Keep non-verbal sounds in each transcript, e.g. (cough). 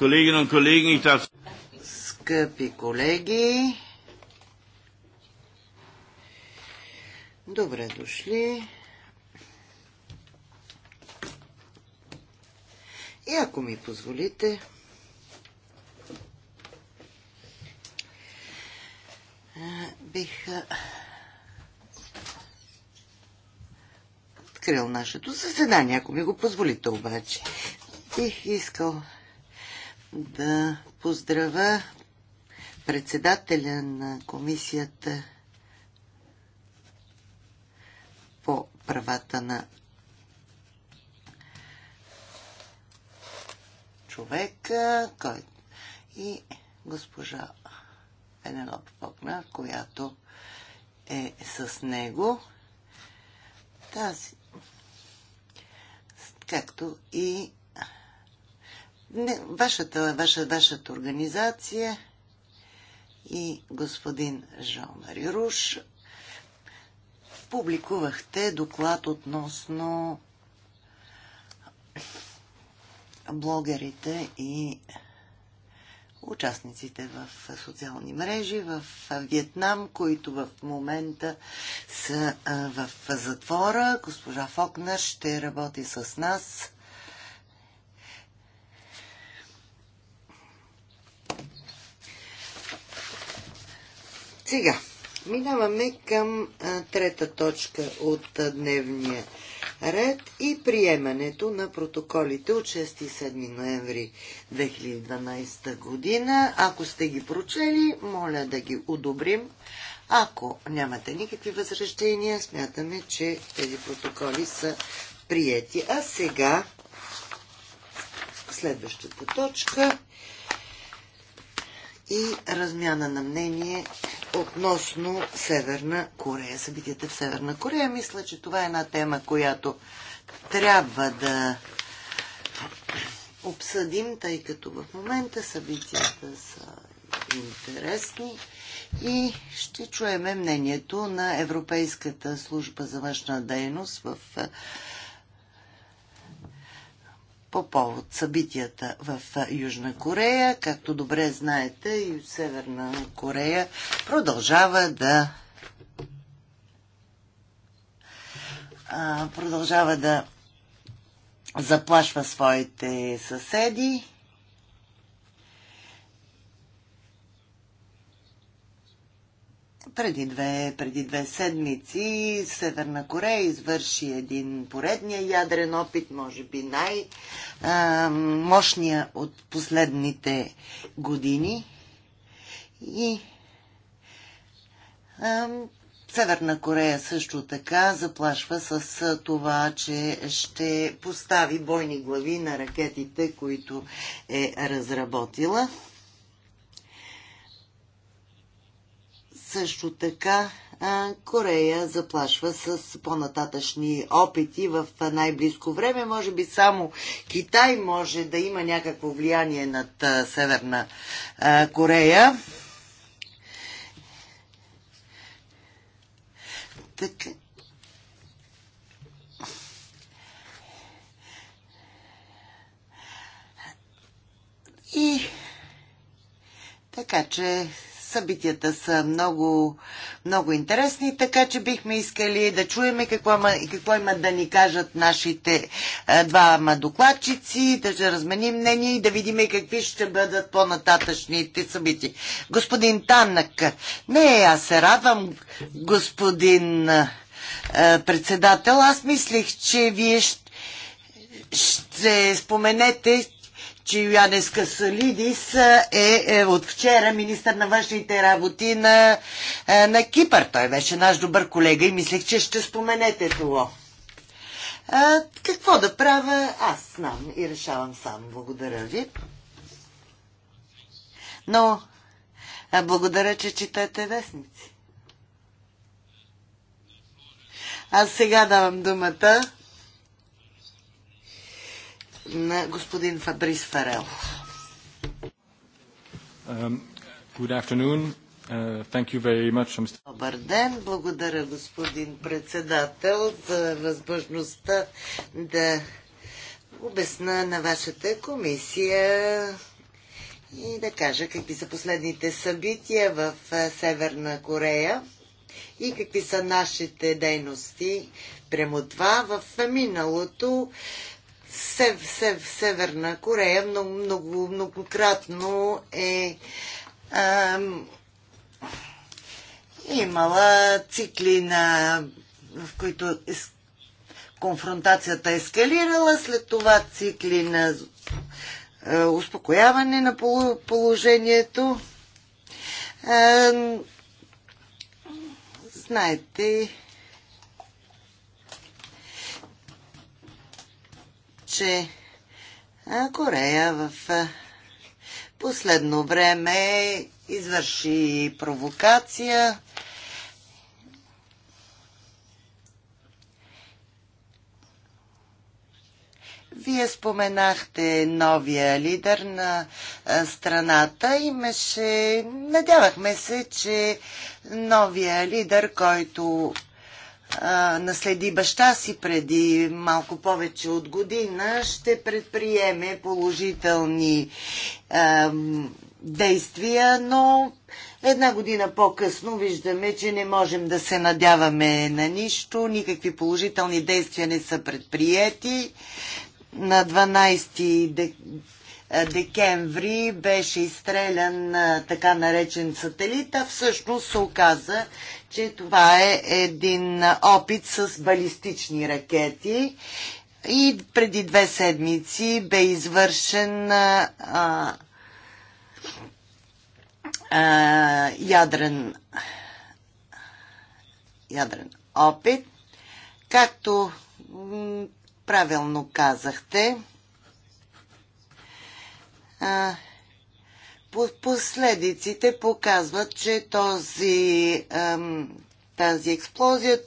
Kolleginnen und Kollegen, ich darf... Скъпи колеги, добре дошли. И ако ми позволите, бих открил нашето заседание, ако ми го позволите обаче. Бих искал да поздравя председателя на комисията по правата на човека, който и госпожа Пенелоп Покна, която е с него. Тази, както и не, вашата, ваша, вашата организация и господин Жомари Руш публикувахте доклад относно блогерите и участниците в социални мрежи в Виетнам, които в момента са в затвора. Госпожа Фокнер ще работи с нас Сега, минаваме към а, трета точка от а, дневния ред и приемането на протоколите от 6 и 7 ноември 2012 година. Ако сте ги прочели, моля да ги одобрим. Ако нямате никакви възражения, смятаме, че тези протоколи са приети. А сега следващата точка и размяна на мнение относно Северна Корея, събитията в Северна Корея. Мисля, че това е една тема, която трябва да обсъдим, тъй като в момента събитията са интересни и ще чуеме мнението на Европейската служба за външна дейност в по повод събитията в Южна Корея. Както добре знаете, и Северна Корея продължава да продължава да заплашва своите съседи преди две, преди две седмици Северна Корея извърши един поредния ядрен опит, може би най-мощния от последните години. И Северна Корея също така заплашва с това, че ще постави бойни глави на ракетите, които е разработила. Също така Корея заплашва с по-нататъчни опити в най-близко време. Може би само Китай може да има някакво влияние над Северна Корея. Така. И така че събитията са много, много интересни, така че бихме искали да чуем какво има, какво има да ни кажат нашите е, двама докладчици, да се разменим мнение и да видим какви ще бъдат по-нататъчните събития. Господин Танък, не, аз се радвам, господин е, председател, аз мислих, че вие ще ще споменете, Чиоянес Касалидис е, е от вчера министър на външните работи на, е, на Кипър. Той беше наш добър колега и мислех, че ще споменете това. А, какво да правя? Аз знам и решавам сам. Благодаря ви. Но а, благодаря, че читате вестници. Аз сега давам думата на господин Фабрис Фарел. Um, uh, Добър ден. Благодаря, господин председател, за възможността да обясна на вашата комисия и да кажа какви са последните събития в Северна Корея и какви са нашите дейности прямо това. В миналото Сев, Сев, Северна Корея много, много, многократно е ам, имала цикли на в които ес, конфронтацията е ескалирала, след това цикли на е, успокояване на положението. Е, знаете, че Корея в последно време извърши провокация. Вие споменахте новия лидер на страната. Имаше, надявахме се, че новия лидер, който наследи баща си преди малко повече от година, ще предприеме положителни а, действия, но една година по-късно виждаме, че не можем да се надяваме на нищо, никакви положителни действия не са предприяти. На 12 декември беше изстрелян така наречен сателит, а всъщност се оказа, че това е един опит с балистични ракети и преди две седмици бе извършен а, а, ядрен, ядрен опит. Както правилно казахте, а, Последиците показват, че този, тази експлозия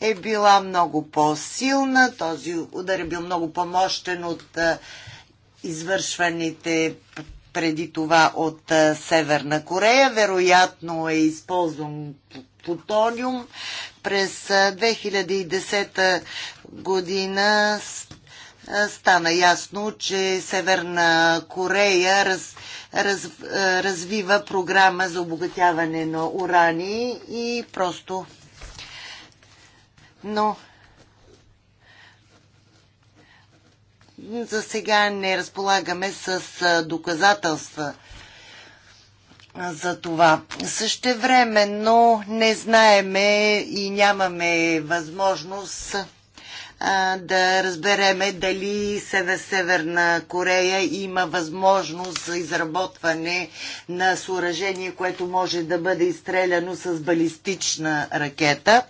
е била много по-силна, този удар е бил много по-мощен от извършваните преди това от Северна Корея. Вероятно е използван плутониум. През 2010 година стана ясно, че Северна Корея раз, раз, е, развива програма за обогатяване на урани и просто. Но за сега не разполагаме с е, доказателства за това. Същевременно не знаеме и нямаме възможност да разбереме дали Северна Корея има възможност за изработване на съоръжение, което може да бъде изстреляно с балистична ракета,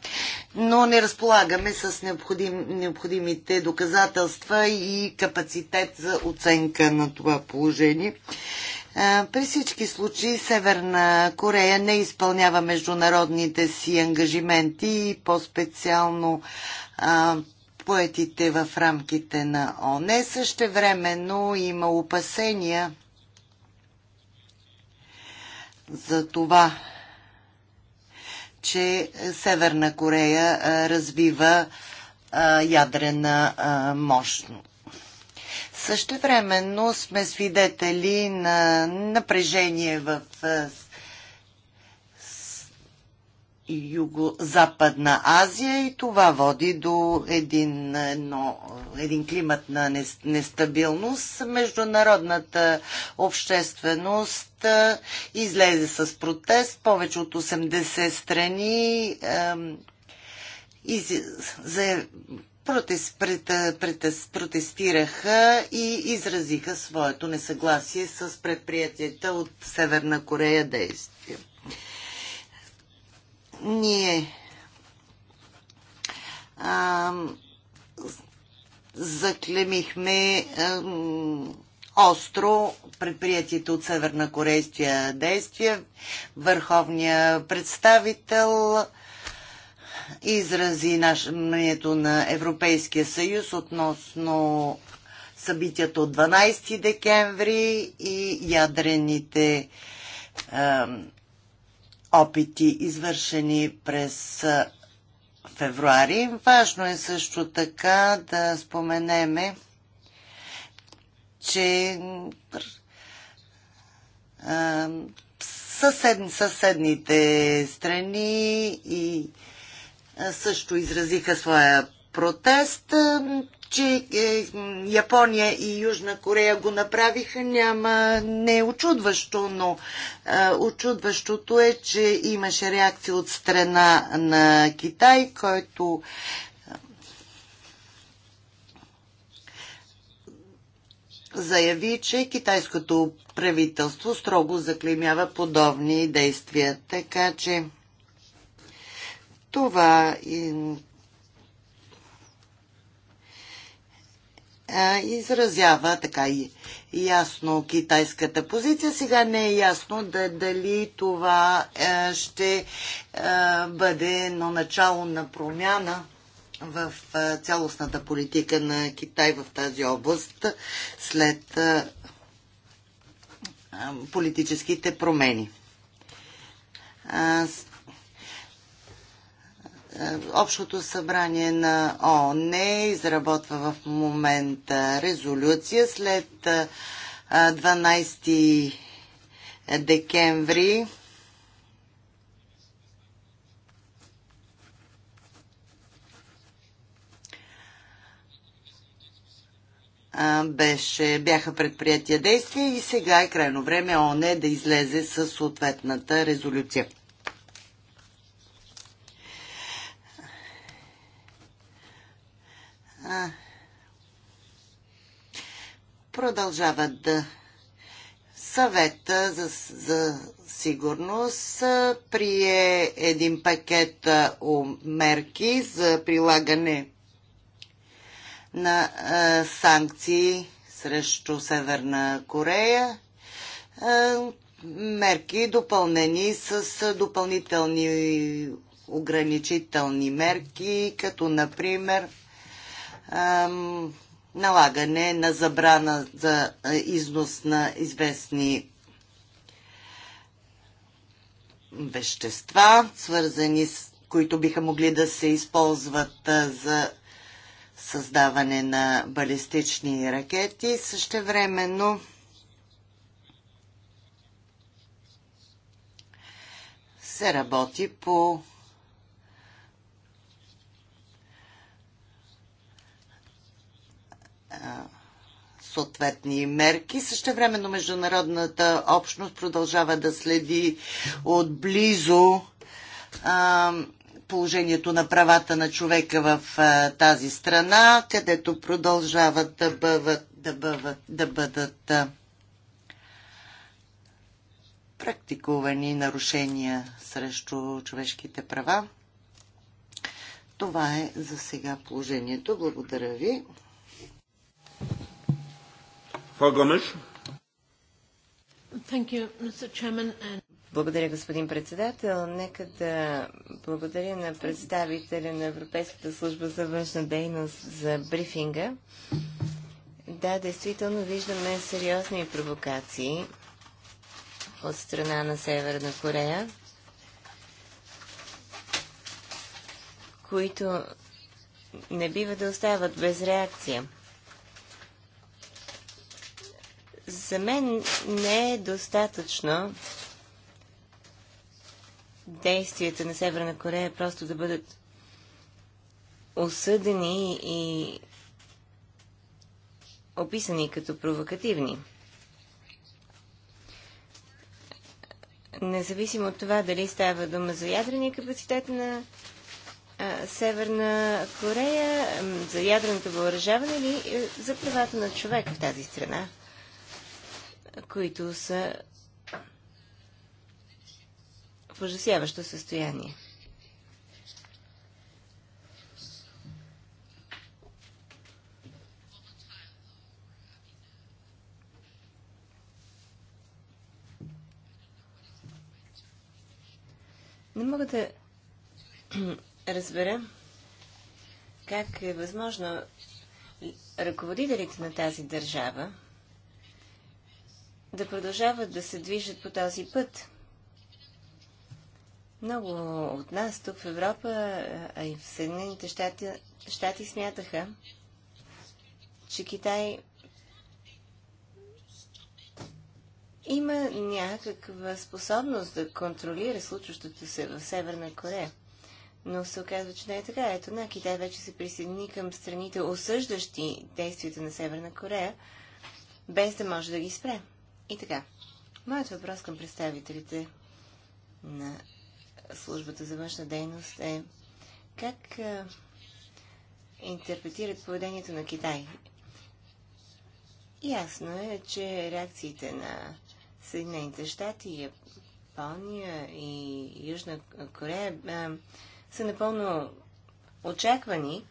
но не разполагаме с необходим, необходимите доказателства и капацитет за оценка на това положение. При всички случаи Северна Корея не изпълнява международните си ангажименти и по-специално поетите в рамките на ОНЕ. времено има опасения за това, че Северна Корея развива ядрена мощност. Същевременно сме свидетели на напрежение в и Юго-Западна Азия и това води до един, едно, един климат на нестабилност. Международната общественост излезе с протест. Повече от 80 страни протестираха и изразиха своето несъгласие с предприятията от Северна Корея действия. Ние а, заклемихме а, остро предприятието от Северна Корейския действия. Върховния представител изрази мнението на Европейския съюз относно събитията от 12 декември и ядрените опити, извършени през февруари. Важно е също така да споменеме, че съседни, съседните страни и също изразиха своя протест че е, Япония и Южна Корея го направиха, няма, не е очудващо, но е, очудващото е, че имаше реакция от страна на Китай, който е, заяви, че китайското правителство строго заклемява подобни действия. Така че това изразява така и ясно китайската позиция. Сега не е ясно да, дали това ще бъде на начало на промяна в цялостната политика на Китай в тази област след политическите промени. Е, Общото събрание на ООН изработва в момента резолюция след 12 е, декември е, беше, бяха предприятия действия и сега е крайно време ОНЕ да излезе с съответната резолюция. а, продължават да съвета за, за сигурност прие един пакет мерки за прилагане на а, санкции срещу Северна Корея. А, мерки допълнени с допълнителни ограничителни мерки, като например налагане на забрана за износ на известни вещества, свързани с, които биха могли да се използват за създаване на балистични ракети. Същевременно се работи по съответни мерки. Същевременно международната общност продължава да следи отблизо а, положението на правата на човека в а, тази страна, където продължават да бъдат, да бъдат, да бъдат а, практикувани нарушения срещу човешките права. Това е за сега положението. Благодаря ви. Благодаря, господин председател. Нека да благодаря на представителя на Европейската служба за външна дейност за брифинга. Да, действително виждаме сериозни провокации от страна на Северна Корея, които не бива да остават без реакция. За мен не е достатъчно действията на Северна Корея просто да бъдат осъдени и описани като провокативни. Независимо от това дали става дума за ядрения капацитет на а, Северна Корея, за ядреното въоръжаване или е, за правата на човека в тази страна които са в ужасяващо състояние. Не мога да (clears throat) разбера как е възможно ръководителите на тази държава да продължават да се движат по този път. Много от нас тук в Европа, а и в Съединените щати, щати смятаха, че Китай има някаква способност да контролира случващото се в Северна Корея. Но се оказва, че не е така. Ето на Китай вече се присъедини към страните, осъждащи действията на Северна Корея, без да може да ги спре. И така, моят въпрос към представителите на службата за външна дейност е как интерпретират поведението на Китай. Ясно е, че реакциите на Съединените щати, Япония и Южна Корея а, са напълно очаквани.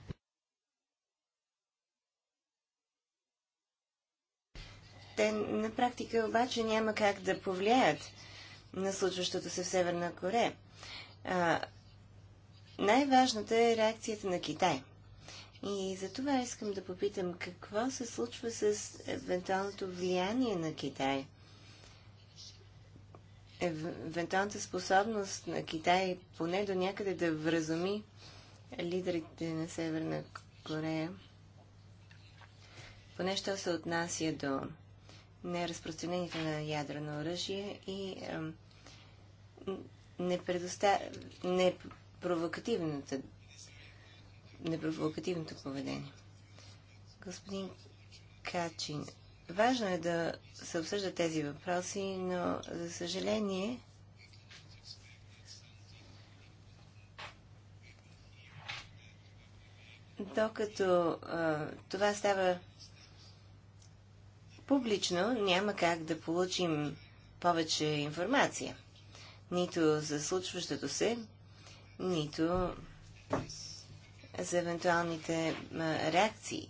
Те на практика обаче няма как да повлияят на случващото се в Северна Корея. Най-важната е реакцията на Китай. И за това искам да попитам какво се случва с евентуалното влияние на Китай евентуалната способност на Китай поне до някъде да вразуми лидерите на Северна Корея, поне що се отнася до неразпространението на ядрено оръжие и непровокативното поведение. Господин Качин, важно е да се обсъждат тези въпроси, но за съжаление докато а, това става Публично няма как да получим повече информация. Нито за случващото се, нито за евентуалните реакции.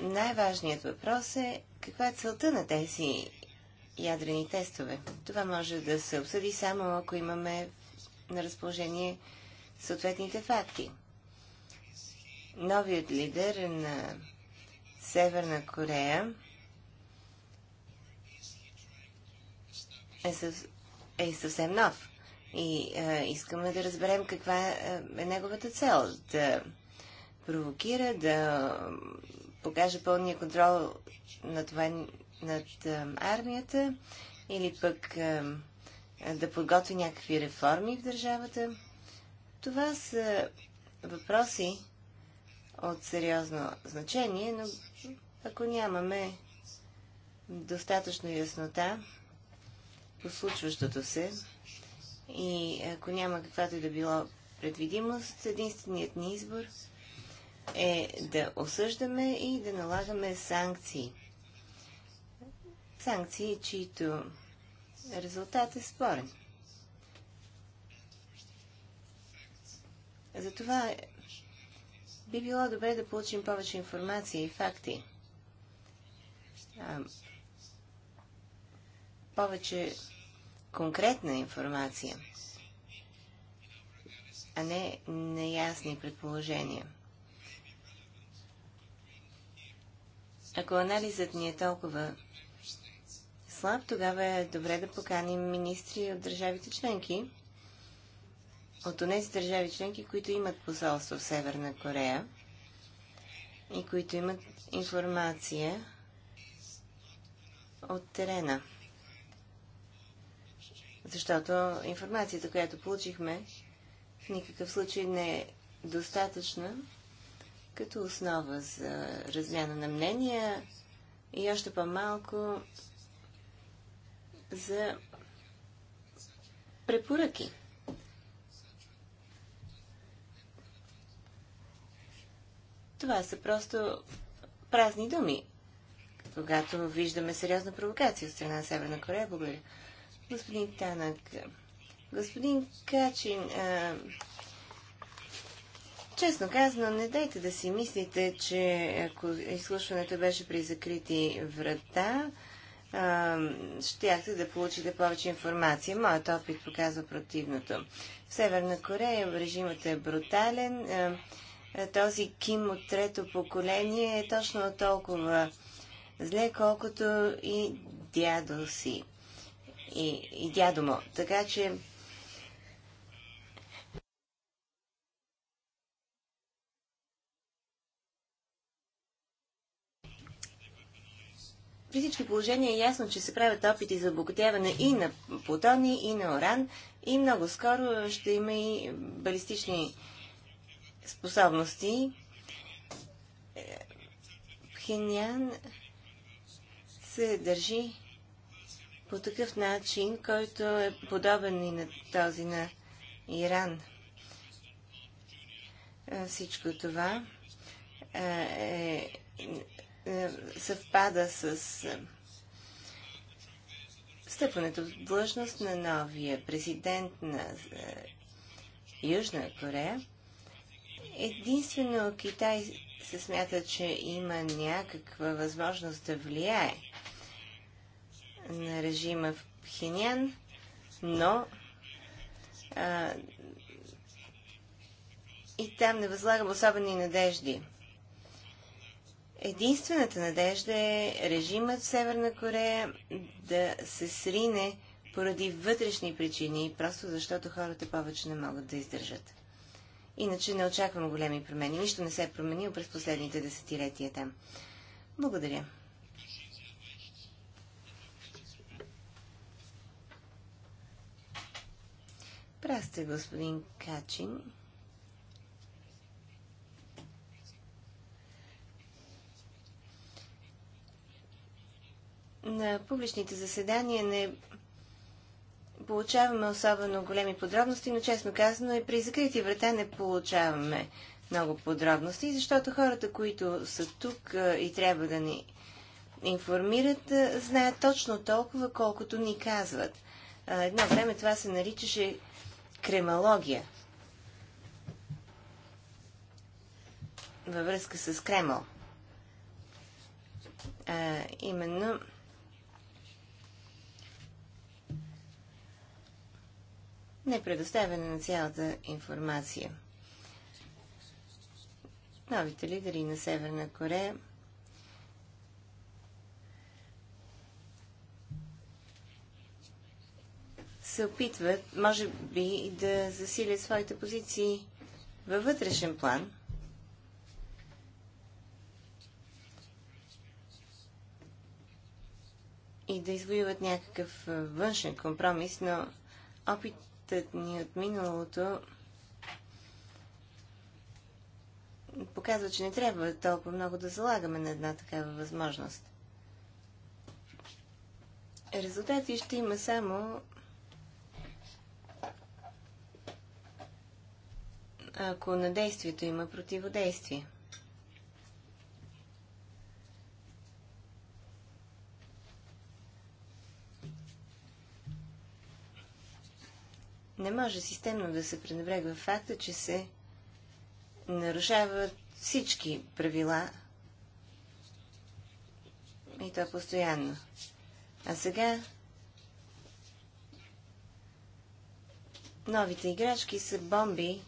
най-важният въпрос е каква е целта на тези ядрени тестове. Това може да се обсъди само ако имаме на разположение съответните факти. Новият лидер на Северна Корея е, е, съвсем нов. И е, искаме да разберем каква е, е неговата цел. Да провокира, да покаже пълния контрол над, над армията или пък да подготви някакви реформи в държавата. Това са въпроси от сериозно значение, но ако нямаме достатъчно яснота по случващото се и ако няма каквато и да било предвидимост, единственият ни избор е да осъждаме и да налагаме санкции. Санкции, чието резултат е спорен. Затова би било добре да получим повече информация и факти – повече конкретна информация, а не неясни предположения. Ако анализът ни е толкова слаб, тогава е добре да поканим министри от държавите членки, от тези държави членки, които имат посолство в Северна Корея и които имат информация от терена. Защото информацията, която получихме, в никакъв случай не е достатъчна като основа за размяна на мнения и още по-малко за препоръки. Това са просто празни думи когато виждаме сериозна провокация от страна на Северна Корея. Благодаря. Господин Танък, господин Качин, а, честно казано, не дайте да си мислите, че ако изслушването беше при закрити врата, а, щяхте да получите повече информация. Моят опит показва противното. В Северна Корея режимът е брутален. А, този Ким от трето поколение е точно толкова зле, колкото и дядо си и, и дядо му. Така че при всички положения е ясно, че се правят опити за обогатяване и на плутони, и на оран, и много скоро ще има и балистични способности. Хинян се държи по такъв начин, който е подобен и на този на Иран. Всичко това е, е, съвпада с стъпването в длъжност на новия президент на Южна Корея. Единствено Китай се смята, че има някаква възможност да влияе на режима в Хинян, но а, и там не възлагам особени надежди. Единствената надежда е режимът в Северна Корея да се срине поради вътрешни причини, просто защото хората повече не могат да издържат. Иначе не очаквам големи промени. Нищо не се е променило през последните десетилетия там. Благодаря. Прасте, господин Качин. На публичните заседания не получаваме особено големи подробности, но честно казано и при закрити врата не получаваме много подробности, защото хората, които са тук и трябва да ни информират, знаят точно толкова, колкото ни казват. Едно време това се наричаше кремология. Във връзка с Кремъл. А, именно не предоставяне на цялата информация. Новите лидери на Северна Корея се опитват, може би, да засилят своите позиции във вътрешен план. И да извоюват някакъв външен компромис, но опитът ни от миналото показва, че не трябва толкова много да залагаме на една такава възможност. Резултати ще има само ако на действието има противодействие. Не може системно да се пренебрегва факта, че се нарушават всички правила и то постоянно. А сега новите играчки са бомби,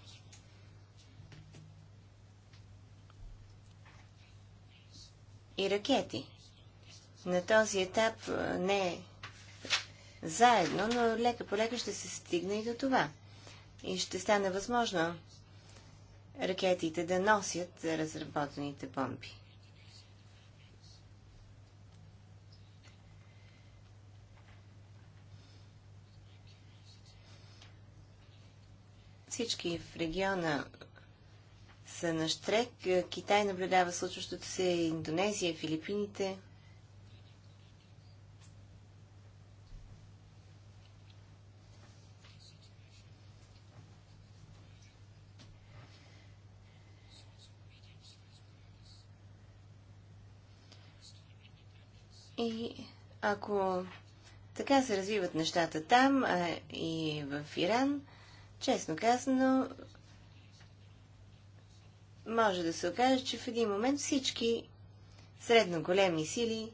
и ракети. На този етап не е заедно, но лека по лека ще се стигне и до това. И ще стане възможно ракетите да носят разработените бомби. Всички в региона са на штрек. Китай наблюдава случващото се Индонезия, Филипините. И ако така се развиват нещата там а и в Иран, честно казано, може да се окаже, че в един момент всички средно големи сили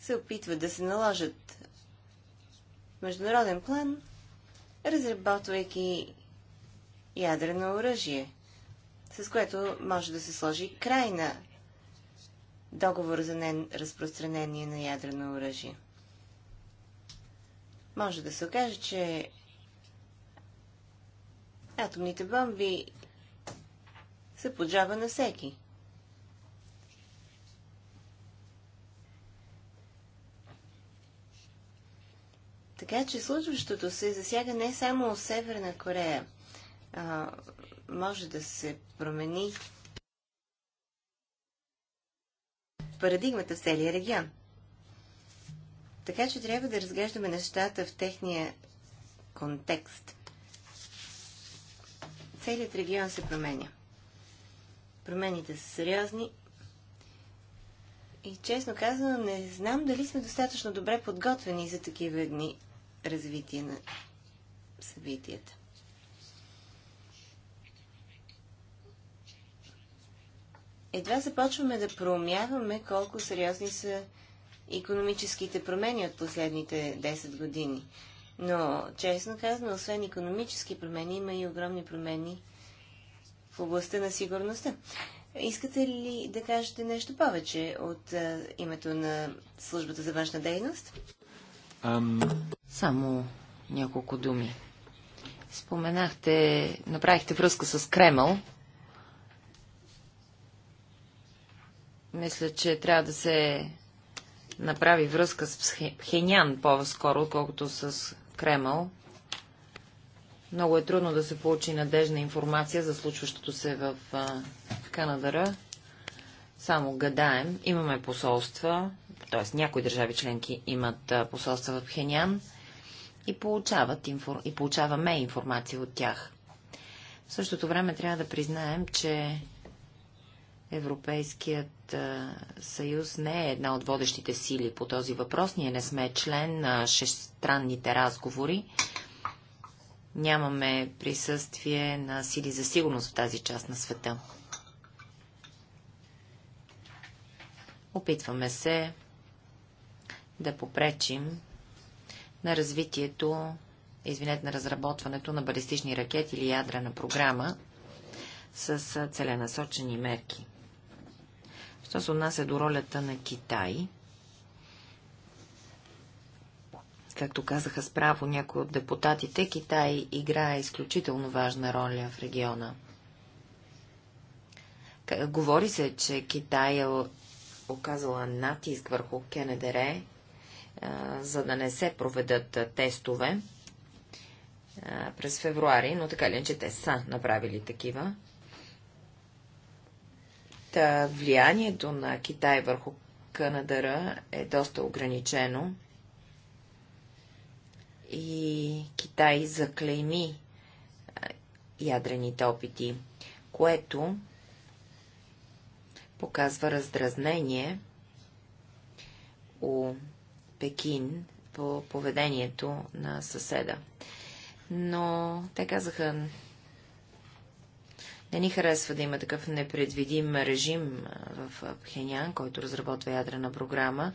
се опитват да се наложат в международен план, разработвайки ядрено оръжие, с което може да се сложи край на договор за неразпространение на ядрено оръжие. Може да се окаже, че атомните бомби се поджава на всеки. Така че случващото се засяга не само Северна Корея. А, може да се промени парадигмата в целия регион. Така че трябва да разглеждаме нещата в техния контекст. Целият регион се променя промените са сериозни. И честно казано, не знам дали сме достатъчно добре подготвени за такива дни развитие на събитията. Едва започваме да проумяваме колко сериозни са економическите промени от последните 10 години. Но, честно казано, освен економически промени, има и огромни промени областта на сигурността. Искате ли да кажете нещо повече от а, името на службата за външна дейност? Um... Само няколко думи. Споменахте, направихте връзка с Кремъл. Мисля, че трябва да се направи връзка с Пхенян по-скоро, отколкото с Кремъл. Много е трудно да се получи надежна информация за случващото се в Канадара. Само гадаем. Имаме посолства, т.е. някои държави членки имат посолства в Пхенян и, получават, и получаваме информация от тях. В същото време трябва да признаем, че Европейският съюз не е една от водещите сили по този въпрос. Ние не сме член на шестранните разговори нямаме присъствие на сили за сигурност в тази част на света. Опитваме се да попречим на развитието, извинете, на разработването на балистични ракети или ядрена програма с целенасочени мерки. Що се отнася до ролята на Китай – Както казаха справо някои от депутатите, Китай играе изключително важна роля в региона. Говори се, че Китай е оказала натиск върху КНДР, за да не се проведат тестове през февруари, но така ли, че те са направили такива. Та влиянието на Китай върху КНДР е доста ограничено и Китай заклейми ядрените опити, което показва раздразнение у Пекин по поведението на съседа. Но те казаха, не ни харесва да има такъв непредвидим режим в Пхенян, който разработва ядрена програма,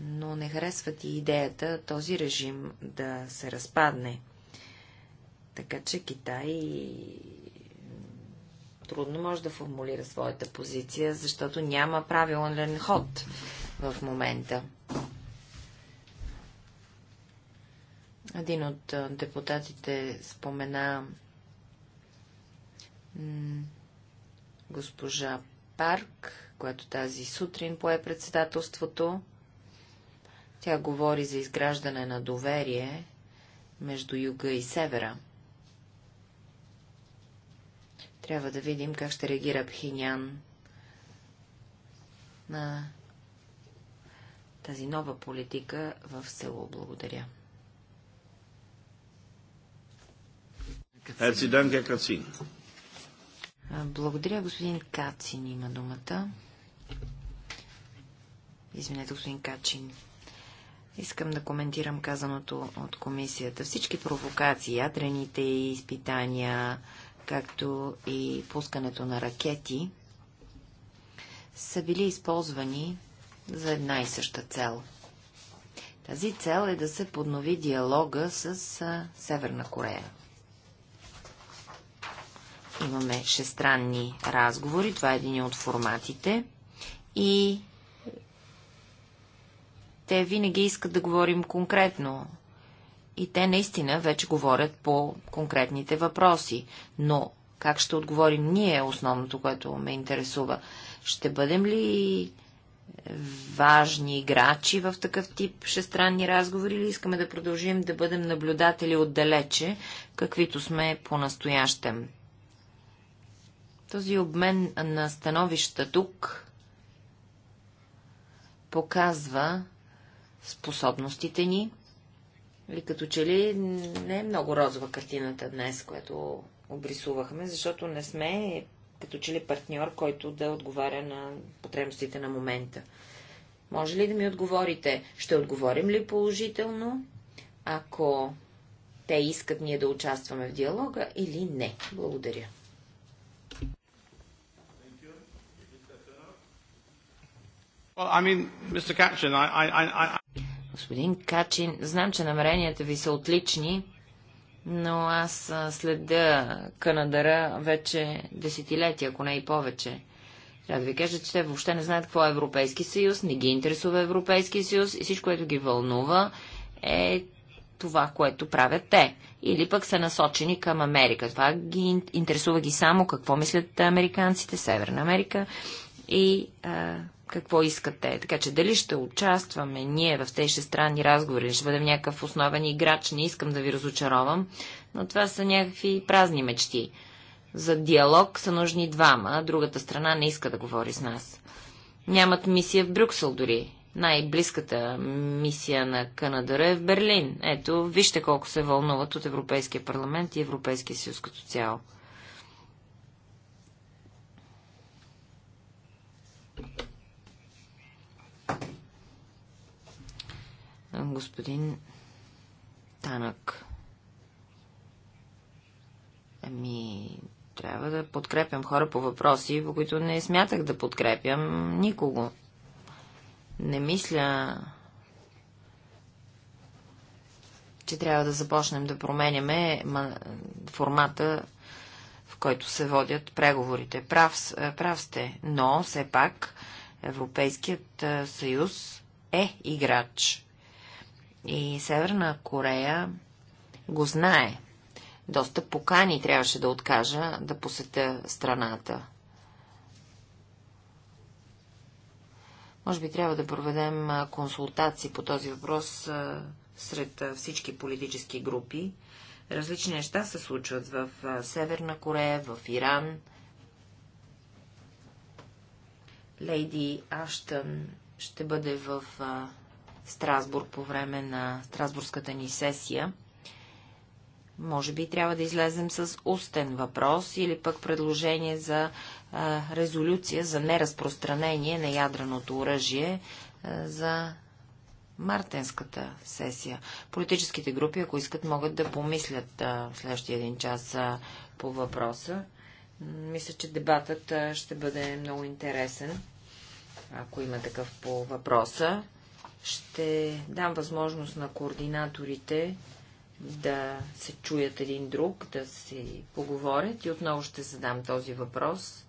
но не харесват и идеята този режим да се разпадне. Така че Китай трудно може да формулира своята позиция, защото няма правилен ход в момента. Един от депутатите спомена госпожа Парк, която тази сутрин пое председателството. Тя говори за изграждане на доверие между юга и севера. Трябва да видим как ще реагира Пхинян на тази нова политика в село. Благодаря. Herzlichen Dank, Herr Katzin. Благодаря, господин Кацин има думата. Извинете, господин Качин. Искам да коментирам казаното от комисията. Всички провокации, ядрените изпитания, както и пускането на ракети, са били използвани за една и съща цел. Тази цел е да се поднови диалога с Северна Корея. Имаме шестранни разговори, това е един от форматите. И те винаги искат да говорим конкретно. И те наистина вече говорят по конкретните въпроси. Но как ще отговорим ние е основното, което ме интересува? Ще бъдем ли важни играчи в такъв тип шестранни разговори или искаме да продължим да бъдем наблюдатели отдалече, каквито сме по-настоящем? Този обмен на становища тук показва способностите ни и като че ли не е много розова картината днес, която обрисувахме, защото не сме като че ли партньор, който да отговаря на потребностите на момента. Може ли да ми отговорите? Ще отговорим ли положително, ако те искат ние да участваме в диалога или не? Благодаря. Господин Качин, знам, че намеренията ви са отлични, но аз следя Канадара вече десетилетия, ако не и повече. Трябва да ви кажа, че те въобще не знаят какво е Европейски съюз, не ги интересува Европейски съюз и всичко, което ги вълнува е това, което правят те. Или пък са насочени към Америка. Това ги интересува ги само какво мислят американците, Северна Америка и а, какво искате. Така че дали ще участваме ние в тези странни разговори, ще бъдем някакъв основен играч, не искам да ви разочаровам, но това са някакви празни мечти. За диалог са нужни двама, другата страна не иска да говори с нас. Нямат мисия в Брюксел дори. Най-близката мисия на Канадара е в Берлин. Ето, вижте колко се вълнуват от Европейския парламент и Европейския съюз като цяло. господин Танък. Ами, трябва да подкрепям хора по въпроси, по които не смятах да подкрепям никого. Не мисля, че трябва да започнем да променяме формата, в който се водят преговорите. Прав, е, прав сте, но все пак Европейският е, съюз е играч и Северна Корея го знае. Доста покани трябваше да откажа да посетя страната. Може би трябва да проведем консултации по този въпрос сред всички политически групи. Различни неща се случват в Северна Корея, в Иран. Лейди Аштън ще бъде в Страсбург по време на Страсбургската ни сесия. Може би трябва да излезем с устен въпрос или пък предложение за а, резолюция за неразпространение на ядреното оръжие а, за мартенската сесия. Политическите групи, ако искат, могат да помислят а, следващия един час а, по въпроса. Мисля, че дебатът ще бъде много интересен, ако има такъв по въпроса. Ще дам възможност на координаторите да се чуят един друг, да си поговорят и отново ще задам този въпрос.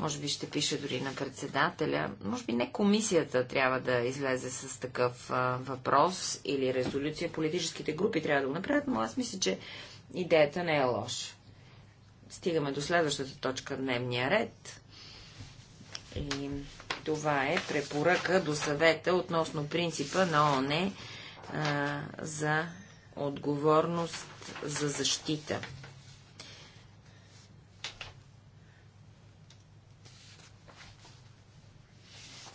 Може би ще пише дори на председателя. Може би не комисията трябва да излезе с такъв а, въпрос или резолюция. Политическите групи трябва да го направят, но аз мисля, че идеята не е лоша. Стигаме до следващата точка дневния ред. И това е препоръка до съвета относно принципа на ОНЕ за отговорност за защита.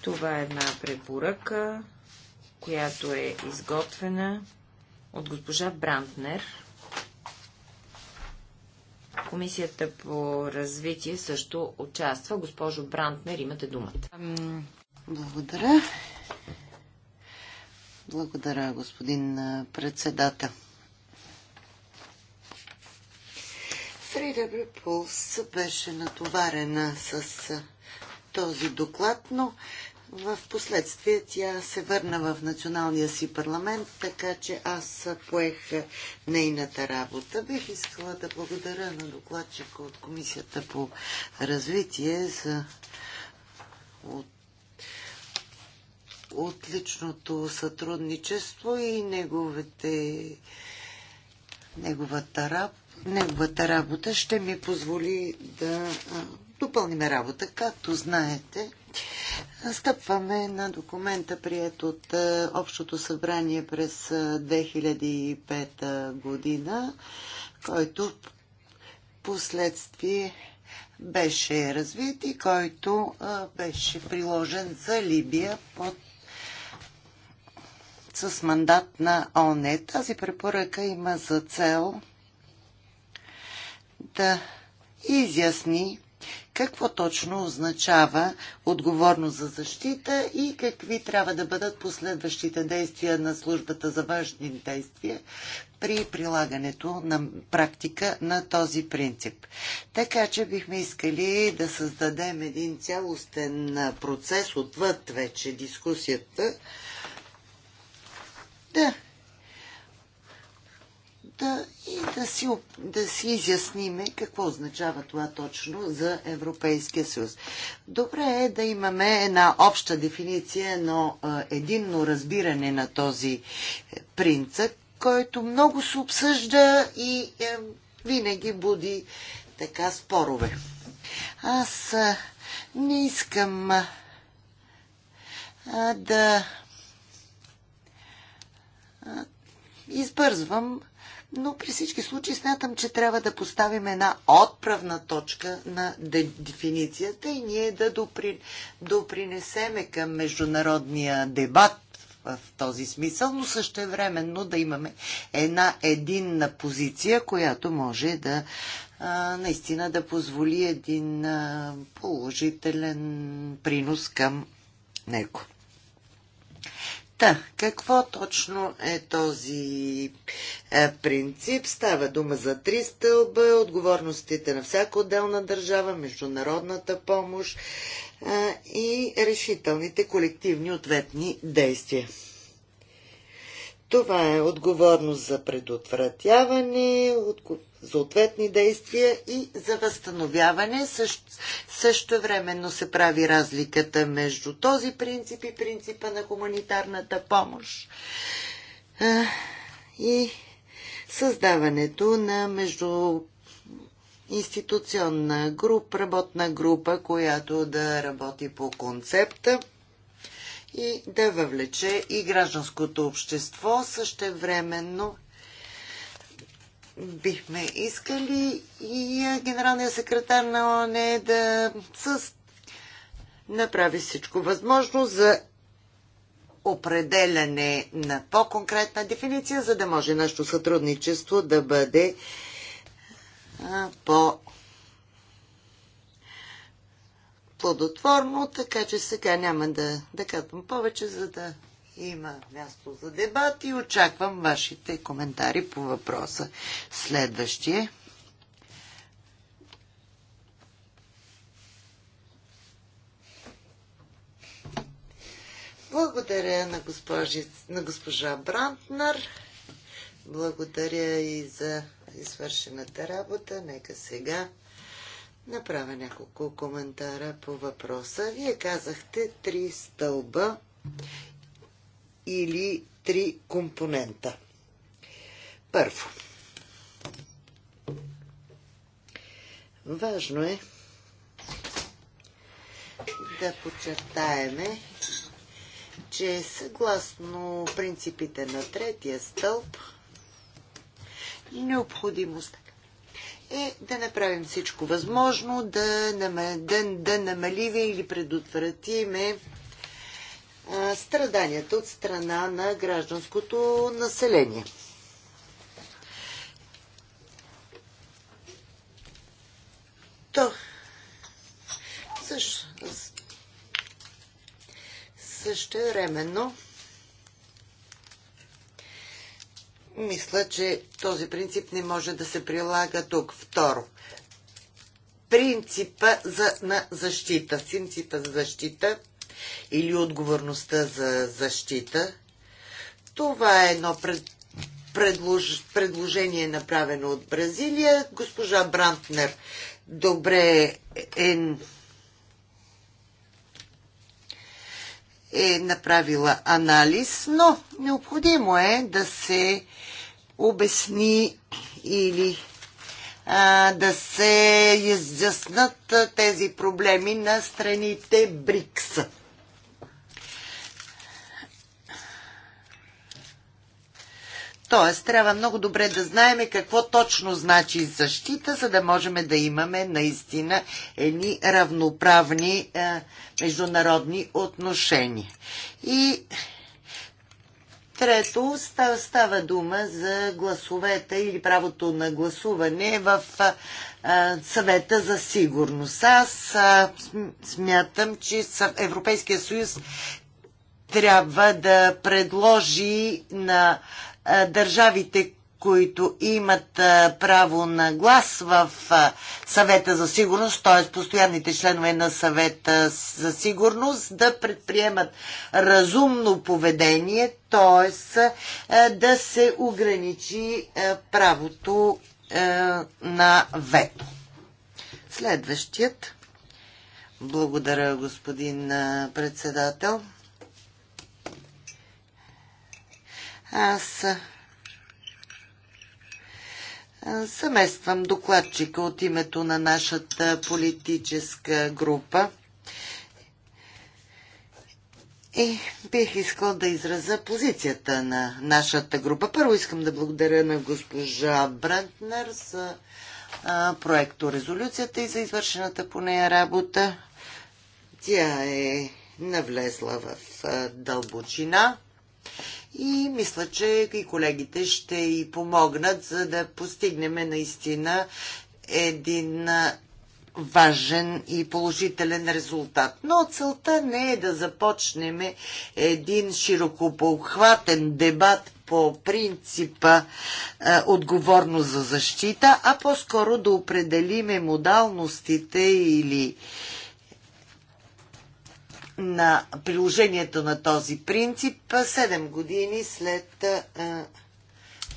Това е една препоръка, която е изготвена от госпожа Брантнер. Комисията по развитие също участва. Госпожо Брантнер, имате думата. Благодаря. Благодаря, господин председател. Фрида Брюпулс беше натоварена с този доклад, но в последствие тя се върна в националния си парламент, така че аз поех нейната работа. Бих искала да благодаря на докладчика от Комисията по развитие за от отличното сътрудничество и неговите, неговата, раб, неговата работа ще ми позволи да допълним работа. Както знаете, Стъпваме на документа, прият от е, Общото събрание през 2005 е, година, който последствие беше развит и който е, беше приложен за Либия под с мандат на ОНЕ. Тази препоръка има за цел да изясни какво точно означава отговорност за защита и какви трябва да бъдат последващите действия на службата за външни действия при прилагането на практика на този принцип. Така че бихме искали да създадем един цялостен процес отвъд вече дискусията. Да, да, и да си, да си изясниме какво означава това точно за Европейския съюз. Добре е да имаме една обща дефиниция, но единно разбиране на този е, принцип, който много се обсъжда и е, винаги буди така спорове. Аз а, не искам а, да а, избързвам но при всички случаи смятам, че трябва да поставим една отправна точка на дефиницията и ние да допри... допринесеме към международния дебат в този смисъл, но същевременно да имаме една единна позиция, която може да наистина да позволи един положителен принос към него. Та, какво точно е този е, принцип? Става дума за три стълба, отговорностите на всяка отделна държава, международната помощ е, и решителните колективни ответни действия. Това е отговорност за предотвратяване, за ответни действия и за възстановяване. Също, също времено се прави разликата между този принцип и принципа на хуманитарната помощ и създаването на между институционна група, работна група, която да работи по концепта и да въвлече и гражданското общество. Същевременно бихме искали и генералния секретар на ОНЕ да със... направи всичко възможно за определяне на по-конкретна дефиниция, за да може нашето сътрудничество да бъде по- плодотворно, така че сега няма да, да казвам повече, за да има място за дебат и очаквам вашите коментари по въпроса. Следващия. Благодаря на, госпожи, на госпожа Брантнер. Благодаря и за извършената работа. Нека сега направя няколко коментара по въпроса. Вие казахте три стълба или три компонента. Първо. Важно е да подчертаеме, че съгласно принципите на третия стълб, необходимост е да направим всичко възможно, да, да, да намалиме или предотвратиме страданията от страна на гражданското население. То също, също времено мисля, че този принцип не може да се прилага тук. Второ, принципа за, на защита. Принципа за защита или отговорността за защита. Това е едно пред, предлож, предложение направено от Бразилия. Госпожа Брантнер добре е е направила анализ, но необходимо е да се обясни или а, да се изяснат тези проблеми на страните БРИКС. Тоест, трябва много добре да знаем какво точно значи защита, за да можем да имаме наистина едни равноправни е, международни отношения. И Трето, става, става дума за гласовете или правото на гласуване в е, съвета за сигурност. Аз е, смятам, че Европейския съюз трябва да предложи на държавите, които имат право на глас в съвета за сигурност, т.е. постоянните членове на съвета за сигурност, да предприемат разумно поведение, т.е. да се ограничи правото на вето. Следващият. Благодаря, господин председател. Аз съмествам докладчика от името на нашата политическа група. И бих искал да изразя позицията на нашата група. Първо искам да благодаря на госпожа Брантнер за проекто резолюцията и за извършената по нея работа. Тя е навлезла в дълбочина и мисля, че и колегите ще и помогнат, за да постигнем наистина един важен и положителен резултат. Но целта не е да започнем един широкопохватен дебат по принципа е, отговорност за защита, а по-скоро да определиме модалностите или е, на приложението на този принцип 7 години след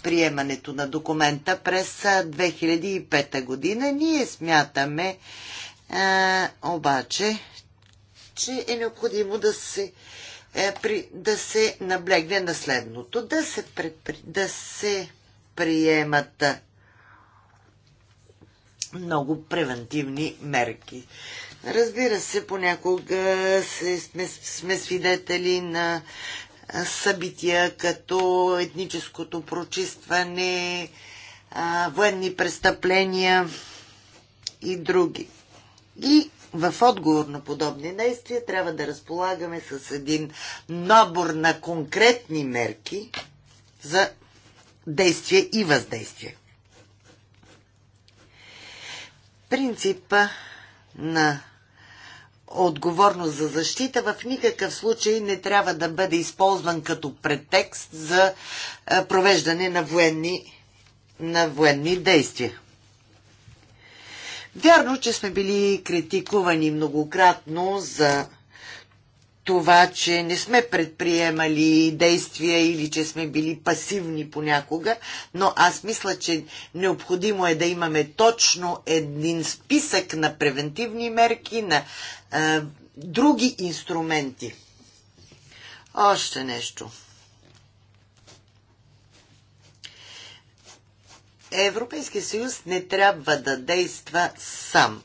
приемането на документа през 2005 година. Ние смятаме обаче, че е необходимо да се е, при, да се наблегне на следното. Да се, предпри, да се приемат много превентивни мерки. Разбира се, понякога сме, сме свидетели на събития като етническото прочистване, военни престъпления и други. И в отговор на подобни действия трябва да разполагаме с един набор на конкретни мерки за действие и въздействие. Принципа на отговорност за защита в никакъв случай не трябва да бъде използван като претекст за е, провеждане на военни, на военни действия. Вярно, че сме били критикувани многократно за това, че не сме предприемали действия или че сме били пасивни понякога, но аз мисля, че необходимо е да имаме точно един списък на превентивни мерки, на а, други инструменти. Още нещо. Европейския съюз не трябва да действа сам.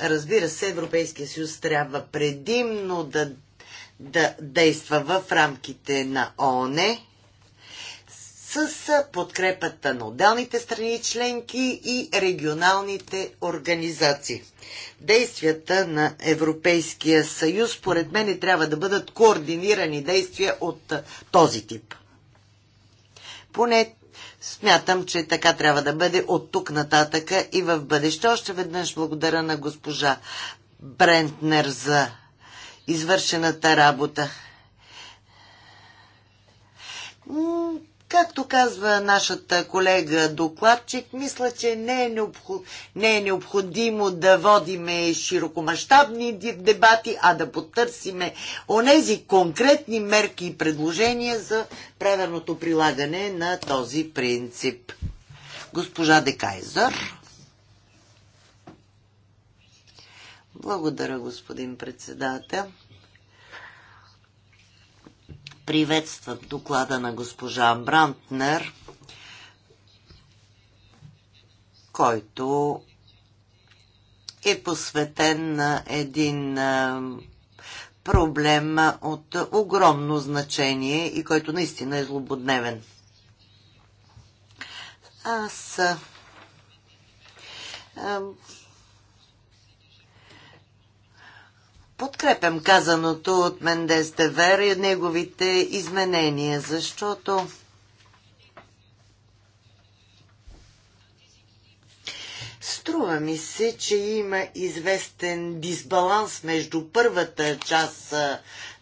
Разбира се, Европейския съюз трябва предимно да да действа в рамките на ООН с подкрепата на отделните страни членки и регионалните организации. Действията на Европейския съюз, според мен, трябва да бъдат координирани действия от този тип. Поне смятам, че така трябва да бъде от тук нататъка и в бъдеще. Още веднъж благодаря на госпожа Брентнер за извършената работа. Както казва нашата колега докладчик, мисля, че не е, необхо... не е необходимо да водиме широкомащабни дебати, а да потърсиме онези конкретни мерки и предложения за правилното прилагане на този принцип. Госпожа Декайзър. Благодаря, господин председател. Приветствам доклада на госпожа Брантнер, който е посветен на един проблем от огромно значение и който наистина е злободневен. Аз подкрепям казаното от Мендес Тевер и неговите изменения, защото Струва ми се, че има известен дисбаланс между първата част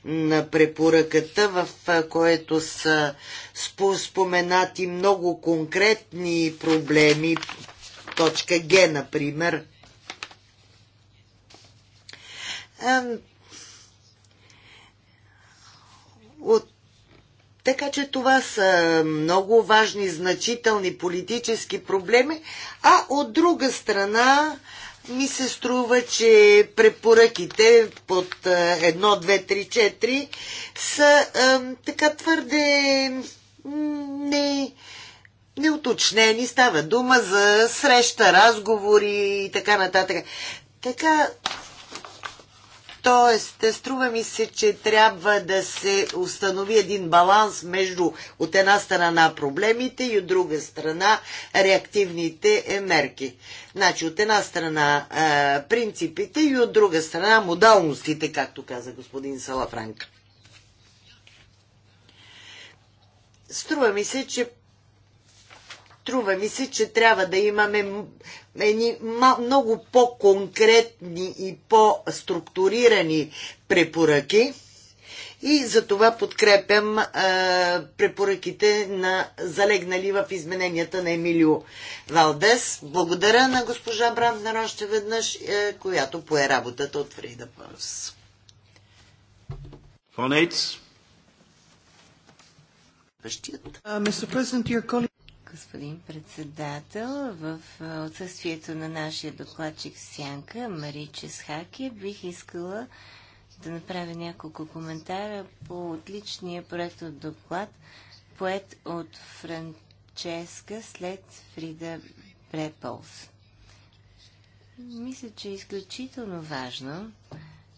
на препоръката, в което са споменати много конкретни проблеми, точка Г, например – от така че това са много важни, значителни политически проблеми, а от друга страна ми се струва, че препоръките под 1, 2, 3, 4 са а, така твърде не, неуточнени. Става дума за среща, разговори и така нататък. Така, Тоест, е, струва ми се, че трябва да се установи един баланс между от една страна проблемите и от друга страна реактивните е, мерки. Значи, от една страна е, принципите и от друга страна модалностите, както каза господин Салафранк. Струва ми се, че Струва ми се, че трябва да имаме едни много по-конкретни и по-структурирани препоръки. И за това подкрепям препоръките на залегнали в измененията на Емилио Валдес. Благодаря на госпожа Брандна още веднъж, е, която пое работата от Фрида Пърс. Uh, господин председател. В отсъствието на нашия докладчик в Сянка, Мариче Схаки, бих искала да направя няколко коментара по отличния проект от доклад, поет от Франческа след Фрида Бреполс. Мисля, че е изключително важно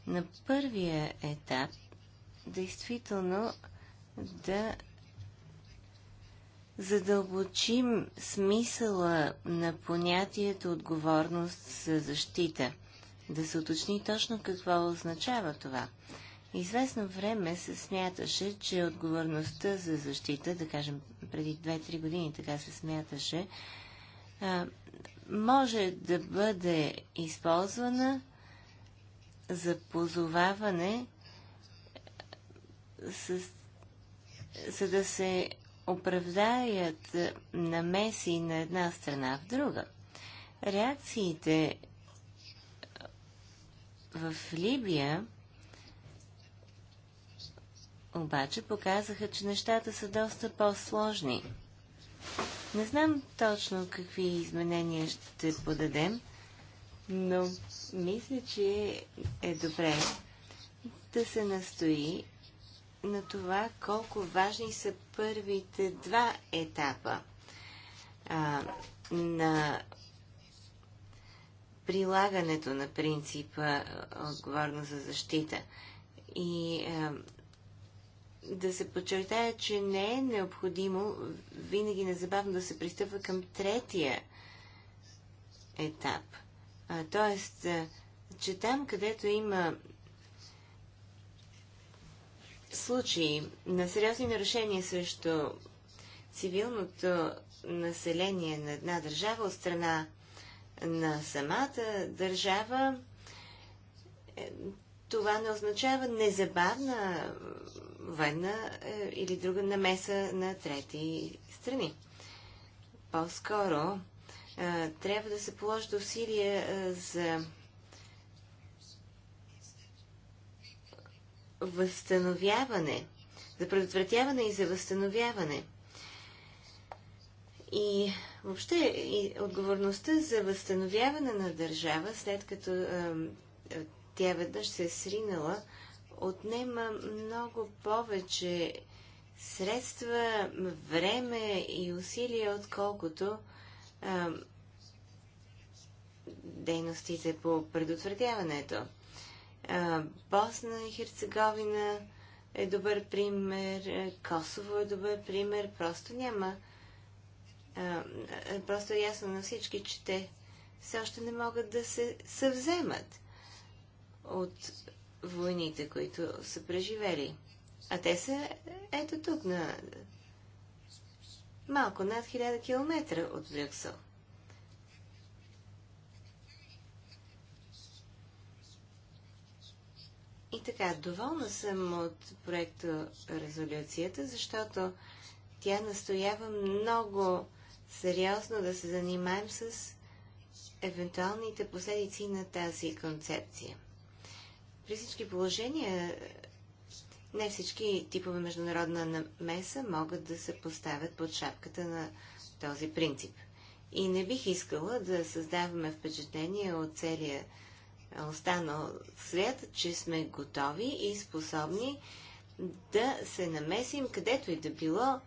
на първия етап действително да задълбочим смисъла на понятието отговорност за защита. Да се уточни точно какво означава това. Известно време се смяташе, че отговорността за защита, да кажем преди 2-3 години така се смяташе, може да бъде използвана за позоваване с, за да се оправдаят намеси на една страна в друга. Реакциите в Либия обаче показаха, че нещата са доста по-сложни. Не знам точно какви изменения ще подадем, но мисля, че е добре да се настои на това колко важни са първите два етапа а, на прилагането на принципа отговорно за защита. И а, да се подчертая, че не е необходимо винаги незабавно да се пристъпва към третия етап. А, тоест, а, че там, където има случаи на сериозни нарушения срещу цивилното население на една държава от страна на самата държава, е, това не означава незабавна военна е, или друга намеса на трети страни. По-скоро е, трябва да се положат усилия за възстановяване, за предотвратяване и за възстановяване. И въобще и отговорността за възстановяване на държава, след като е, тя веднъж се е сринала, отнема много повече средства, време и усилия, отколкото а, дейностите по предотвратяването. Босна и Херцеговина е добър пример, е, Косово е добър пример, просто няма. Е, просто е ясно на всички, че те все още не могат да се съвземат от войните, които са преживели. А те са ето тук, на малко над 1000 км от Брюксел. И така, доволна съм от проекта резолюцията, защото тя настоява много сериозно да се занимаем с евентуалните последици на тази концепция. При всички положения не всички типове международна намеса могат да се поставят под шапката на този принцип. И не бих искала да създаваме впечатление от целия е, останал свят, че сме готови и способни да се намесим където и да било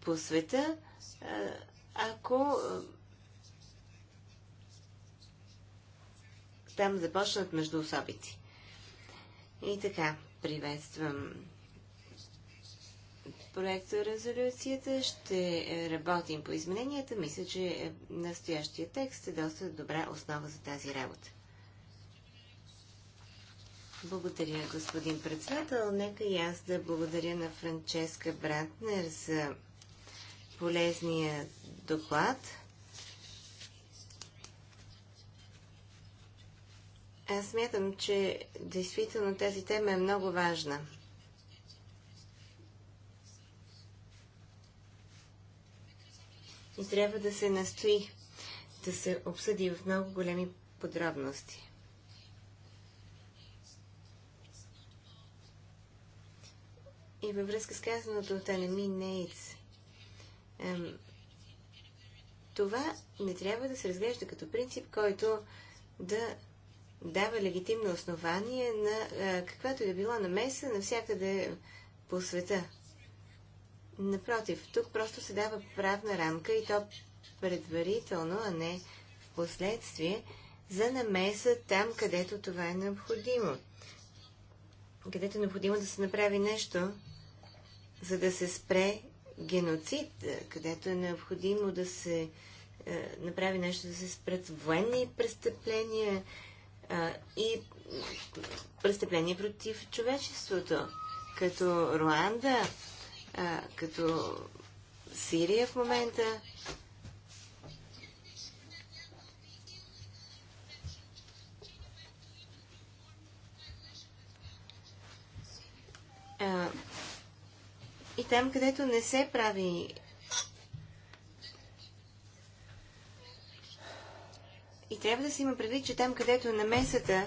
по света, е, ако е, там започнат между особици. И така, приветствам проекта резолюцията. Ще работим по измененията. Мисля, че настоящия текст е доста добра основа за тази работа. Благодаря, господин председател. Нека и аз да благодаря на Франческа Братнер за полезния доклад. Аз смятам, че действително тази тема е много важна. И трябва да се настои да се обсъди в много големи подробности. И във връзка с казаното от Алемин Нейц, това не трябва да се разглежда като принцип, който да дава легитимно основание на е, каквато и да било намеса навсякъде по света. Напротив, тук просто се дава правна рамка и то предварително, а не в последствие, за намеса там, където това е необходимо. Където е необходимо да се направи нещо, за да се спре геноцид, е, където е необходимо да се е, направи нещо, да се спрат военни престъпления е, и престъпления против човечеството, като Руанда, е, като Сирия в момента. Е, и там, където не се прави И трябва да се има предвид, че там, където намесата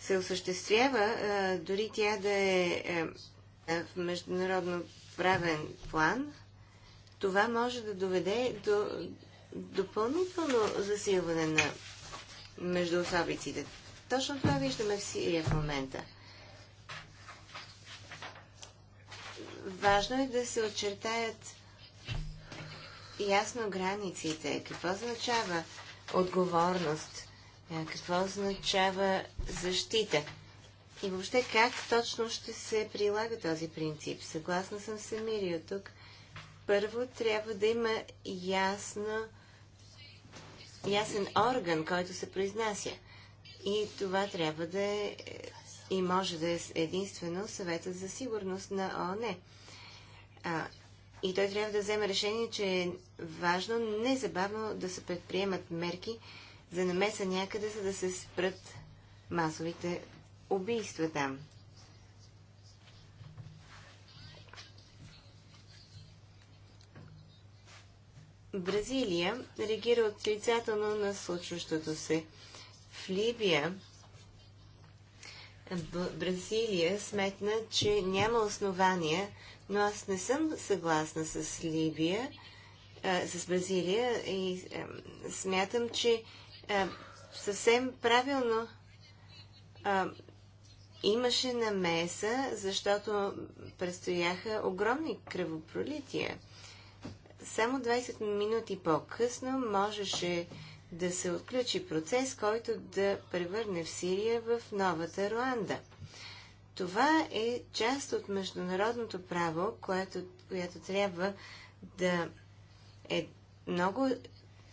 се осъществява, дори тя да е, е, е в международно правен план, това може да доведе до допълнително засилване на междуособиците. Точно това виждаме в Сирия в момента. Важно е да се очертаят ясно границите. Какво означава отговорност? Какво означава защита? И въобще как точно ще се прилага този принцип? Съгласна съм с Емирио тук. Първо трябва да има ясно, ясен орган, който се произнася. И това трябва да е и може да е единствено съветът за сигурност на ООН. и той трябва да вземе решение, че е важно незабавно да се предприемат мерки за намеса някъде, за да се спрат масовите убийства там. Бразилия реагира отрицателно на случващото се. В Либия Бразилия сметна, че няма основания, но аз не съм съгласна с Либия, а, с Бразилия и а, смятам, че а, съвсем правилно а, имаше намеса, защото предстояха огромни кръвопролития. Само 20 минути по-късно можеше да се отключи процес, който да превърне в Сирия в новата Руанда. Това е част от международното право, което, което трябва да е много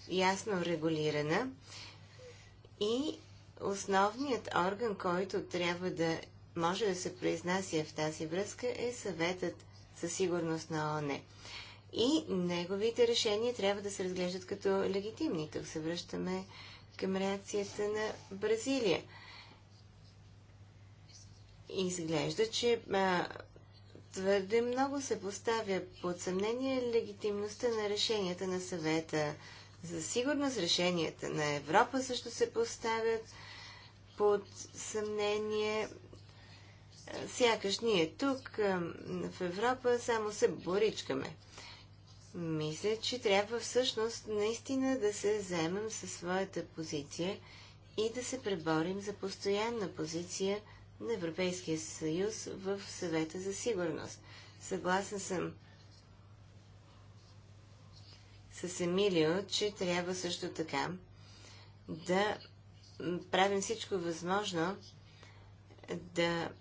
ясно регулирана и основният орган, който трябва да може да се произнася в тази връзка е съветът със сигурност на ОНЕ и неговите решения трябва да се разглеждат като легитимни. Тук се връщаме към реакцията на Бразилия. Изглежда, че а, твърде много се поставя под съмнение легитимността на решенията на съвета. За сигурност решенията на Европа също се поставят под съмнение. Сякаш ние тук в Европа само се боричкаме. Мисля, че трябва всъщност наистина да се заемем със своята позиция и да се преборим за постоянна позиция на Европейския съюз в съвета за сигурност. Съгласен съм с Емилио, че трябва също така да правим всичко възможно да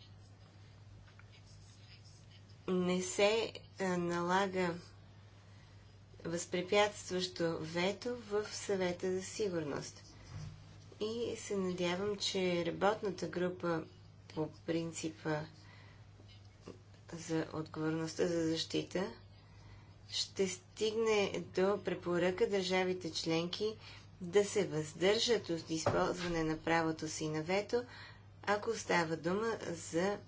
не се налага възпрепятстващо вето в съвета за сигурност. И се надявам, че работната група по принципа за отговорността за защита ще стигне до препоръка държавите членки да се въздържат от използване на правото си на вето, ако става дума за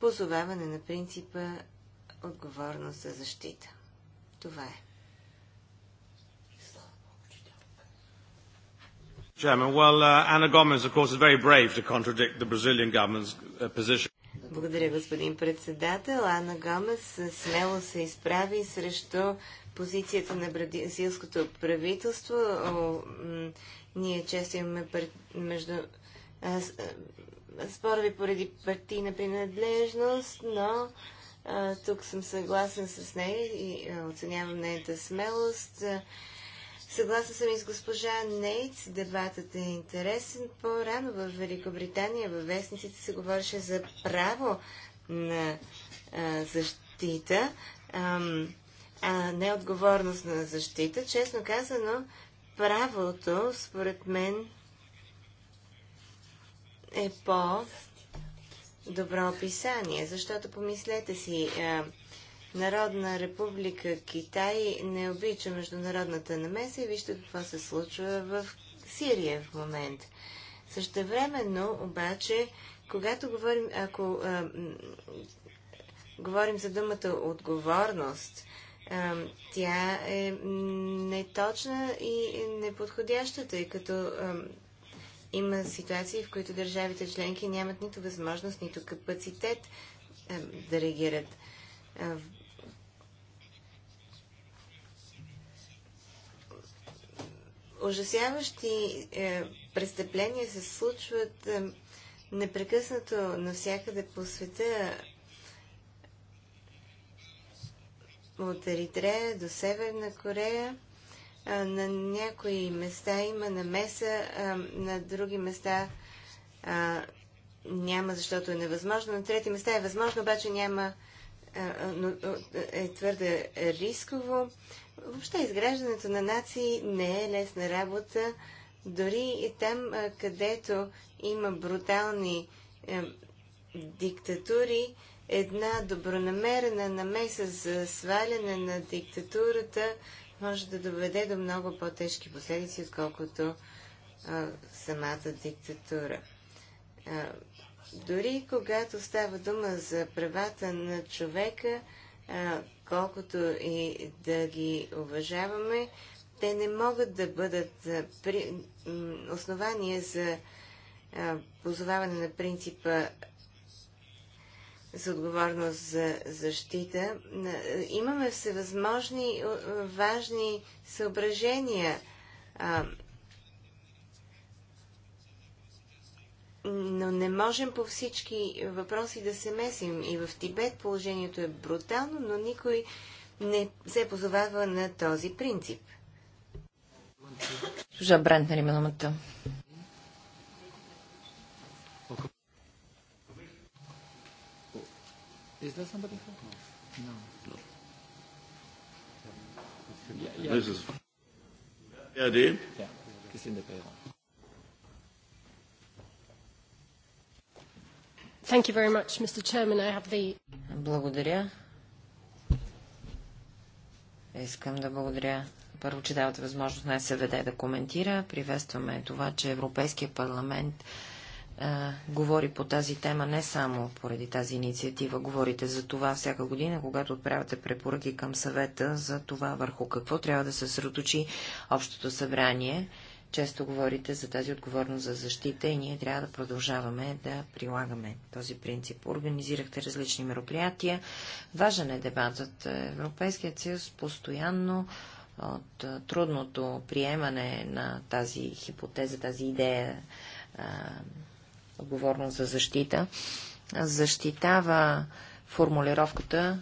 позоваване на принципа отговорност за защита. Това е. Chairman, well, uh, Anna Gomez, of course, is very brave to contradict the Brazilian government's uh, position. Благодаря, господин председател. Ана Гомес е, смело се изправи срещу позицията на бразилското правителство. ние често имаме пар... между... спорови поради партийна принадлежност, но тук съм съгласен с нея и оценявам нейната смелост. А, Съгласна съм и с госпожа Нейтс, дебатът е интересен. По-рано в Великобритания във вестниците се говореше за право на а, защита, а, а не отговорност на защита. Честно казано, правото, според мен, е по-добро описание, защото помислете си, а, Народна република Китай не обича международната намеса и вижте какво се случва в Сирия в момент. Същевременно, обаче, когато говорим, ако а, говорим за думата отговорност, а, тя е неточна и неподходяща, тъй като а, има ситуации, в които държавите членки нямат нито възможност, нито капацитет а, да реагират. А, в ужасяващи е, престъпления се случват е, непрекъснато навсякъде по света. От Еритрея до Северна Корея. Е, на някои места има намеса, е, на други места е, няма, защото е невъзможно. На трети места е възможно, обаче няма, е, е твърде рисково. Въобще изграждането на нации не е лесна работа, дори и там, където има брутални е, диктатури, една добронамерена намеса за сваляне на диктатурата може да доведе до много по-тежки последици, отколкото самата диктатура. дори когато става дума за правата на човека, колкото и да ги уважаваме, те не могат да бъдат при... основания за позоваване на принципа за отговорност за защита. Имаме всевъзможни важни съображения но не можем по всички въпроси да се месим. И в Тибет положението е брутално, но никой не се позовава на този принцип. Служа Брентнер има думата. Is there somebody No. no. Yeah, yeah. This is... Yeah, yeah. It's in the payroll. Thank you very much, Mr. Chairman. I have the... Благодаря. Искам да благодаря първо, че давате възможност на СВД да коментира. Приветстваме това, че Европейския парламент а, говори по тази тема не само поради тази инициатива. Говорите за това всяка година, когато отправяте препоръки към съвета за това върху какво трябва да се сръточи общото събрание често говорите за тази отговорност за защита и ние трябва да продължаваме да прилагаме този принцип. Организирахте различни мероприятия. Важен е дебатът. Европейският съюз постоянно от трудното приемане на тази хипотеза, тази идея а, отговорност за защита, защитава формулировката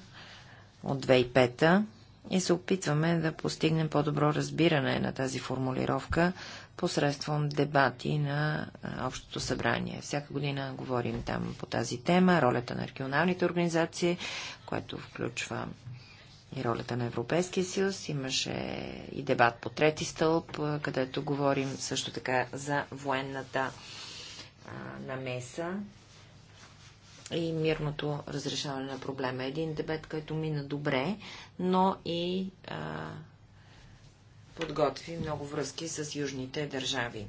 от 2005 и се опитваме да постигнем по-добро разбиране на тази формулировка посредством дебати на Общото събрание. Всяка година говорим там по тази тема, ролята на регионалните организации, което включва и ролята на Европейския съюз. Имаше и дебат по трети стълб, където говорим също така за военната а, намеса и мирното разрешаване на проблема. Един дебет, който мина добре, но и а, подготви много връзки с южните държави.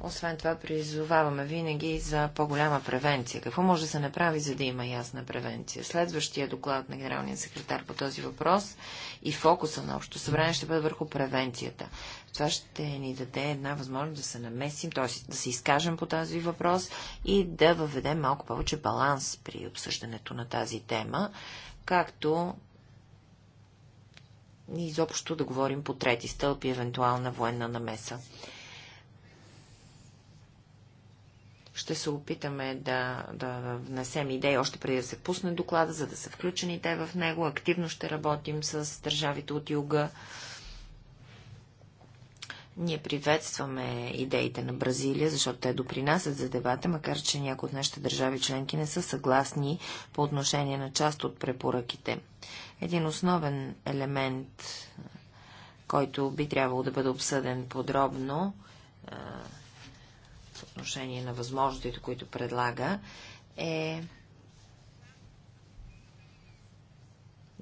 Освен това, призоваваме винаги за по-голяма превенция. Какво може да се направи, за да има ясна превенция? Следващия доклад на генералния секретар по този въпрос и фокуса на Общото събрание ще бъде върху превенцията. Това ще ни даде една възможност да се намесим, т.е. да се изкажем по този въпрос и да въведем малко повече баланс при обсъждането на тази тема, както и изобщо да говорим по трети стълб и евентуална военна намеса. Ще се опитаме да, да внесем идеи още преди да се пусне доклада, за да са включени те в него. Активно ще работим с държавите от юга. Ние приветстваме идеите на Бразилия, защото те допринасят за дебата, макар че някои от нашите държави членки не са съгласни по отношение на част от препоръките. Един основен елемент, който би трябвало да бъде обсъден подробно в отношение на възможностите, които предлага, е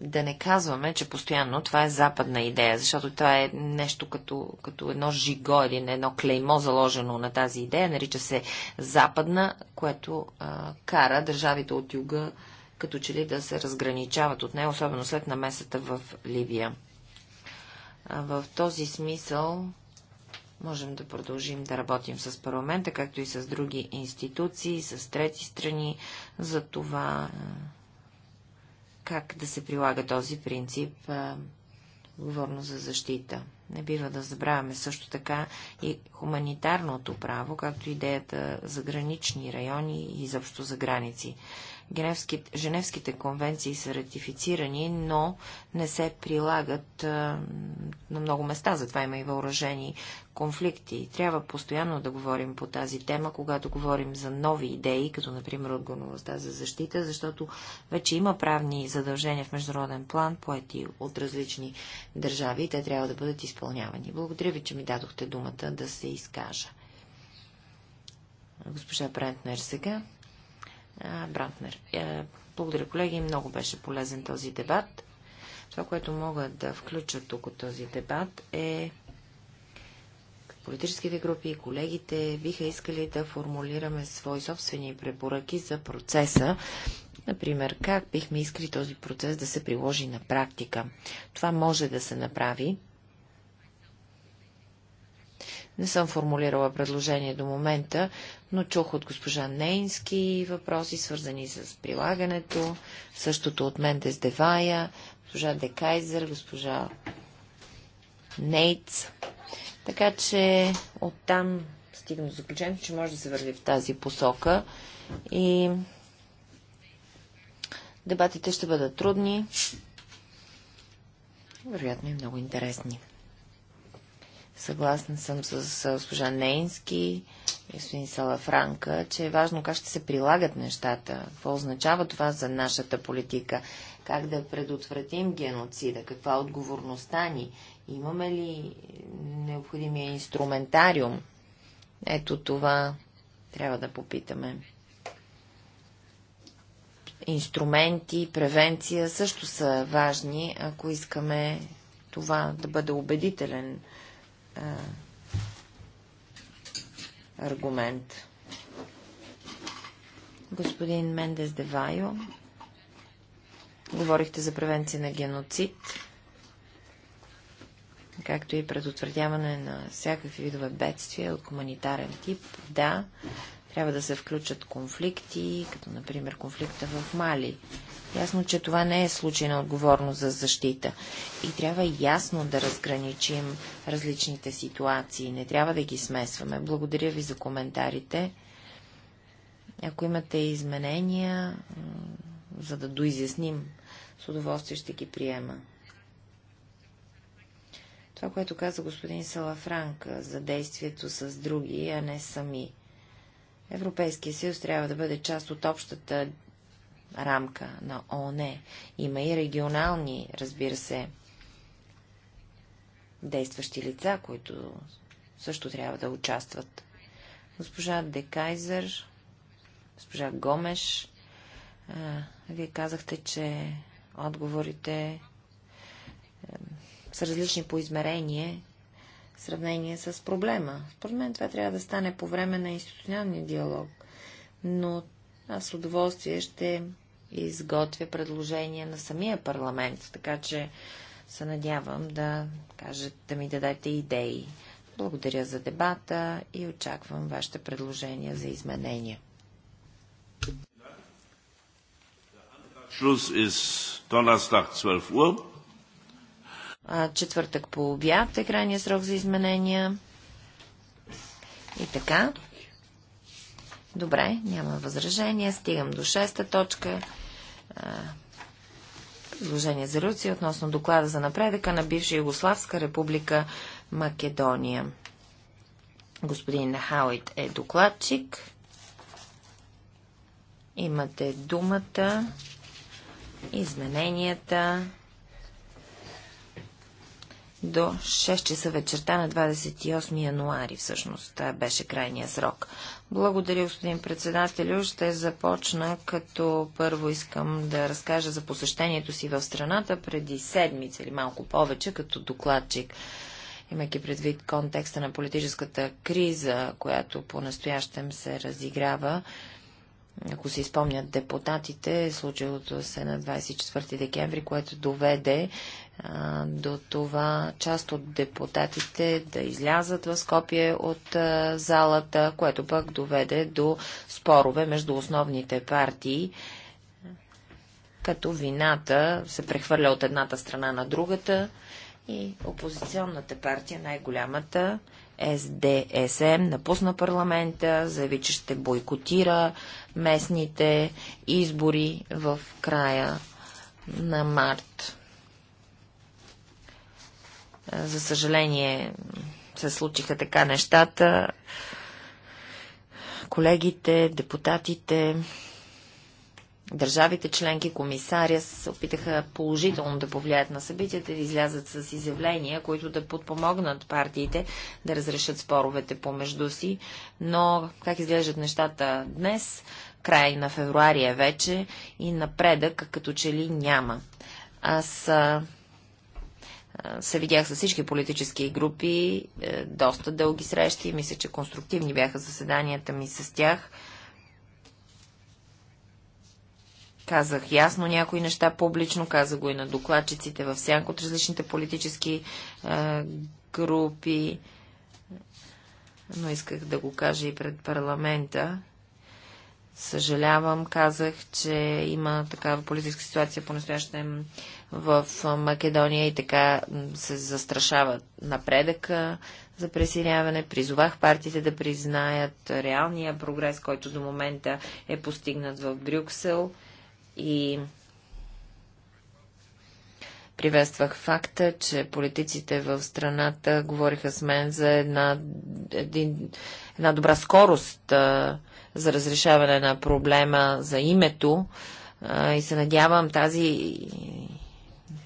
да не казваме, че постоянно това е западна идея, защото това е нещо като, като едно жиго или едно клеймо заложено на тази идея, нарича се западна, което а, кара държавите от юга като че ли да се разграничават от нея, особено след намесата в Ливия. В този смисъл можем да продължим да работим с парламента, както и с други институции, с трети страни, за това как да се прилага този принцип отговорно за защита. Не бива да забравяме също така и хуманитарното право, както идеята за гранични райони и изобщо за граници. Женевските конвенции са ратифицирани, но не се прилагат на много места, затова има и въоръжени конфликти. Трябва постоянно да говорим по тази тема, когато говорим за нови идеи, като например отговорността за защита, защото вече има правни задължения в международен план, поети от различни държави и те трябва да бъдат изпълнявани. Благодаря ви, че ми дадохте думата да се изкажа. Госпожа Брентнер сега. Брантнер. Е, благодаря, колеги. Много беше полезен този дебат. Това, което мога да включа тук от този дебат е политическите групи и колегите биха искали да формулираме свои собствени препоръки за процеса. Например, как бихме искали този процес да се приложи на практика. Това може да се направи не съм формулирала предложение до момента, но чух от госпожа Нейнски въпроси, свързани с прилагането, същото от мен Дездевая, госпожа Декайзер, госпожа Нейц. Така че оттам стигна до заключението, че може да се върви в тази посока и дебатите ще бъдат трудни, вероятно и много интересни. Съгласна съм с госпожа Нейнски и господин Салафранка, че е важно как ще се прилагат нещата. Какво означава това за нашата политика? Как да предотвратим геноцида? Каква е отговорността ни? Имаме ли необходимия инструментариум? Ето това трябва да попитаме. Инструменти, превенция също са важни, ако искаме това да бъде убедителен аргумент. Господин Мендес Девайо, говорихте за превенция на геноцид, както и предотвратяване на всякакви видове бедствия от хуманитарен тип. Да, трябва да се включат конфликти, като например конфликта в Мали. Ясно, че това не е случай на отговорност за защита. И трябва ясно да разграничим различните ситуации. Не трябва да ги смесваме. Благодаря ви за коментарите. Ако имате изменения, за да доизясним, с удоволствие ще ги приема. Това, което каза господин Салафранк за действието с други, а не сами. Европейския съюз трябва да бъде част от общата рамка на ООН. Има и регионални, разбира се, действащи лица, които също трябва да участват. Госпожа Декайзер, госпожа Гомеш, вие казахте, че отговорите са различни по измерение в сравнение с проблема. Според мен това трябва да стане по време на институционалния диалог, но аз с удоволствие ще изготвя предложения на самия парламент, така че се надявам да кажете, да ми дадете идеи. Благодаря за дебата и очаквам вашите предложения за изменения. Четвъртък по обяд е крайния срок за изменения. И така, Добре, няма възражение. Стигам до шеста точка. Изложение за Руция относно доклада за напредъка на бивша Югославска република Македония. Господин Хауит е докладчик. Имате думата, измененията до 6 часа вечерта на 28 януари, всъщност, беше крайния срок. Благодаря, господин председателю. Ще започна, като първо искам да разкажа за посещението си в страната преди седмица или малко повече, като докладчик имайки предвид контекста на политическата криза, която по-настоящем се разиграва ако се изпомнят депутатите, случилото се на 24 декември, което доведе до това част от депутатите да излязат в Скопие от залата, което пък доведе до спорове между основните партии, като вината се прехвърля от едната страна на другата и опозиционната партия, най-голямата, СДСМ напусна парламента, заяви, че ще бойкотира местните избори в края на март. За съжаление се случиха така нещата. Колегите, депутатите, държавите членки, комисаря се опитаха положително да повлияят на събитията и да излязат с изявления, които да подпомогнат партиите да разрешат споровете помежду си. Но как изглеждат нещата днес? Край на февруари е вече и напредък като че ли няма. Аз се видях с всички политически групи, е, доста дълги срещи, мисля, че конструктивни бяха заседанията ми с тях. Казах ясно някои неща публично, казах го и на докладчиците в сянко от различните политически е, групи, но исках да го кажа и пред парламента. Съжалявам, казах, че има такава политическа ситуация по-настоящем в Македония и така се застрашава напредъка за пресиняване. Призовах партиите да признаят реалния прогрес, който до момента е постигнат в Брюксел и приветствах факта, че политиците в страната говориха с мен за една, един, една добра скорост а, за разрешаване на проблема за името а, и се надявам тази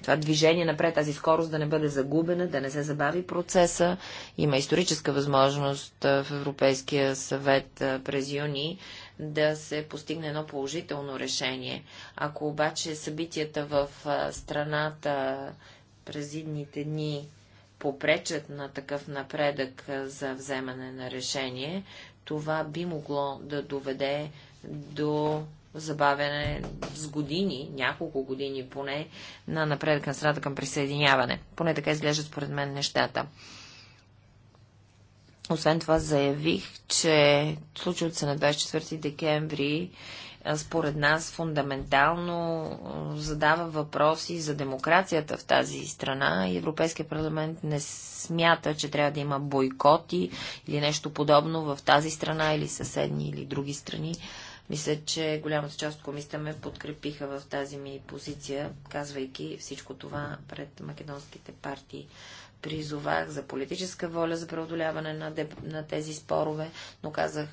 това движение напред, тази скорост да не бъде загубена, да не се забави процеса. Има историческа възможност в Европейския съвет през юни да се постигне едно положително решение. Ако обаче събитията в страната през идните дни попречат на такъв напредък за вземане на решение, това би могло да доведе до забавяне с години, няколко години поне, на напредък на страната към присъединяване. Поне така изглеждат според мен нещата. Освен това заявих, че случилото се на 24 декември според нас фундаментално задава въпроси за демокрацията в тази страна и Европейския парламент не смята, че трябва да има бойкоти или нещо подобно в тази страна или съседни или други страни. Мисля, че голямата част от комисията ме подкрепиха в тази ми позиция, казвайки всичко това пред македонските партии призовах за политическа воля за преодоляване на, деб... на тези спорове, но казах,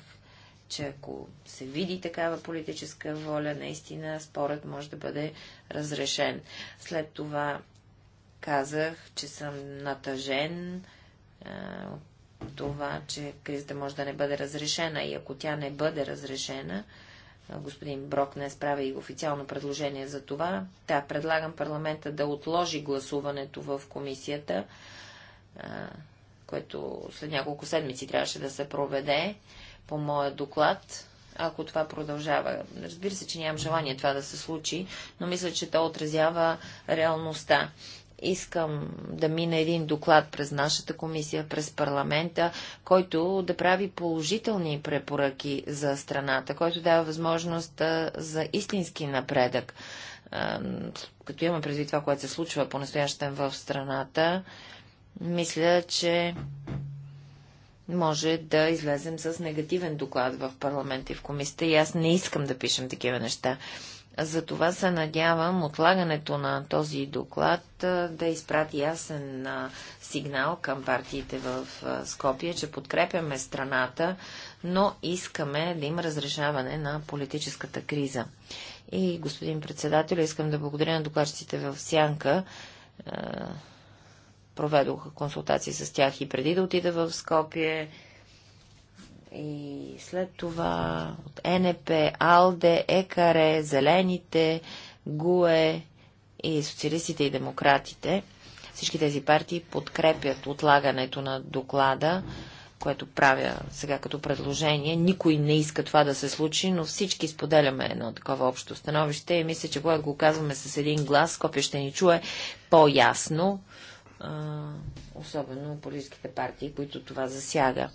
че ако се види такава политическа воля, наистина спорът може да бъде разрешен. След това казах, че съм натъжен от това, че кризата може да не бъде разрешена и ако тя не бъде разрешена, господин Брок не справя и официално предложение за това. Да, предлагам парламента да отложи гласуването в комисията което след няколко седмици трябваше да се проведе по моя доклад, ако това продължава. Разбира се, че нямам желание това да се случи, но мисля, че то отразява реалността. Искам да мине един доклад през нашата комисия, през парламента, който да прави положителни препоръки за страната, който дава възможност за истински напредък. Като имаме предвид това, което се случва по-настоящен в страната, мисля, че може да излезем с негативен доклад в парламента и в комисията и аз не искам да пишем такива неща. Затова се надявам отлагането на този доклад да изпрати ясен сигнал към партиите в Скопия, че подкрепяме страната, но искаме да има разрешаване на политическата криза. И, господин председател, искам да благодаря на докладчиците в Сянка Проведох консултации с тях и преди да отида в Скопие. И след това от НП, АЛДЕ, ЕКАРЕ, Зелените, ГУЕ и социалистите и демократите. Всички тези партии подкрепят отлагането на доклада, което правя сега като предложение. Никой не иска това да се случи, но всички споделяме едно такова общо становище и мисля, че когато го казваме с един глас, Скопия ще ни чуе по-ясно а, особено политическите партии, които това засяга.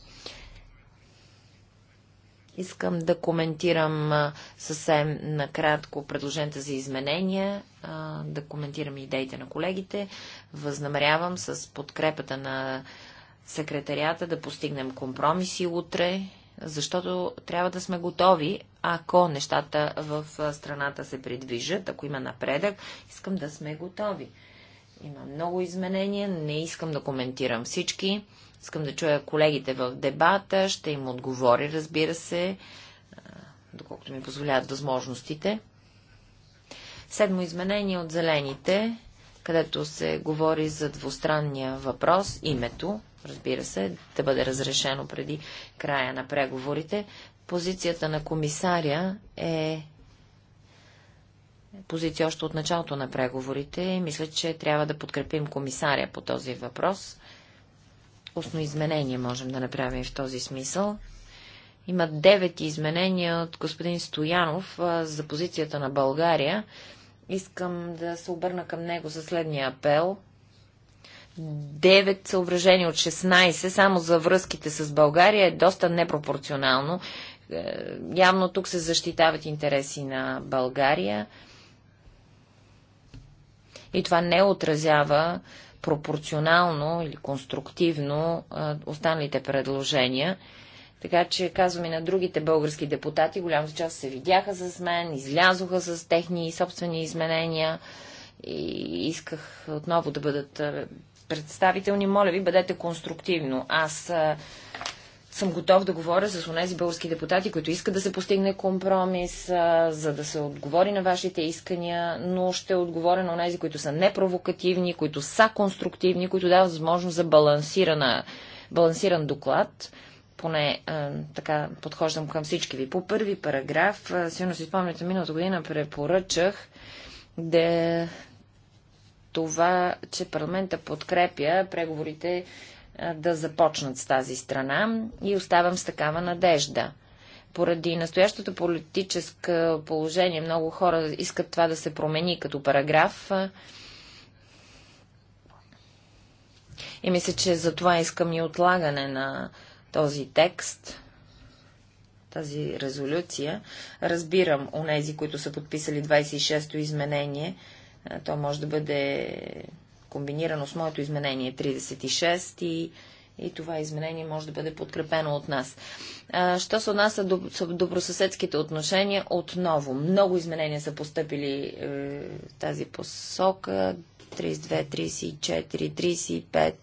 Искам да коментирам съвсем накратко предложенията за изменения, да коментирам идеите на колегите. Възнамерявам с подкрепата на секретарията да постигнем компромиси утре, защото трябва да сме готови, ако нещата в страната се придвижат, ако има напредък, искам да сме готови. Има много изменения, не искам да коментирам всички. Искам да чуя колегите в дебата, ще им отговори, разбира се, доколкото ми позволяват възможностите. Седмо изменение от зелените, където се говори за двустранния въпрос, името, разбира се, да бъде разрешено преди края на преговорите. Позицията на комисаря е позиция още от началото на преговорите и мисля, че трябва да подкрепим комисаря по този въпрос. Устно изменение можем да направим в този смисъл. Има девет изменения от господин Стоянов за позицията на България. Искам да се обърна към него със следния апел. Девет съображения от 16 само за връзките с България е доста непропорционално. Е, явно тук се защитават интереси на България и това не отразява пропорционално или конструктивно останалите предложения. Така че казвам и на другите български депутати, голямата част се видяха с мен, излязоха с техни собствени изменения и исках отново да бъдат представителни. Моля ви, бъдете конструктивно. Аз съм готов да говоря с онези български депутати, които искат да се постигне компромис, а, за да се отговори на вашите искания, но ще отговоря на онези, които са непровокативни, които са конструктивни, които дават възможност за балансирана, балансиран доклад. Поне а, така подхождам към всички ви. По първи параграф, сигурно си спомняте, миналата година препоръчах да това, че парламента подкрепя преговорите да започнат с тази страна и оставам с такава надежда. Поради настоящото политическо положение много хора искат това да се промени като параграф. И мисля, че за това искам и отлагане на този текст, тази резолюция. Разбирам нези, които са подписали 26-то изменение. То може да бъде комбинирано с моето изменение 36 и, и това изменение може да бъде подкрепено от нас. А, що се отнася до добросъседските отношения, отново много изменения са поступили е, в тази посока 32, 34, 35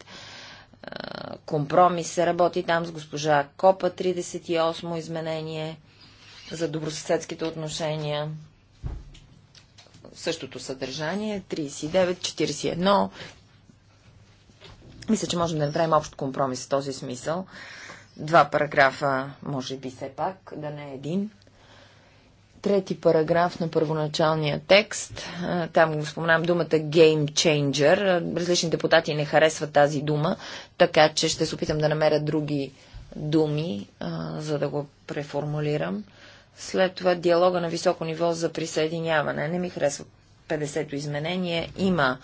компромис се работи там с госпожа Копа, 38 изменение за добросъседските отношения същото съдържание, 39, 41. Мисля, че можем да направим общ компромис в този смисъл. Два параграфа, може би все пак, да не е един. Трети параграф на първоначалния текст. Там го споменавам думата Game Changer. Различни депутати не харесват тази дума, така че ще се опитам да намеря други думи, за да го преформулирам. След това диалога на високо ниво за присъединяване. Не ми харесва 50-то изменение. Има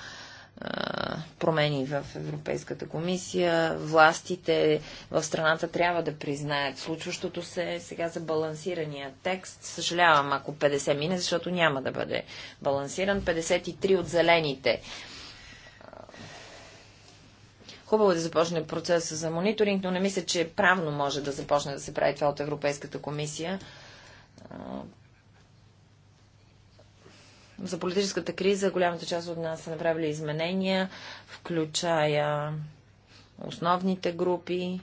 промени в Европейската комисия. Властите в страната трябва да признаят случващото се сега за балансирания текст. Съжалявам, ако 50 мине, защото няма да бъде балансиран. 53 от зелените. Хубаво е да започне процеса за мониторинг, но не мисля, че правно може да започне да се прави това от Европейската комисия за политическата криза голямата част от нас са направили изменения, включая основните групи.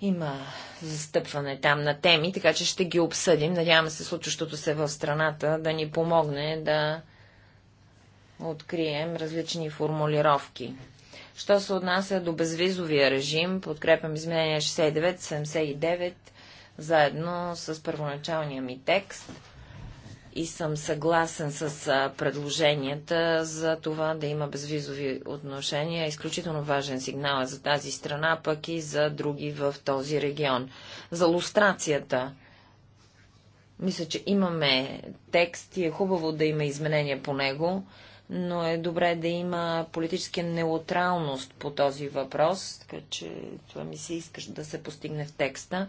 Има застъпване там на теми, така че ще ги обсъдим. Надяваме се случващото се в страната да ни помогне да открием различни формулировки. Що се отнася до безвизовия режим, подкрепям изменения 69, 79 заедно с първоначалния ми текст и съм съгласен с предложенията за това да има безвизови отношения. Изключително важен сигнал е за тази страна, пък и за други в този регион. За лустрацията. Мисля, че имаме текст и е хубаво да има изменения по него, но е добре да има политическа неутралност по този въпрос, така че това ми се искаш да се постигне в текста.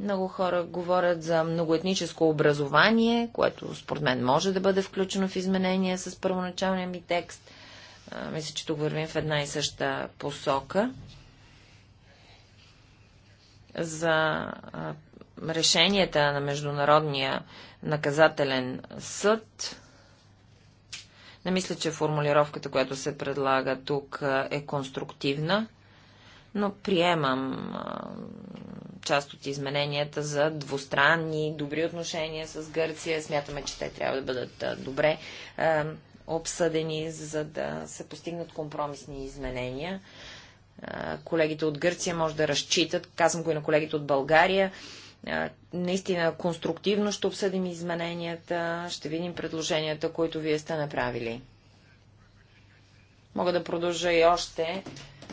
Много хора говорят за многоетническо образование, което според мен може да бъде включено в изменение с първоначалния ми текст. мисля, че тук вървим в една и съща посока. За решенията на Международния наказателен съд. Не мисля, че формулировката, която се предлага тук е конструктивна, но приемам част от измененията за двустранни, добри отношения с Гърция. Смятаме, че те трябва да бъдат добре обсъдени, за да се постигнат компромисни изменения. колегите от Гърция може да разчитат, казвам го и на колегите от България, наистина конструктивно ще обсъдим измененията, ще видим предложенията, които вие сте направили. Мога да продължа и още,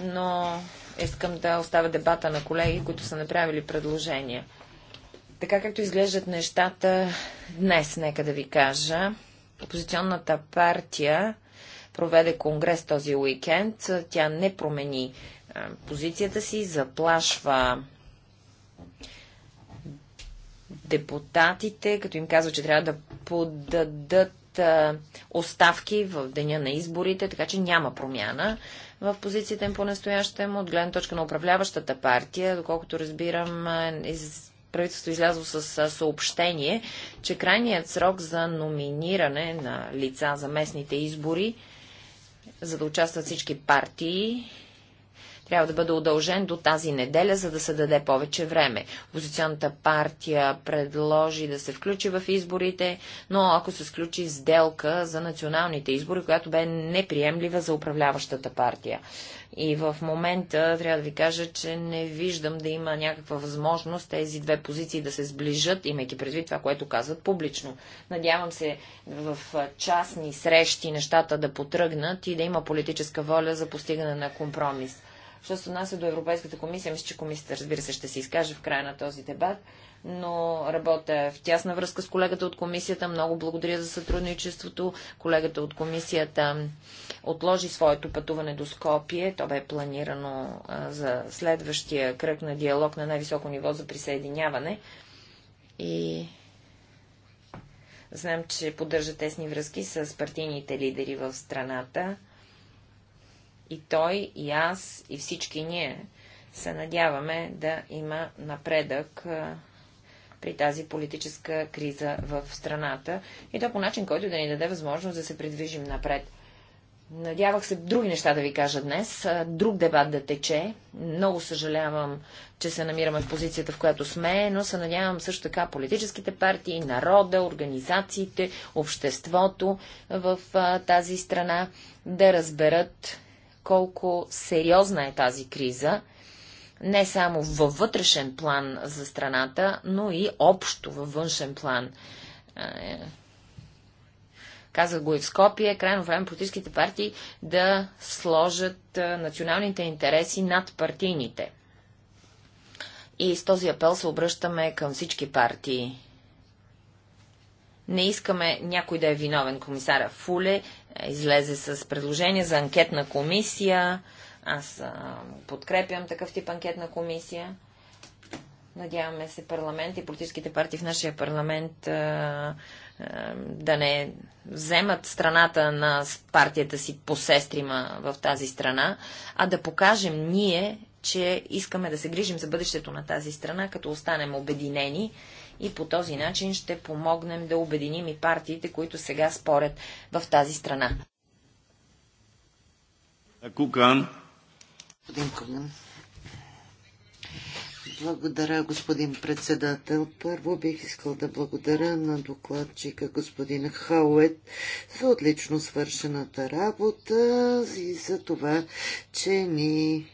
но Искам да оставя дебата на колеги, които са направили предложения. Така както изглеждат нещата днес, нека да ви кажа. Опозиционната партия проведе конгрес този уикенд. Тя не промени позицията си, заплашва депутатите, като им казва, че трябва да подадат оставки в деня на изборите, така че няма промяна в позицията им по настоящем, от гледна точка на управляващата партия, доколкото разбирам, е, из... правителството е излязло с съобщение, че крайният срок за номиниране на лица за местните избори, за да участват всички партии, трябва да бъде удължен до тази неделя, за да се даде повече време. Опозиционната партия предложи да се включи в изборите, но ако се включи сделка за националните избори, която бе неприемлива за управляващата партия. И в момента трябва да ви кажа, че не виждам да има някаква възможност тези две позиции да се сближат, имайки предвид това, което казват публично. Надявам се в частни срещи нещата да потръгнат и да има политическа воля за постигане на компромис. Що се отнася до Европейската комисия, мисля, че комисията, разбира се, ще се изкаже в края на този дебат, но работя в тясна връзка с колегата от комисията. Много благодаря за сътрудничеството. Колегата от комисията отложи своето пътуване до Скопие. То бе планирано за следващия кръг на диалог на най-високо ниво за присъединяване. И знам, че поддържа тесни връзки с партийните лидери в страната. И той, и аз, и всички ние се надяваме да има напредък при тази политическа криза в страната и то по начин, който да ни даде възможност да се придвижим напред. Надявах се други неща да ви кажа днес, друг дебат да тече. Много съжалявам, че се намираме в позицията, в която сме, но се надявам също така политическите партии, народа, организациите, обществото в тази страна да разберат колко сериозна е тази криза, не само във вътрешен план за страната, но и общо във външен план. Е, казах го и в Скопие, крайно време политическите партии да сложат националните интереси над партийните. И с този апел се обръщаме към всички партии. Не искаме някой да е виновен. Комисара Фуле излезе с предложение за анкетна комисия. Аз а, подкрепям такъв тип анкетна комисия. Надяваме се парламент и политическите партии в нашия парламент а, а, да не вземат страната на партията си по сестрима в тази страна, а да покажем ние, че искаме да се грижим за бъдещето на тази страна, като останем обединени и по този начин ще помогнем да обединим и партиите, които сега спорят в тази страна. Кукан. Господин Кукан. Благодаря, господин председател. Първо бих искал да благодаря на докладчика господин Хаует за отлично свършената работа и за това, че ни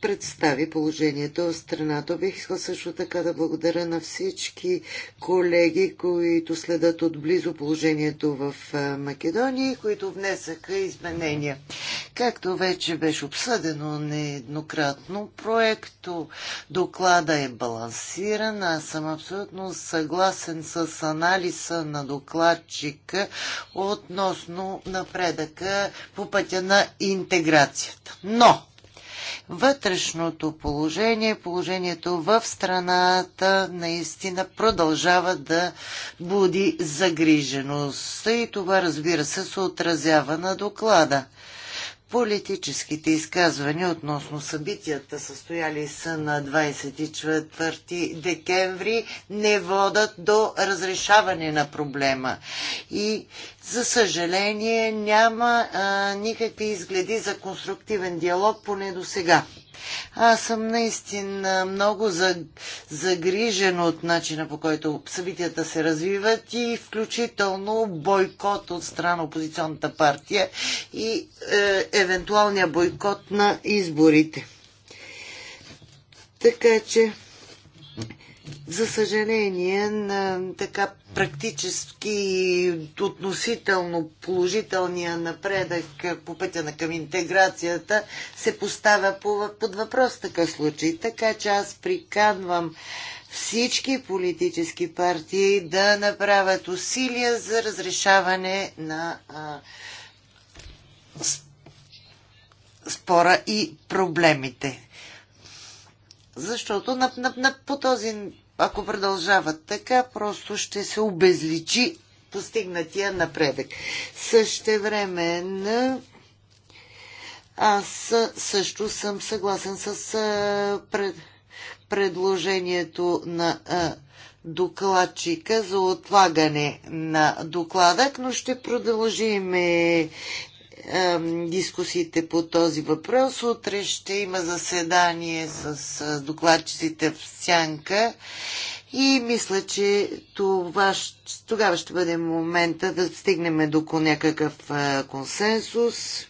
представи положението в страната. Бих искал също така да благодаря на всички колеги, които следят отблизо положението в Македония и които внесаха изменения. Както вече беше обсъдено нееднократно, проекто доклада е балансиран. Аз съм абсолютно съгласен с анализа на докладчика относно напредъка по пътя на интеграцията. Но вътрешното положение, положението в страната наистина продължава да буди загриженост. И това, разбира се, се отразява на доклада. Политическите изказвания относно събитията, състояли са на 24 декември, не водат до разрешаване на проблема. И, за съжаление, няма а, никакви изгледи за конструктивен диалог, поне до сега. Аз съм наистина много загрижен от начина по който събитията се развиват и включително бойкот от страна опозиционната партия и е, евентуалния бойкот на изборите. Така че за съжаление, на така практически относително положителния напредък по пътя на към интеграцията се поставя под въпрос такъв случай. Така че аз приканвам всички политически партии да направят усилия за разрешаване на а, спора и проблемите. Защото на, на, на, по този, ако продължават така, просто ще се обезличи постигнатия напредък. Също време на аз също съм съгласен с а, пред, предложението на а, докладчика за отлагане на докладък, но ще продължим дискусиите по този въпрос. Утре ще има заседание с докладчиците в Сянка и мисля, че това, тогава ще бъде момента да стигнем до някакъв консенсус.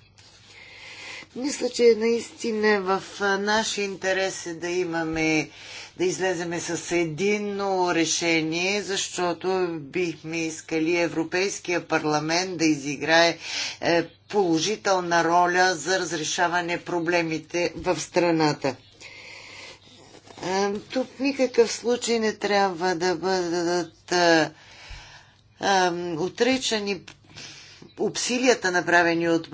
Мисля, че наистина в нашия интерес е да имаме да излеземе с единно решение, защото бихме искали Европейския парламент да изиграе е, положителна роля за разрешаване проблемите в страната. Е, тук никакъв случай не трябва да бъдат е, отричани усилията направени от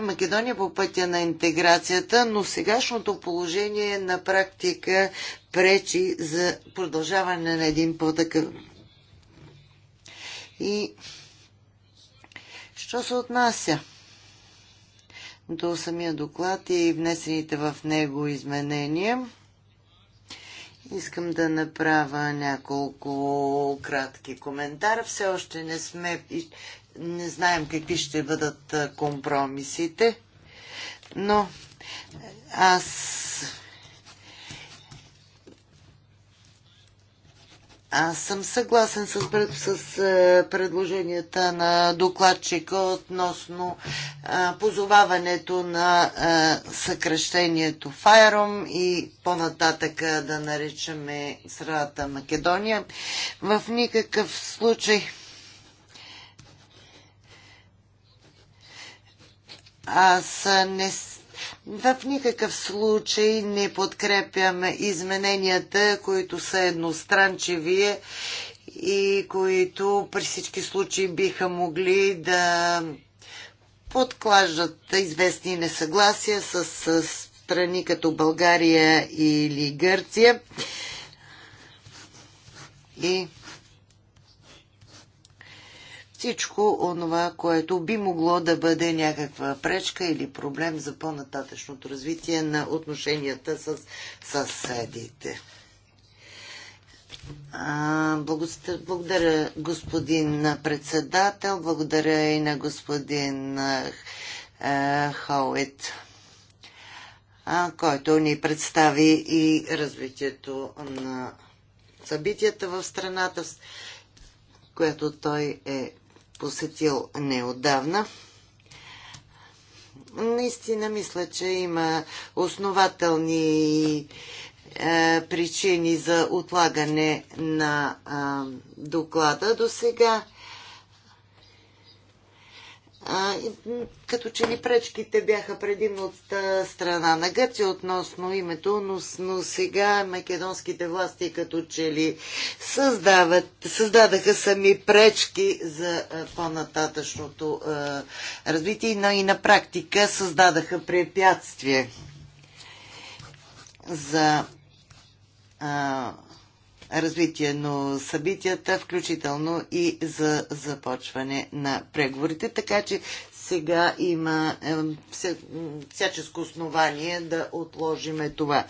Македония по пътя на интеграцията, но сегашното положение на практика пречи за продължаване на един по-такъв. И що се отнася до самия доклад и внесените в него изменения, Искам да направя няколко кратки коментара. Все още не сме не знаем какви ще бъдат компромисите, но аз Аз съм съгласен с, с, с предложенията на докладчика относно а, позоваването на а, съкръщението Файром и по нататък да наричаме страната Македония. В никакъв случай Аз не в никакъв случай не подкрепям измененията, които са едностранчеви и които при всички случаи биха могли да подклаждат известни несъгласия с, с страни като България или Гърция. И всичко онова, което би могло да бъде някаква пречка или проблем за по-нататъчното развитие на отношенията с съседите. Благодаря господин председател, благодаря и на господин Хоуит, който ни представи и развитието на събитията в страната, което той е посетил неодавна. Наистина мисля, че има основателни е, причини за отлагане на е, доклада. До сега а, като че ли пречките бяха предимно от страна на Гърция относно името, но, но сега македонските власти като че ли създават, създадаха сами пречки за по-нататъчното развитие, но и на практика създадаха препятствие за а, развитие на събитията, включително и за започване на преговорите. Така че сега има е, всяческо основание да отложиме това.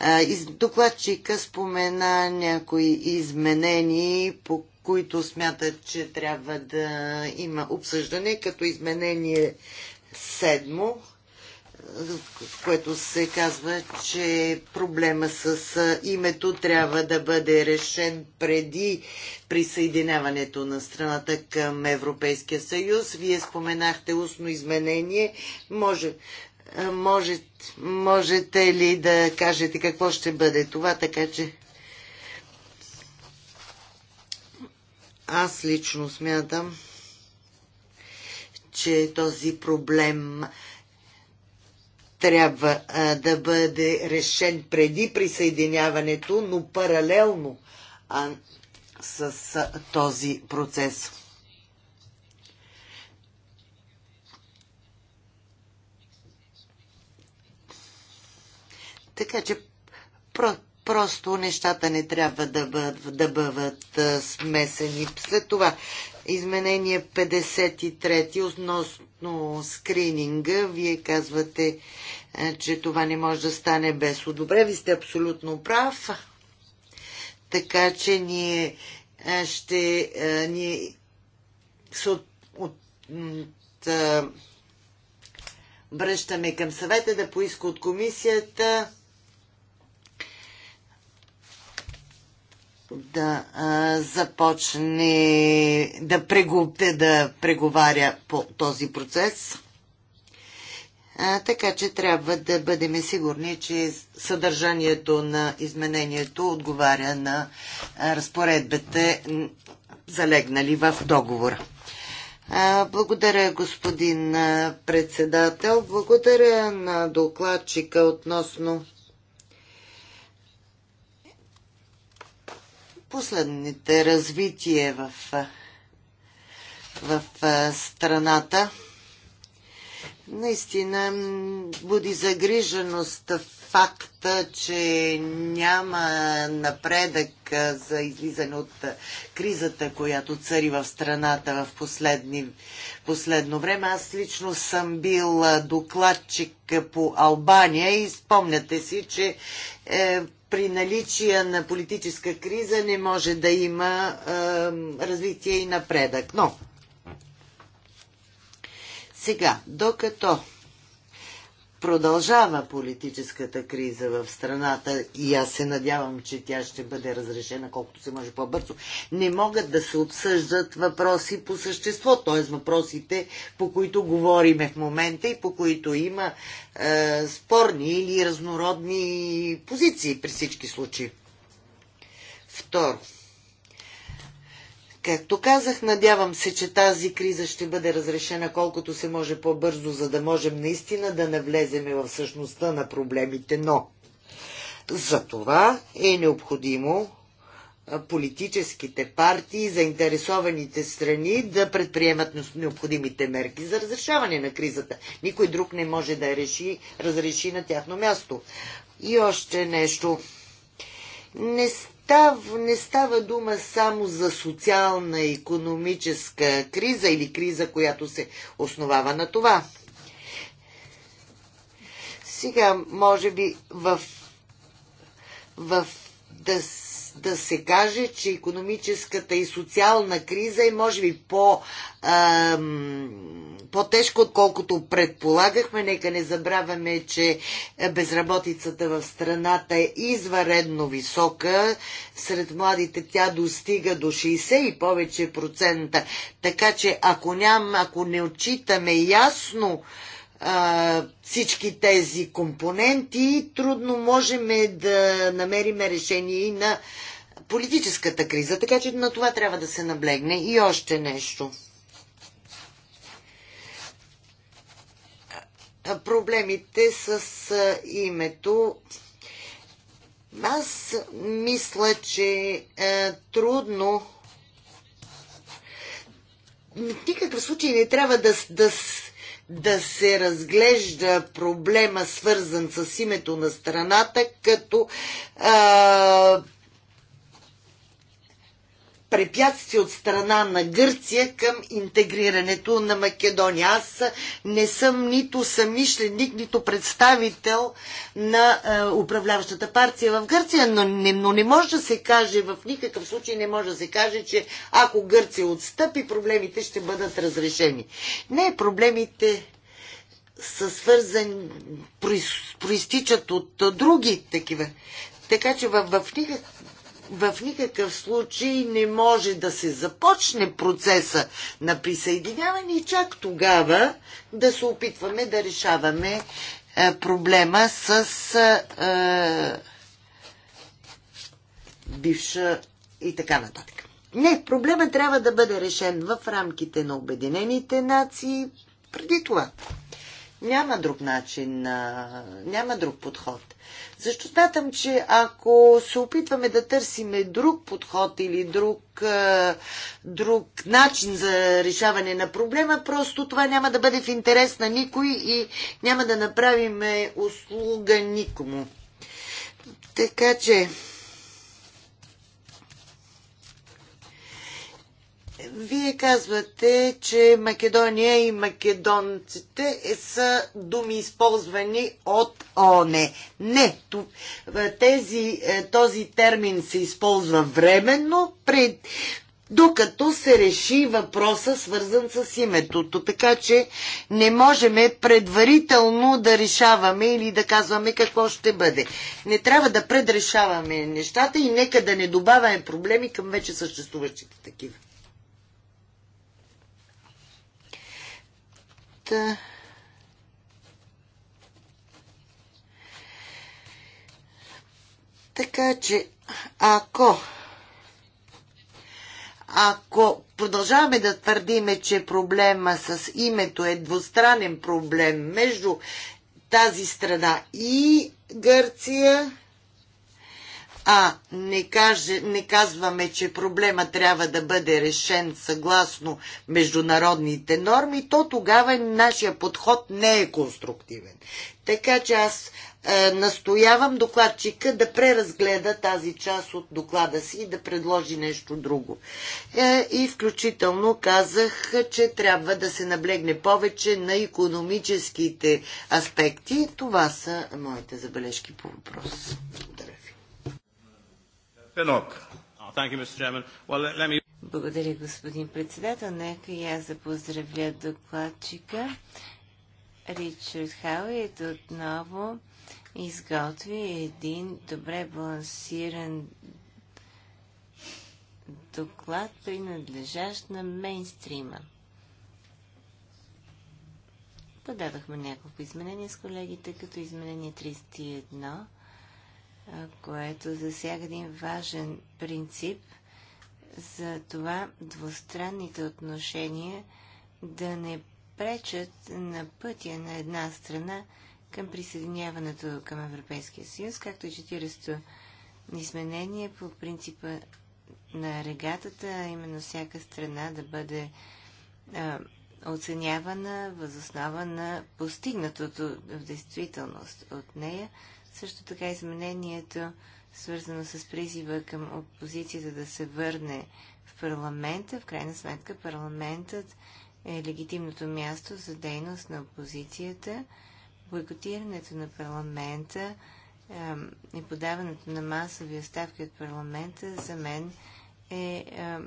Е, докладчика спомена някои изменения, по които смятат, че трябва да има обсъждане, като изменение седмо в което се казва, че проблема с името трябва да бъде решен преди присъединяването на страната към Европейския съюз. Вие споменахте устно изменение. Може, може, можете ли да кажете какво ще бъде това, така че аз лично смятам, че този проблем трябва а, да бъде решен преди присъединяването, но паралелно а, с а, този процес. Така че про, Просто нещата не трябва да бъдат, да бъдат смесени. След това изменение 53 относно скрининга. Вие казвате, че това не може да стане без одобре. Ви сте абсолютно прав. Така че ние ще ние се от, от, от, връщаме към съвета да поиска от комисията да а, започне да, прегу, да преговаря по този процес. А, така че трябва да бъдем сигурни, че съдържанието на изменението отговаря на а, разпоредбите, залегнали в договора. Благодаря, господин председател. Благодаря на докладчика относно последните развитие в, в страната наистина буди загриженост факта, че няма напредък за излизане от кризата, която цари в страната в последни, последно време. Аз лично съм бил докладчик по Албания и спомняте си, че е, при наличие на политическа криза не може да има е, развитие и напредък. Но сега, докато продължава политическата криза в страната и аз се надявам, че тя ще бъде разрешена колкото се може по-бързо, не могат да се обсъждат въпроси по същество, т.е. въпросите, по които говориме в момента и по които има е, спорни или разнородни позиции при всички случаи. Второ, Както казах, надявам се, че тази криза ще бъде разрешена колкото се може по-бързо, за да можем наистина да навлеземе в същността на проблемите, но за това е необходимо политическите партии заинтересованите страни да предприемат необходимите мерки за разрешаване на кризата. Никой друг не може да реши, разреши на тяхно място. И още нещо. Не, Тав не става дума само за социална и економическа криза или криза, която се основава на това. Сега, може би, в, в да, да се каже, че економическата и социална криза е, може би, по... Ам, по-тежко, отколкото предполагахме. Нека не забравяме, че безработицата в страната е изваредно висока. Сред младите тя достига до 60 и повече процента. Така че ако, ням, ако не отчитаме ясно а, всички тези компоненти, трудно можем да намерим решение и на политическата криза. Така че на това трябва да се наблегне. И още нещо – проблемите с името. Аз мисля, че е трудно. В никакъв случай не трябва да, да, да се разглежда проблема, свързан с името на страната, като Е, препятствие от страна на Гърция към интегрирането на Македония. Аз не съм нито самишленик, нито представител на е, управляващата партия в Гърция, но не, но не може да се каже, в никакъв случай не може да се каже, че ако Гърция отстъпи, проблемите ще бъдат разрешени. Не, проблемите са свързани, проистичат от други такива. Така че в, в никакъв в никакъв случай не може да се започне процеса на присъединяване и чак тогава да се опитваме да решаваме е, проблема с е, е, бивша и така нататък. Не, проблема трябва да бъде решен в рамките на Обединените нации преди това. Няма друг начин, няма друг подход. Защо смятам, че ако се опитваме да търсиме друг подход или друг, друг начин за решаване на проблема, просто това няма да бъде в интерес на никой и няма да направим услуга никому. Така че, Вие казвате, че Македония и македонците е- са думи използвани от ОНЕ. Не, тези, е, този термин се използва временно, пред, докато се реши въпроса, свързан с името. Така че не можем предварително да решаваме или да казваме какво ще бъде. Не трябва да предрешаваме нещата и нека да не добавяме проблеми към вече съществуващите такива. Така че, ако ако продължаваме да твърдиме, че проблема с името е двустранен проблем между тази страна и Гърция, а не, каже, не казваме, че проблема трябва да бъде решен съгласно международните норми, то тогава нашия подход не е конструктивен. Така че аз е, настоявам докладчика да преразгледа тази част от доклада си и да предложи нещо друго. Е, и включително казах, че трябва да се наблегне повече на економическите аспекти. Това са моите забележки по въпроса. Oh, Благодаря, господин председател. Нека и аз да поздравя докладчика. Ричард Хауит отново изготви един добре балансиран доклад, принадлежащ на мейнстрима. Подадохме няколко изменения с колегите, като изменение 31 което засяга един важен принцип за това двустранните отношения да не пречат на пътя на една страна към присъединяването към Европейския съюз, както и 40-то изменение по принципа на регатата, именно всяка страна да бъде а, оценявана възоснова на постигнатото в действителност от нея, също така изменението, свързано с призива към опозицията да се върне в парламента. В крайна сметка парламентът е легитимното място за дейност на опозицията. Бойкотирането на парламента и подаването на масови оставки от парламента за мен е, е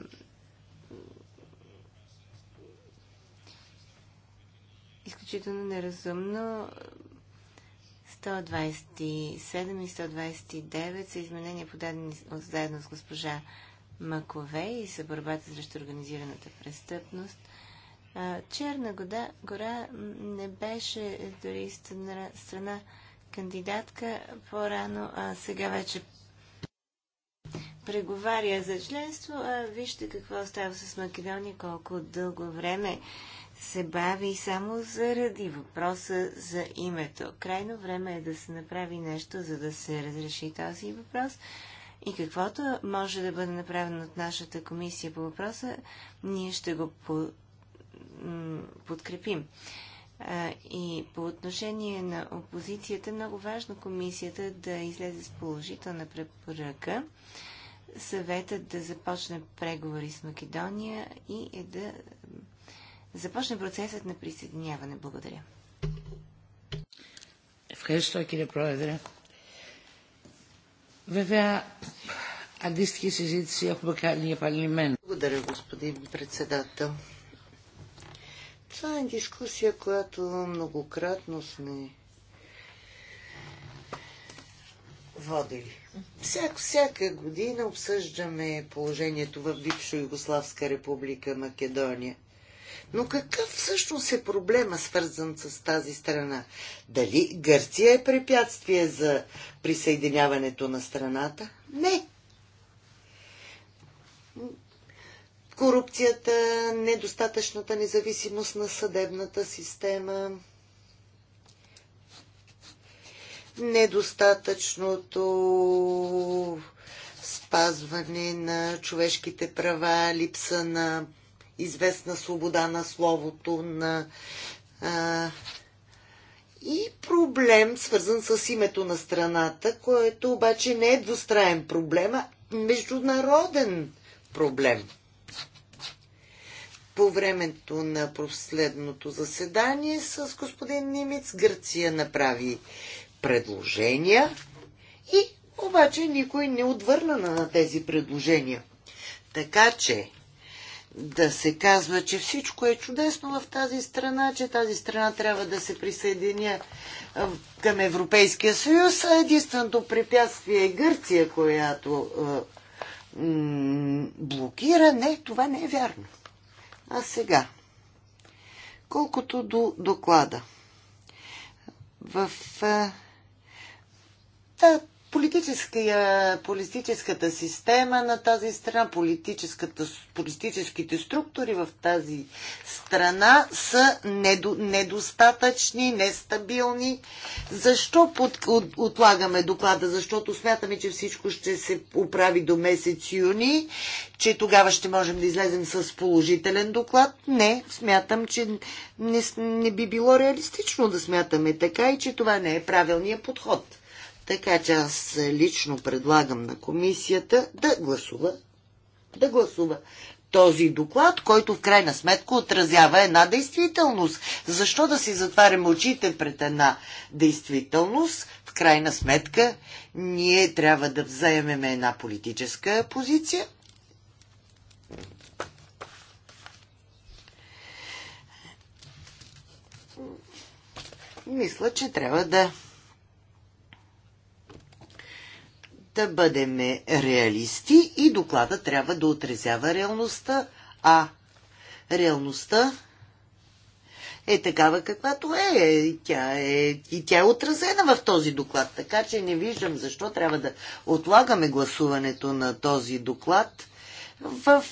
изключително неразумно 127 и 129 са изменения подадени заедно с госпожа Макове и са борбата срещу организираната престъпност. Черна года, гора не беше дори страна, страна кандидатка по-рано, а сега вече преговаря за членство. А вижте какво става с Македония, колко дълго време се бави само заради въпроса за името. Крайно време е да се направи нещо, за да се разреши този въпрос. И каквото може да бъде направено от нашата комисия по въпроса, ние ще го по подкрепим. и по отношение на опозицията, много важно комисията да излезе с положителна препоръка, съветът да започне преговори с Македония и е да започне процесът на присъединяване. Благодаря. Βέβαια, αντίστοιχη συζήτηση έχουμε κάνει επανειλημμένα. Благодаря, господин председател. Това е дискусия, която многократно сме водили. Всяко, всяка година обсъждаме положението в бивша Югославска република Македония. Но какъв всъщност е проблема свързан с тази страна? Дали Гърция е препятствие за присъединяването на страната? Не. Корупцията, недостатъчната независимост на съдебната система, недостатъчното спазване на човешките права, липса на известна свобода на словото, на а, и проблем, свързан с името на страната, което обаче не е двустраен проблем, а международен проблем. По времето на последното заседание с господин Нимец Гърция направи предложения и обаче никой не отвърна на тези предложения. Така че да се казва, че всичко е чудесно в тази страна, че тази страна трябва да се присъединя към Европейския съюз, а единственото препятствие е Гърция, която е, блокира. Не, това не е вярно. А сега, колкото до доклада. В е, политическата система на тази страна, политическите структури в тази страна са недо, недостатъчни, нестабилни. Защо под, от, отлагаме доклада? Защото смятаме, че всичко ще се оправи до месец юни, че тогава ще можем да излезем с положителен доклад. Не, смятам, че не, не би било реалистично да смятаме така и че това не е правилният подход. Така че аз лично предлагам на комисията да гласува, да гласува този доклад, който в крайна сметка отразява една действителност. Защо да си затваряме очите пред една действителност? В крайна сметка ние трябва да вземем една политическа позиция. Мисля, че трябва да да бъдем реалисти и доклада трябва да отрезява реалността, а реалността е такава каквато е. И тя е, и тя е отразена в този доклад. Така че не виждам защо трябва да отлагаме гласуването на този доклад в,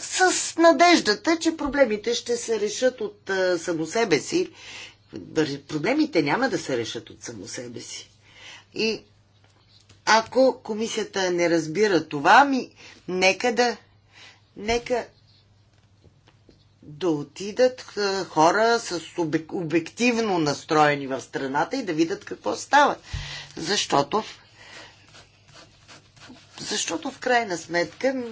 с надеждата, че проблемите ще се решат от само себе си. Проблемите няма да се решат от само себе си. И ако комисията не разбира това, ми нека да нека да отидат е, хора с обективно настроени в страната и да видят какво става. Защото защото в крайна сметка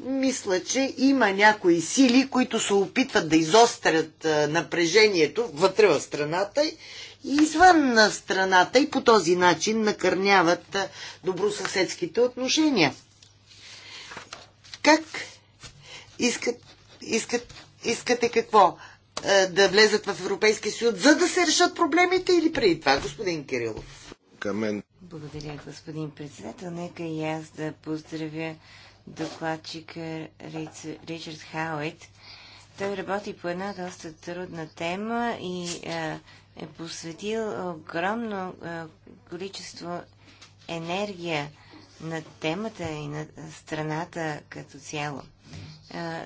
мисля, че има някои сили, които се опитват да изострят е, напрежението вътре в страната извън страната и по този начин накърняват добросъседските отношения. Как искат, искат, искате какво? Да влезат в Европейския съюз, за да се решат проблемите или преди това, господин Кирилов? Към мен. Благодаря, господин председател. Нека и аз да поздравя докладчика Риц, Ричард Хауит. Той работи по една доста трудна тема и а, е посветил огромно количество енергия на темата и на страната като цяло.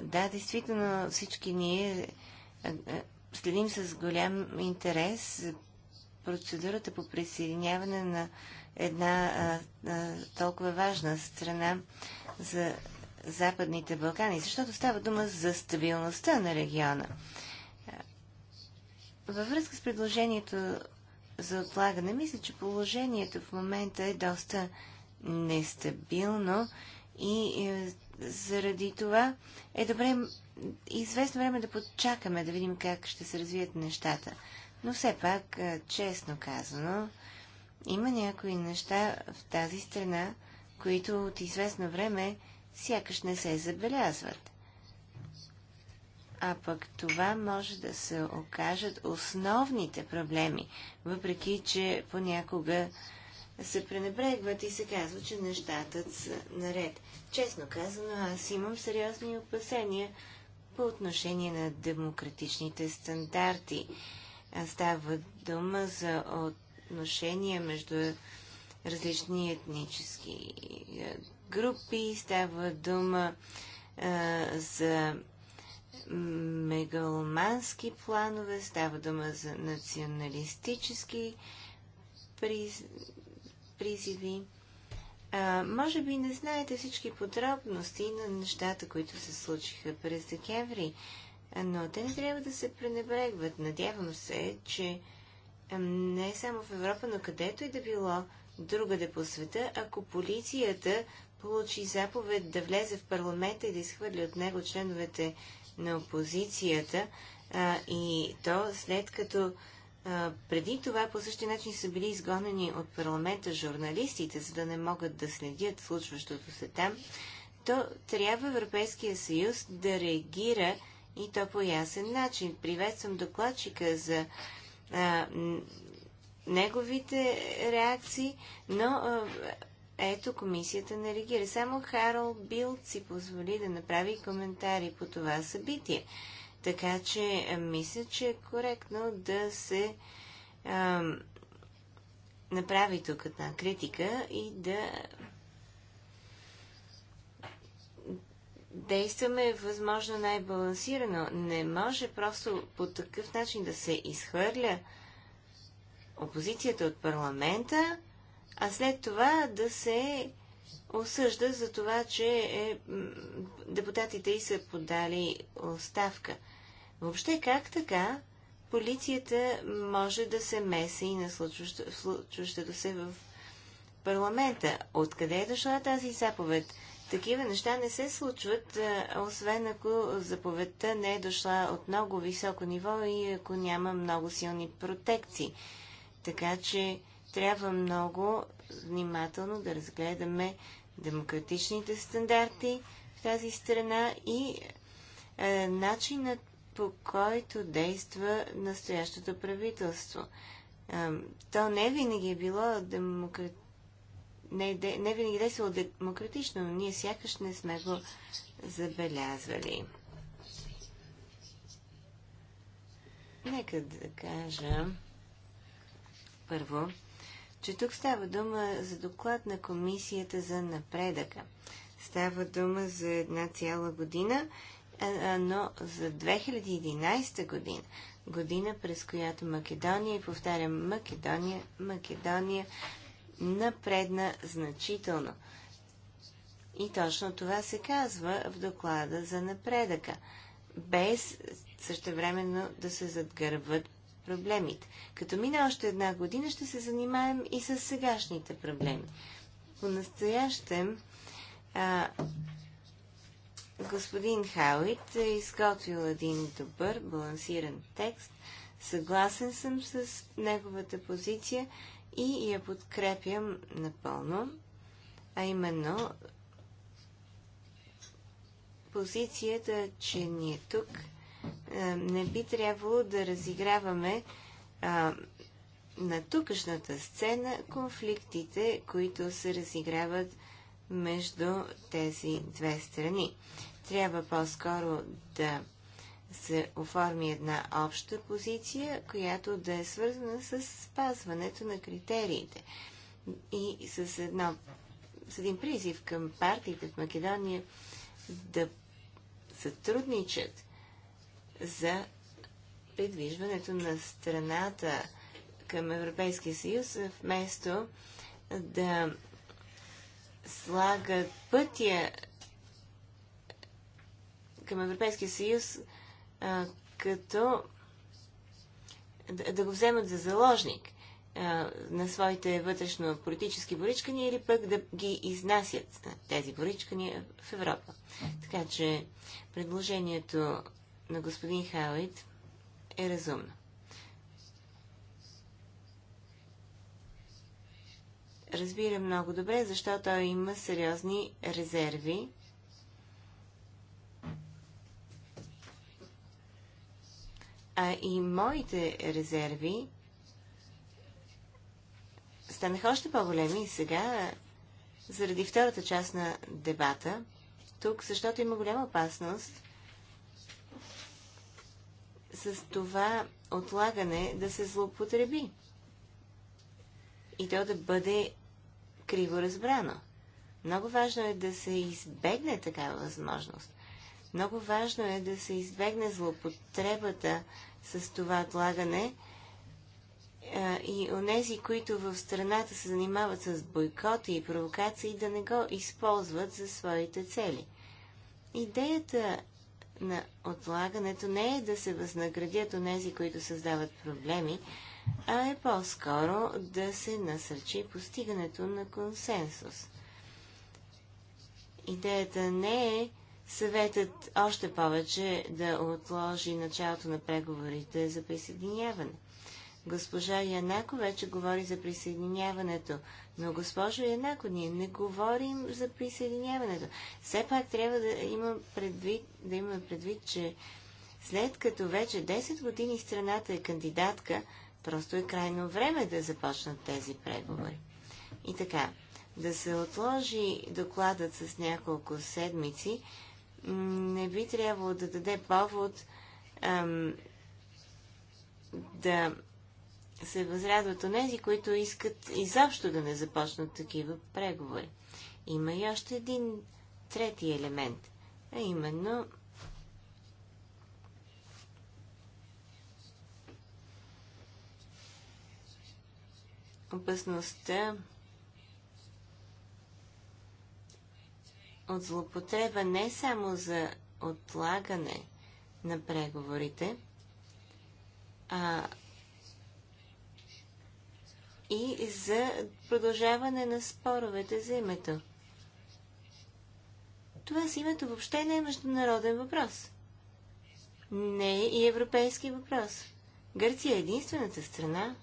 Да, действително всички ние следим с голям интерес процедурата по присъединяване на една толкова важна страна за Западните Балкани, защото става дума за стабилността на региона. Във връзка с предложението за отлагане, мисля, че положението в момента е доста нестабилно и е, заради това е добре известно време да подчакаме, да видим как ще се развият нещата. Но все пак, е, честно казано, има някои неща в тази страна, които от известно време сякаш не се забелязват а пък това може да се окажат основните проблеми, въпреки че понякога се пренебрегват и се казва, че нещата са наред. Честно казано, аз имам сериозни опасения по отношение на демократичните стандарти. Става дума за отношения между различни етнически групи, става дума а, за мегаломански планове, става дума за националистически приз... призиви. А, може би не знаете всички подробности на нещата, които се случиха през декември, но те не трябва да се пренебрегват. Надявам се, че не само в Европа, но където и да било другаде по света, ако полицията получи заповед да влезе в парламента и да изхвърли от него членовете на опозицията а, и то след като а, преди това по същия начин са били изгонени от парламента журналистите, за да не могат да следят случващото се там, то трябва Европейския съюз да реагира и то по ясен начин. Приветствам докладчика за а, неговите реакции, но а, ето, комисията не реагира. Само Харол Билд си позволи да направи коментари по това събитие. Така че е, мисля, че е коректно да се а, направи тук една критика и да действаме възможно най-балансирано. Не може просто по такъв начин да се изхвърля опозицията от парламента а след това да се осъжда за това, че е, депутатите и са подали оставка. Въобще как така полицията може да се меси и на случващото се в парламента? Откъде е дошла тази заповед? Такива неща не се случват, е, освен ако заповедта не е дошла от много високо ниво и ако няма много силни протекции. Така че трябва много внимателно да разгледаме демократичните стандарти в тази страна и е, начинът по който действа настоящото правителство. Е, то не винаги е било демократично. не, не винаги е действало демократично, но ние сякаш не сме го забелязвали. Нека да кажа първо, че тук става дума за доклад на Комисията за напредъка. Става дума за една цяла година, но за 2011 година, година през която Македония, и повтарям, Македония, Македония напредна значително. И точно това се казва в доклада за напредъка, без същевременно да се задгърват проблемите. Като мина още една година, ще се занимаем и с сегашните проблеми. По-настоящем господин Хауит е изготвил един добър, балансиран текст. Съгласен съм с неговата позиция и я подкрепям напълно, а именно позицията, че ние тук е, не би трябвало да разиграваме на тукашната сцена конфликтите, които се разиграват между тези две страни. Трябва по-скоро да се оформи една обща позиция, която да е свързана с спазването на критериите и с, едно, с един призив към партиите в Македония да сътрудничат за придвижването на страната към Европейския съюз, вместо да слагат пътя към Европейския съюз а, като да, да го вземат за заложник а, на своите вътрешно-политически боричкания или пък да ги изнасят тези боричкания в Европа. Така че предложението на господин Хауит е разумно. Разбира много добре, защото той има сериозни резерви. А и моите резерви станаха още по-големи и сега, заради втората част на дебата, тук, защото има голяма опасност с това отлагане да се злоупотреби и то да бъде криво разбрано. Много важно е да се избегне такава възможност. Много важно е да се избегне злоупотребата с това отлагане е, и онези, които в страната се занимават с бойкоти и провокации, да не го използват за своите цели. Идеята на отлагането не е да се възнаградят онези, които създават проблеми, а е по-скоро да се насърчи постигането на консенсус. Идеята не е съветът още повече да отложи началото на преговорите за присъединяване – Госпожа Янако вече говори за присъединяването. Но, госпожо Янако, ние не говорим за присъединяването. Все пак трябва да има предвид, да има предвид, че след като вече 10 години страната е кандидатка, просто е крайно време да започнат тези преговори. И така, да се отложи докладът с няколко седмици, не би трябвало да даде повод ам, да се от онези, които искат изобщо да не започнат такива преговори. Има и още един трети елемент, а именно опасността от злопотреба не само за отлагане на преговорите, а и за продължаване на споровете за името. Това с името въобще не е международен въпрос. Не е и европейски въпрос. Гърция е единствената страна,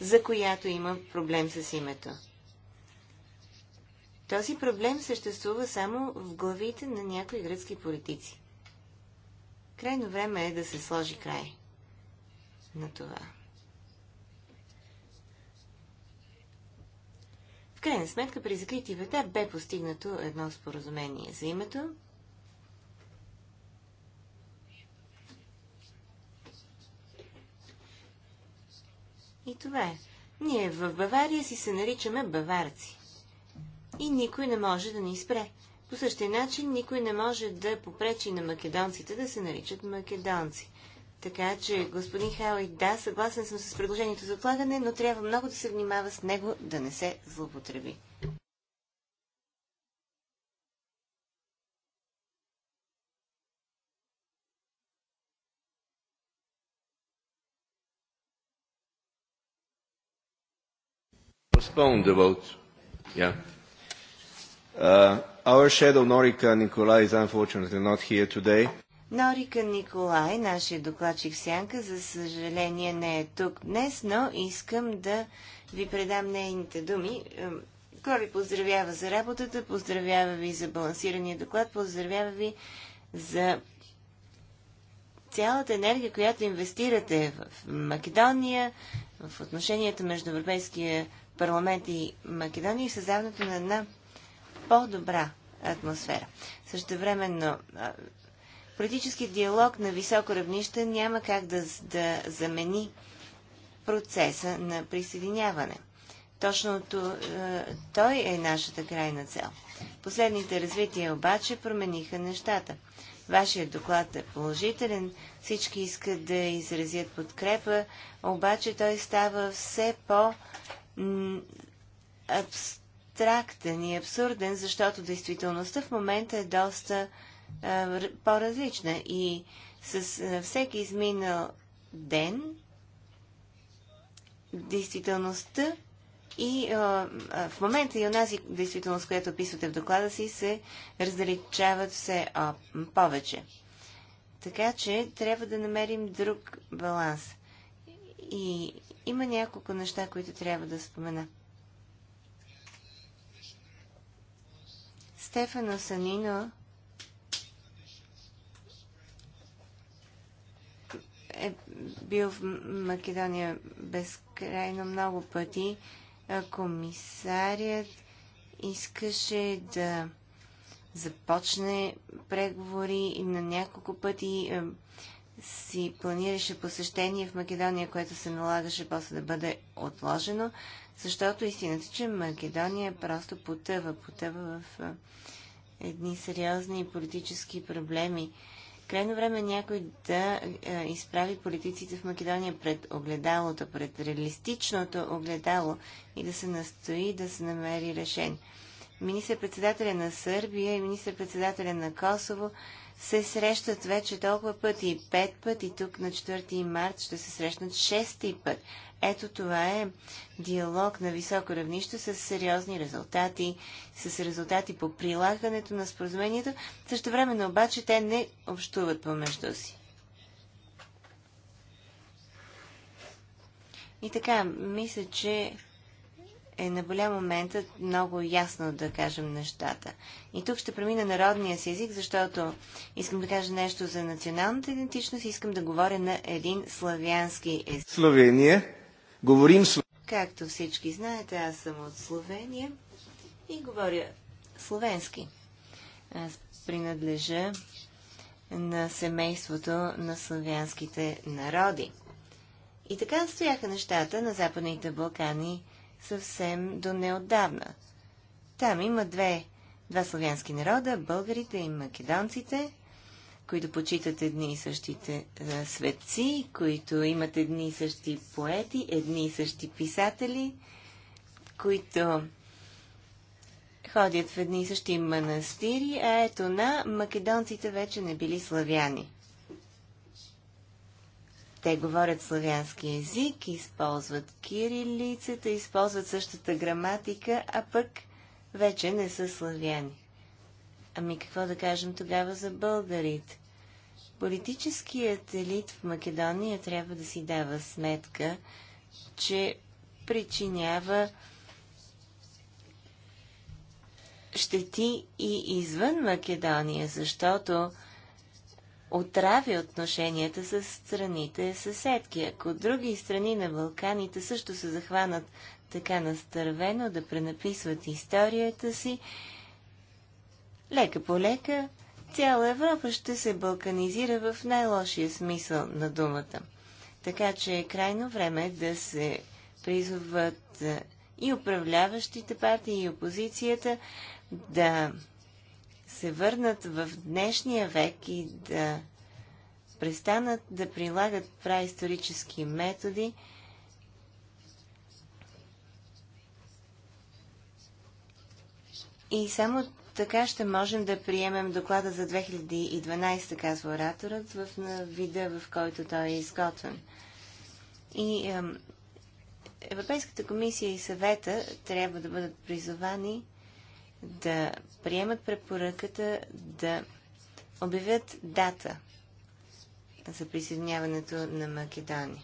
за която има проблем с името. Този проблем съществува само в главите на някои гръцки политици. Крайно време е да се сложи край на това. В крайна сметка, при закрити вета бе постигнато едно споразумение за името. И това е. Ние в Бавария си се наричаме баварци. И никой не може да ни спре. По същия начин никой не може да попречи на македонците да се наричат македонци. Така че, господин Хауи, да, съгласен съм с предложението за отлагане, но трябва много да се внимава с него да не се злоупотреби. postpone the vote. Yeah. Uh, our shadow Norica Nikolai is unfortunately not here today. Норика Николай, нашия докладчик Сянка, за съжаление не е тук днес, но искам да ви предам нейните думи. Кой ви поздравява за работата, поздравява ви за балансирания доклад, поздравява ви за цялата енергия, която инвестирате в Македония, в отношенията между Европейския парламент и Македония и създаването на една по-добра атмосфера. Също времено политически диалог на високо равнище няма как да, да замени процеса на присъединяване. Точно е, той е нашата крайна цел. Последните развития обаче промениха нещата. Вашият доклад е положителен, всички искат да изразят подкрепа, обаче той става все по абстрактен и абсурден, защото действителността в момента е доста по-различна и с всеки изминал ден действителността и в момента и онази действителност, която описвате в доклада си, се раздалечават все повече. Така че трябва да намерим друг баланс. И има няколко неща, които трябва да спомена. Стефано Санино е бил в Македония безкрайно много пъти. Комисарият искаше да започне преговори и на няколко пъти си планираше посещение в Македония, което се налагаше после да бъде отложено, защото истината, че Македония просто потъва, потъва в едни сериозни политически проблеми. Крайно време е някой да а, е, изправи политиците в Македония пред огледалото, пред реалистичното огледало и да се настои да се намери решение. Министър-председателя на Сърбия и министър-председателя на Косово се срещат вече толкова пъти, пет пъти, тук на 4 март ще се срещнат шести път. Ето това е диалог на високо равнище с сериозни резултати, с резултати по прилагането на споразумението. Също време обаче те не общуват помежду си. И така, мисля, че е наболя моментът много ясно да кажем нещата. И тук ще премина народния си език, защото искам да кажа нещо за националната идентичност и искам да говоря на един славянски език. Словения. Говорим с... Както всички знаете, аз съм от Словения и говоря словенски. Аз принадлежа на семейството на славянските народи. И така стояха нещата на Западните Балкани съвсем до неотдавна. Там има две, два славянски народа, българите и македонците, които почитат едни и същите а, светци, които имат едни и същи поети, едни и същи писатели, които ходят в едни и същи манастири, а ето на македонците вече не били славяни. Те говорят славянски език, използват кирилицата, използват същата граматика, а пък вече не са славяни. Ами какво да кажем тогава за българите? Политическият елит в Македония трябва да си дава сметка, че причинява щети и извън Македония, защото отравя отношенията с страните съседки. Ако други страни на Балканите също се захванат така настървено да пренаписват историята си, лека по лека цяла Европа ще се балканизира в най-лошия смисъл на думата. Така че е крайно време да се призоват и управляващите партии, и опозицията да се върнат в днешния век и да престанат да прилагат праисторически методи, И само така ще можем да приемем доклада за 2012, казва ораторът, в вида, в който той е изготвен. И ем, Европейската комисия и съвета трябва да бъдат призовани да приемат препоръката да обявят дата за присъединяването на Македония.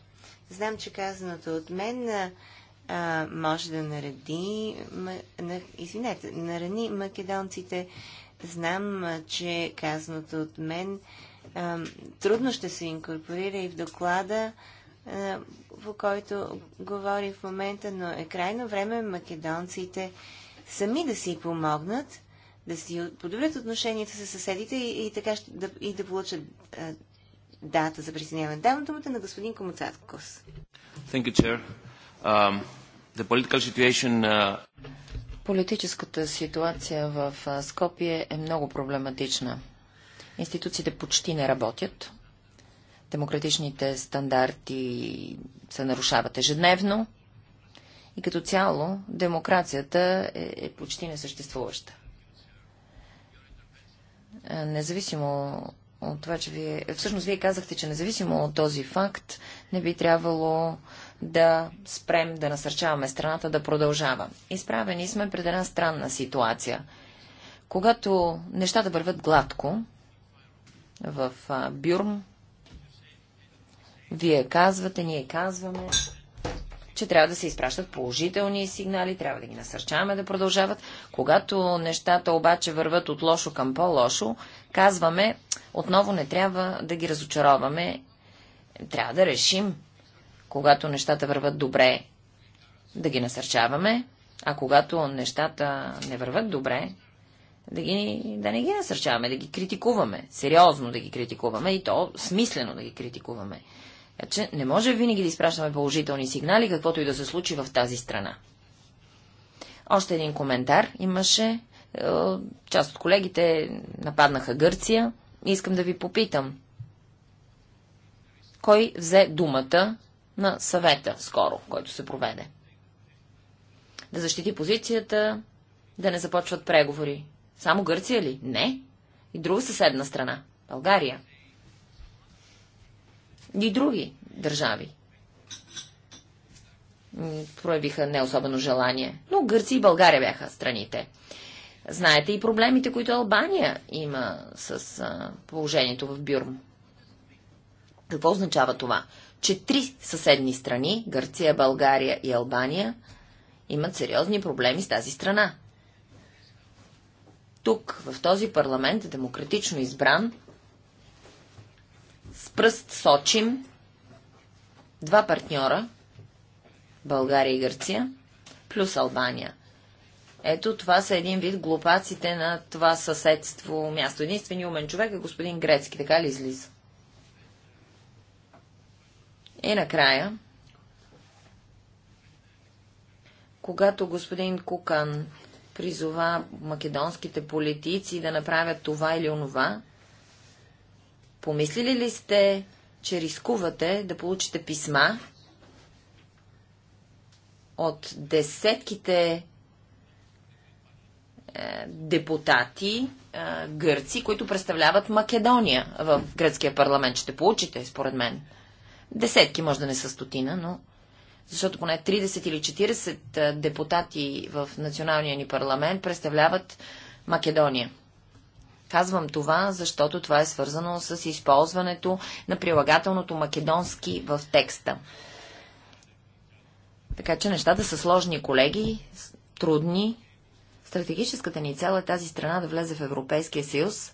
Знам, че казаното от мен а, може да нареди, на, извинете, нарани македонците. Знам, а, че казаното от мен а, трудно ще се инкорпорира и в доклада, а, по който говори в момента, но е крайно време македонците сами да си помогнат, да си подобрят отношенията с съседите и, и така да, и да получат а, дата за присъединяване. Давам думата на господин Комуцаткос. Um, uh... Политическата ситуация в Скопие е много проблематична. Институциите почти не работят. Демократичните стандарти се нарушават ежедневно. И като цяло демокрацията е, е почти несъществуваща. Независимо от това, че вие... Всъщност вие казахте, че независимо от този факт, не би трябвало да спрем, да насърчаваме страната да продължава. Изправени сме пред една странна ситуация. Когато нещата върват гладко в Бюрм, вие казвате, ние казваме, че трябва да се изпращат положителни сигнали, трябва да ги насърчаваме да продължават. Когато нещата обаче върват от лошо към по-лошо, казваме, отново не трябва да ги разочароваме, трябва да решим, когато нещата върват добре, да ги насърчаваме, а когато нещата не върват добре, да, ги, да не ги насърчаваме, да ги критикуваме, сериозно да ги критикуваме и то смислено да ги критикуваме. Така че не може винаги да изпращаме положителни сигнали, каквото и да се случи в тази страна. Още един коментар имаше. Е, част от колегите нападнаха Гърция. Искам да ви попитам. Кой взе думата на съвета скоро, който се проведе? Да защити позицията, да не започват преговори. Само Гърция ли? Не. И друга съседна страна. България и други държави проявиха не особено желание. Но Гърция и България бяха страните. Знаете и проблемите, които Албания има с а, положението в Бюрм. Какво означава това? Че три съседни страни, Гърция, България и Албания, имат сериозни проблеми с тази страна. Тук, в този парламент, демократично избран, пръст сочим два партньора България и Гърция, плюс Албания. Ето това са един вид глупаците на това съседство място. Единственият умен човек е господин Грецки, така ли излиза? И накрая, когато господин Кукан призова македонските политици да направят това или онова, Помислили ли сте, че рискувате да получите писма от десетките е, депутати е, гърци, които представляват Македония в гръцкия парламент. Ще получите, според мен. Десетки, може да не са стотина, но защото поне 30 или 40 е, депутати в националния ни парламент представляват Македония. Казвам това, защото това е свързано с използването на прилагателното македонски в текста. Така че нещата са сложни, колеги, трудни. Стратегическата ни цел е тази страна да влезе в Европейския съюз,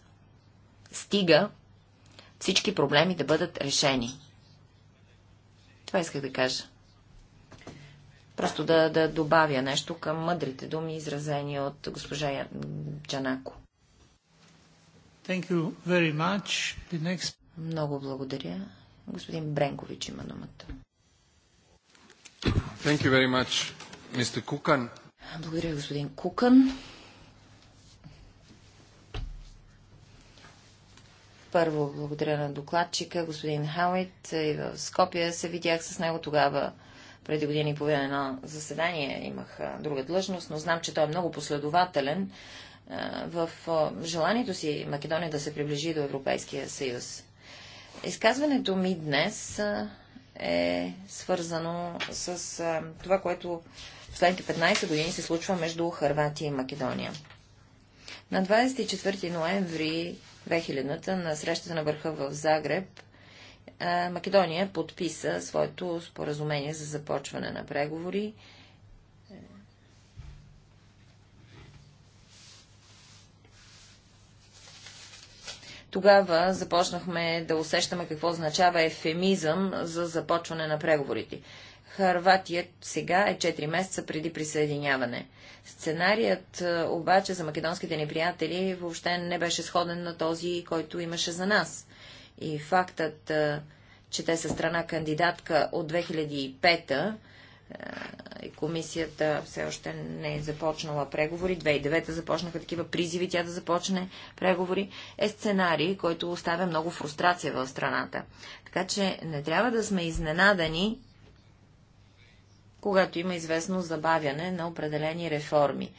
стига всички проблеми да бъдат решени. Това исках да кажа. Просто да, да добавя нещо към мъдрите думи, изразени от госпожа Джанако. Thank you very much. The next... Много благодаря. Господин Бренкович има думата. Thank you very much, Mr. Kukan. Благодаря, господин Кукан. Първо, благодаря на докладчика, господин Хауит. И в Скопия се видях с него тогава преди години по време на заседание имах друга длъжност, но знам, че той е много последователен в желанието си Македония да се приближи до Европейския съюз. Изказването ми днес е свързано с това, което в последните 15 години се случва между Харватия и Македония. На 24 ноември 2000-та на срещата на върха в Загреб Македония подписа своето споразумение за започване на преговори Тогава започнахме да усещаме какво означава ефемизъм за започване на преговорите. Харватия сега е 4 месеца преди присъединяване. Сценарият е, обаче за македонските ни приятели въобще не беше сходен на този, който имаше за нас. И фактът, е, че те са страна кандидатка от 2005 е, и комисията все още не е започнала преговори. 2009 започнаха такива призиви тя да започне преговори. Е сценарий, който оставя много фрустрация в страната. Така че не трябва да сме изненадани, когато има известно забавяне на определени реформи.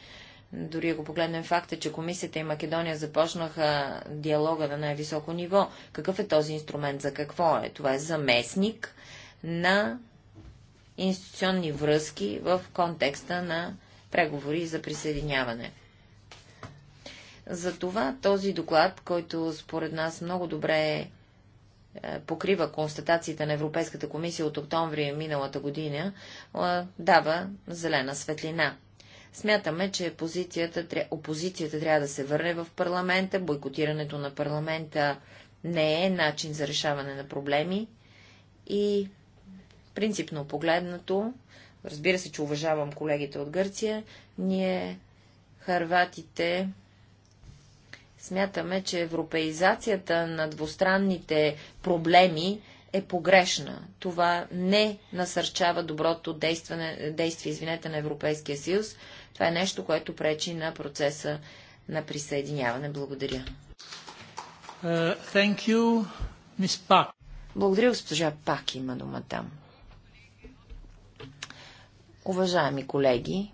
Дори ако погледнем факта, че комисията и Македония започнаха диалога на най-високо ниво, какъв е този инструмент, за какво е? Това е заместник на институционни връзки в контекста на преговори за присъединяване. Затова този доклад, който според нас много добре е, покрива констатациите на Европейската комисия от октомври миналата година, дава зелена светлина. Смятаме, че позицията, опозицията трябва да се върне в парламента, бойкотирането на парламента не е начин за решаване на проблеми и Принципно погледнато, разбира се, че уважавам колегите от Гърция, ние, харватите, смятаме, че европеизацията на двустранните проблеми е погрешна. Това не насърчава доброто действие, действие извинете, на Европейския съюз. Това е нещо, което пречи на процеса на присъединяване. Благодаря. Uh, you, Благодаря, госпожа Пак има там. Уважаеми колеги,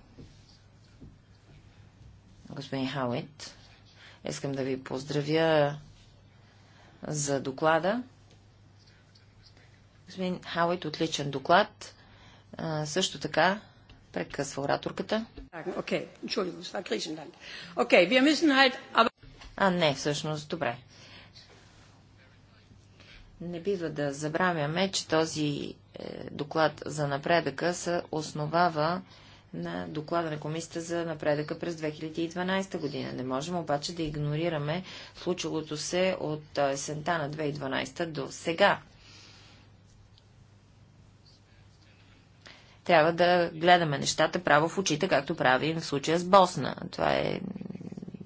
господин Хауит, искам да ви поздравя за доклада. Господин Хауит, отличен доклад. А, също така, прекъсва ораторката. Е а, не, всъщност, добре. Не бива да забравяме, че този доклад за напредъка се основава на доклада на комисията за напредъка през 2012 година. Не можем обаче да игнорираме случилото се от есента на 2012 до сега. Трябва да гледаме нещата право в очите, както правим в случая с Босна. Това е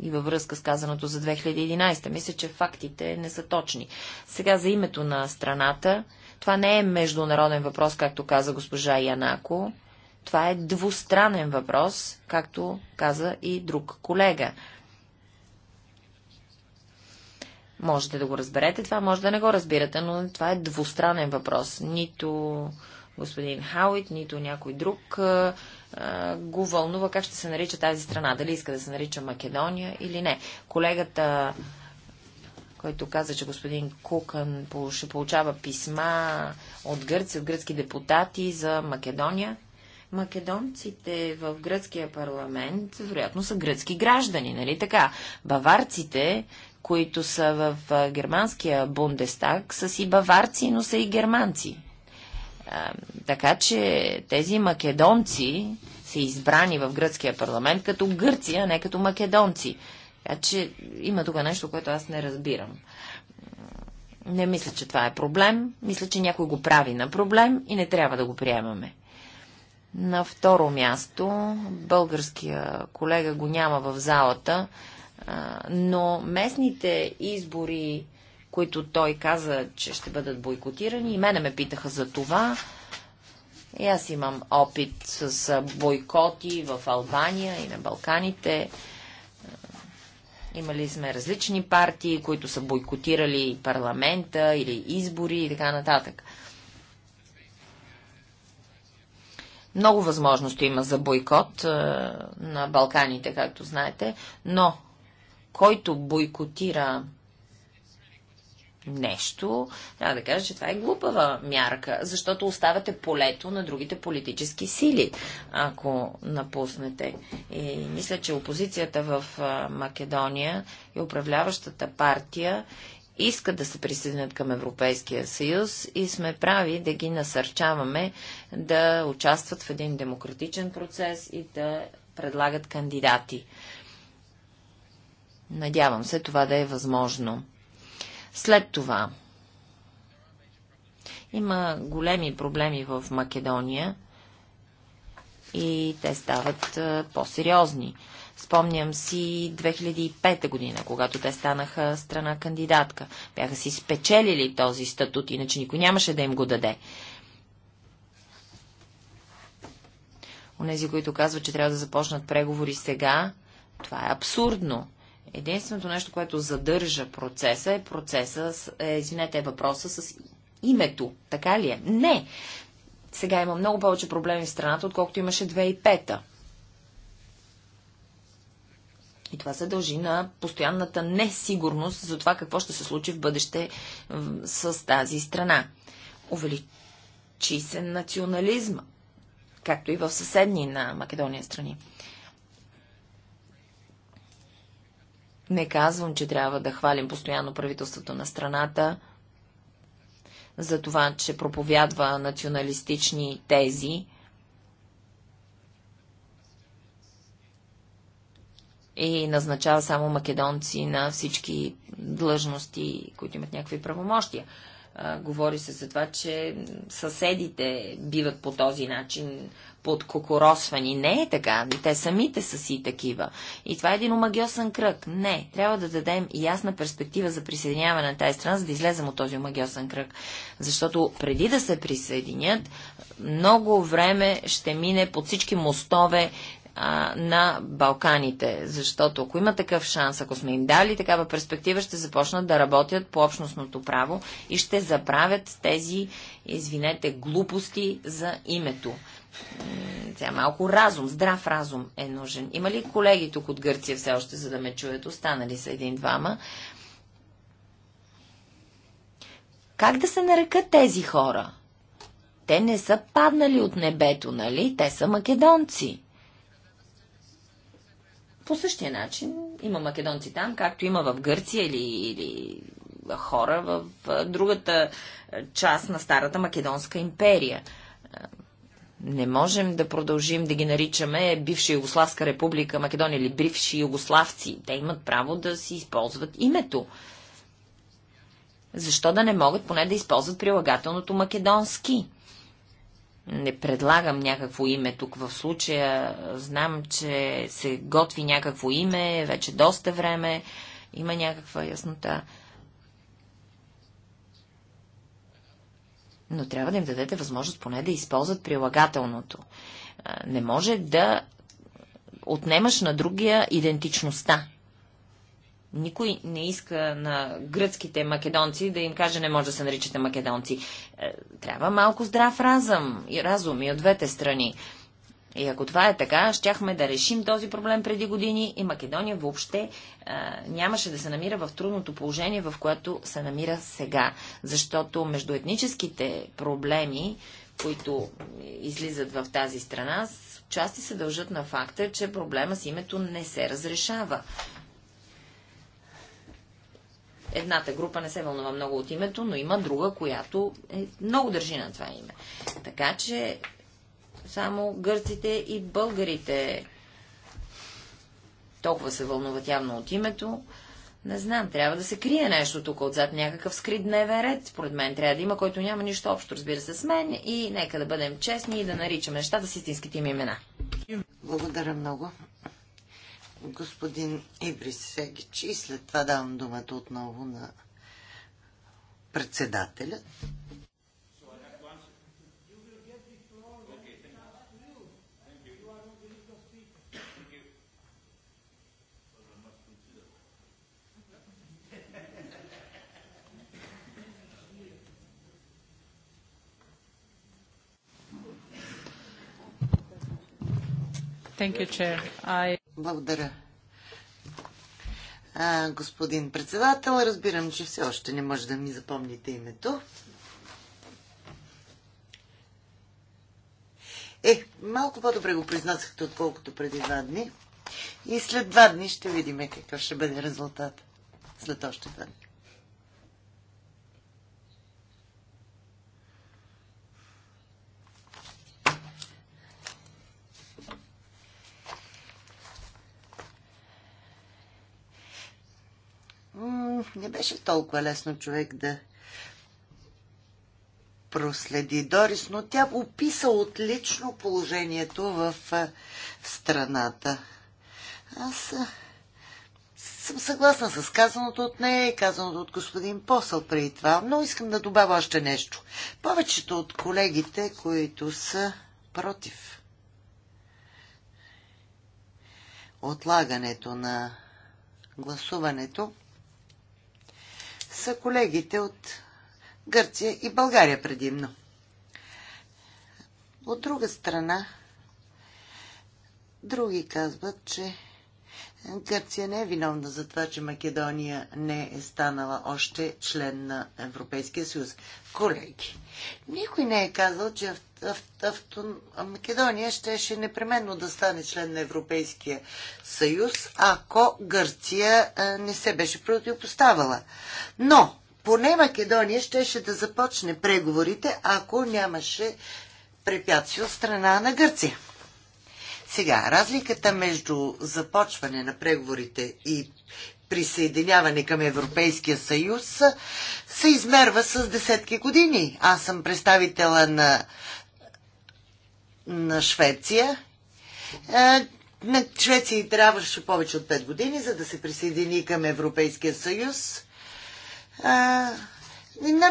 и във връзка с казаното за 2011. Мисля, че фактите не са точни. Сега за името на страната това не е международен въпрос, както каза госпожа Янако. Това е двустранен въпрос, както каза и друг колега. Можете да го разберете, това може да не го разбирате, но това е двустранен въпрос. Нито господин Хауит, нито някой друг а, го вълнува как ще се нарича тази страна. Дали иска да се нарича Македония или не. Колегата който каза, че господин Кукън ще получава писма от гърци, от гръцки депутати за Македония. Македонците в гръцкия парламент, вероятно, са гръцки граждани, нали така? Баварците, които са в германския Бундестаг, са си баварци, но са и германци. А, така че тези македонци са избрани в гръцкия парламент като гърци, а не като македонци. Така че има тук нещо, което аз не разбирам. Не мисля, че това е проблем. Мисля, че някой го прави на проблем и не трябва да го приемаме. На второ място, българския колега го няма в залата, но местните избори, които той каза, че ще бъдат бойкотирани, и мене ме питаха за това. И аз имам опит с бойкоти в Албания и на Балканите. Имали сме различни партии, които са бойкотирали парламента или избори и така нататък. Много възможности има за бойкот е, на Балканите, както знаете, но който бойкотира нещо, трябва да кажа, че това е глупава мярка, защото оставате полето на другите политически сили, ако напуснете. И мисля, че опозицията в Македония и управляващата партия искат да се присъединят към Европейския съюз и сме прави да ги насърчаваме да участват в един демократичен процес и да предлагат кандидати. Надявам се това да е възможно. След това има големи проблеми в Македония и те стават по-сериозни. Спомням си 2005 година, когато те станаха страна кандидатка. Бяха си спечелили този статут, иначе никой нямаше да им го даде. Онези, които казват, че трябва да започнат преговори сега, това е абсурдно. Единственото нещо, което задържа процеса е процеса, с, е, извинете, е въпроса с името. Така ли е? Не! Сега има много повече проблеми в страната, отколкото имаше 2005-та. И това се дължи на постоянната несигурност за това какво ще се случи в бъдеще с тази страна. Увеличи се национализма, както и в съседни на Македония страни. Не казвам, че трябва да хвалим постоянно правителството на страната за това, че проповядва националистични тези, и назначава само македонци на всички длъжности, които имат някакви правомощия. А, говори се за това, че съседите биват по този начин подкокоросвани. Не е така. И те самите са си такива. И това е един омагиосен кръг. Не. Трябва да дадем ясна перспектива за присъединяване на тази страна, за да излезем от този омагиосен кръг. Защото преди да се присъединят, много време ще мине под всички мостове, на Балканите, защото ако има такъв шанс, ако сме им дали такава перспектива, ще започнат да работят по общностното право и ще заправят тези, извинете, глупости за името сега малко разум, здрав разум е нужен. Има ли колеги тук от Гърция все още, за да ме чуят? Останали са един-двама. Как да се нарекат тези хора? Те не са паднали от небето, нали? Те са македонци. По същия начин има македонци там, както има в Гърция или, или хора в другата част на Старата Македонска империя. Не можем да продължим да ги наричаме бивша Югославска република Македония или бивши югославци. Те имат право да си използват името. Защо да не могат поне да използват прилагателното македонски? не предлагам някакво име тук в случая. Знам, че се готви някакво име вече доста време. Има някаква яснота. но трябва да им дадете възможност поне да използват прилагателното. Не може да отнемаш на другия идентичността. Никой не иска на гръцките македонци да им каже не може да се наричате македонци. Е, трябва малко здрав разум и разум и от двете страни. И ако това е така, щяхме да решим този проблем преди години и Македония въобще а, нямаше да се намира в трудното положение, в което се намира сега. Защото между етническите проблеми, които излизат в тази страна, части се дължат на факта, че проблема с името не се разрешава. Едната група не се вълнува много от името, но има друга, която е, много държи на това име. Така че само гърците и българите. Толкова се вълнуват явно от името. Не знам, трябва да се крие нещо тук отзад, някакъв скрит дневен ред, според мен, трябва да има, който няма нищо общо, разбира се, с мен и нека да бъдем честни и да наричаме нещата с истинските им имена. Благодаря много. Господин Ибрис Сегич и след това давам думата отново на председателя. You, I... Благодаря. А, господин председател, разбирам, че все още не може да ми запомните името. Е, малко по-добре го произнасяхте, отколкото преди два дни. И след два дни ще видим какъв ще бъде резултат. След още два дни. не беше толкова лесно човек да проследи Дорис, но тя описа отлично положението в страната. Аз съм съгласна с казаното от нея и казаното от господин Посъл преди това, но искам да добавя още нещо. Повечето от колегите, които са против отлагането на гласуването, са колегите от Гърция и България предимно. От друга страна, други казват, че Гърция не е виновна за това, че Македония не е станала още член на Европейския съюз. Колеги, никой не е казал, че авто... Македония щеше непременно да стане член на Европейския съюз, ако Гърция не се беше противопоставила. Но поне Македония щеше да започне преговорите, ако нямаше препятствие от страна на Гърция. Сега, разликата между започване на преговорите и присъединяване към Европейския съюз се измерва с десетки години. Аз съм представителя на, на Швеция. Е, на Швеция трябваше повече от 5 години, за да се присъедини към Европейския съюз. Е, а,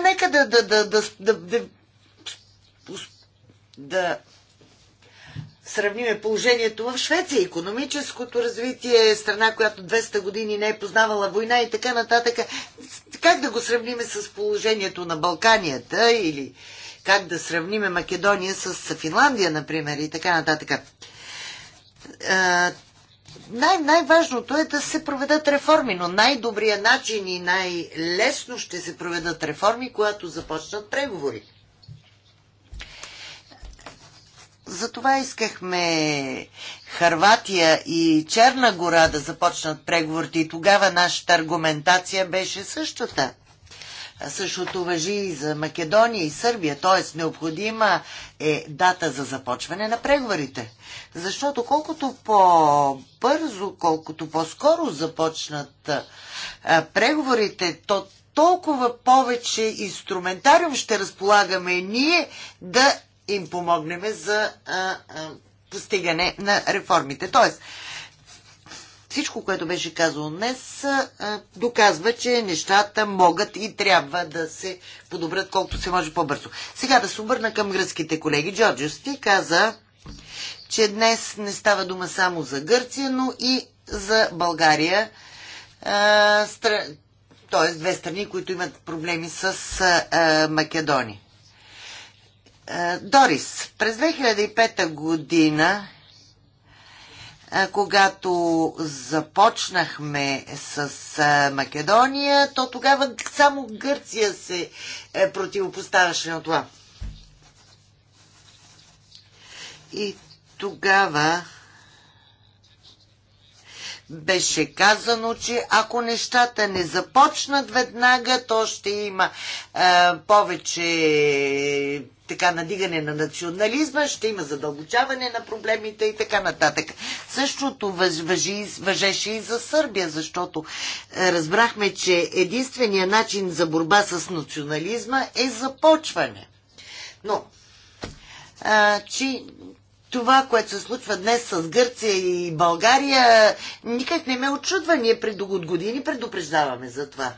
нека да, да, да, да, да, да, да сравниме положението в Швеция, економическото развитие, страна, която 200 години не е познавала война и така нататък. Как да го сравниме с положението на Балканията или как да сравниме Македония с Финландия, например, и така нататък. Най- най-важното е да се проведат реформи, но най-добрият начин и най-лесно ще се проведат реформи, когато започнат преговори. Затова искахме Харватия и Черна гора да започнат преговорите и тогава нашата аргументация беше същата. Същото въжи и за Македония и Сърбия, т.е. необходима е дата за започване на преговорите. Защото колкото по-бързо, колкото по-скоро започнат преговорите, то толкова повече инструментариум ще разполагаме ние да им помогнем за а, а, постигане на реформите. Тоест, всичко, което беше казано днес, а, доказва, че нещата могат и трябва да се подобрят колкото се може по-бързо. Сега да се обърна към гръцките колеги. Джорджиус ти каза, че днес не става дума само за Гърция, но и за България. А, стра... Тоест две страни, които имат проблеми с а, Македония. Е, Дорис, през 2005 година, е, когато започнахме с е, Македония, то тогава само Гърция се противопоставяше на това. И тогава беше казано, че ако нещата не започнат веднага, то ще има а, повече така надигане на национализма, ще има задълбочаване на проблемите и така нататък. Същото въжи, въжеше и за Сърбия, защото разбрахме, че единственият начин за борба с национализма е започване. Но, а, че това, което се случва днес с Гърция и България, никак не ме очудва. Ние пред от години предупреждаваме за това.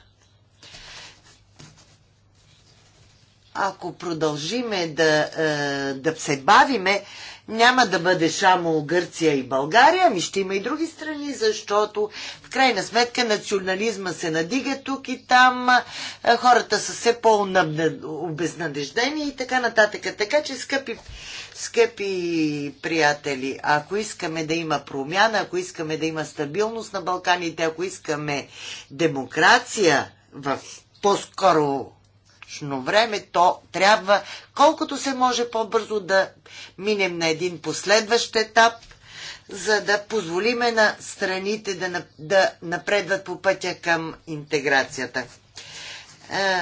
Ако продължиме да, е, да се бавиме, няма да бъде само Гърция и България, ами ще има и други страни, защото в крайна сметка национализма се надига тук и там, хората са все по-обезнадеждени и така нататък. Така че, скъпи, скъпи приятели, ако искаме да има промяна, ако искаме да има стабилност на Балканите, ако искаме демокрация в по-скоро достатъчно време, то трябва колкото се може по-бързо да минем на един последващ етап, за да позволиме на страните да, да напредват по пътя към интеграцията. Е,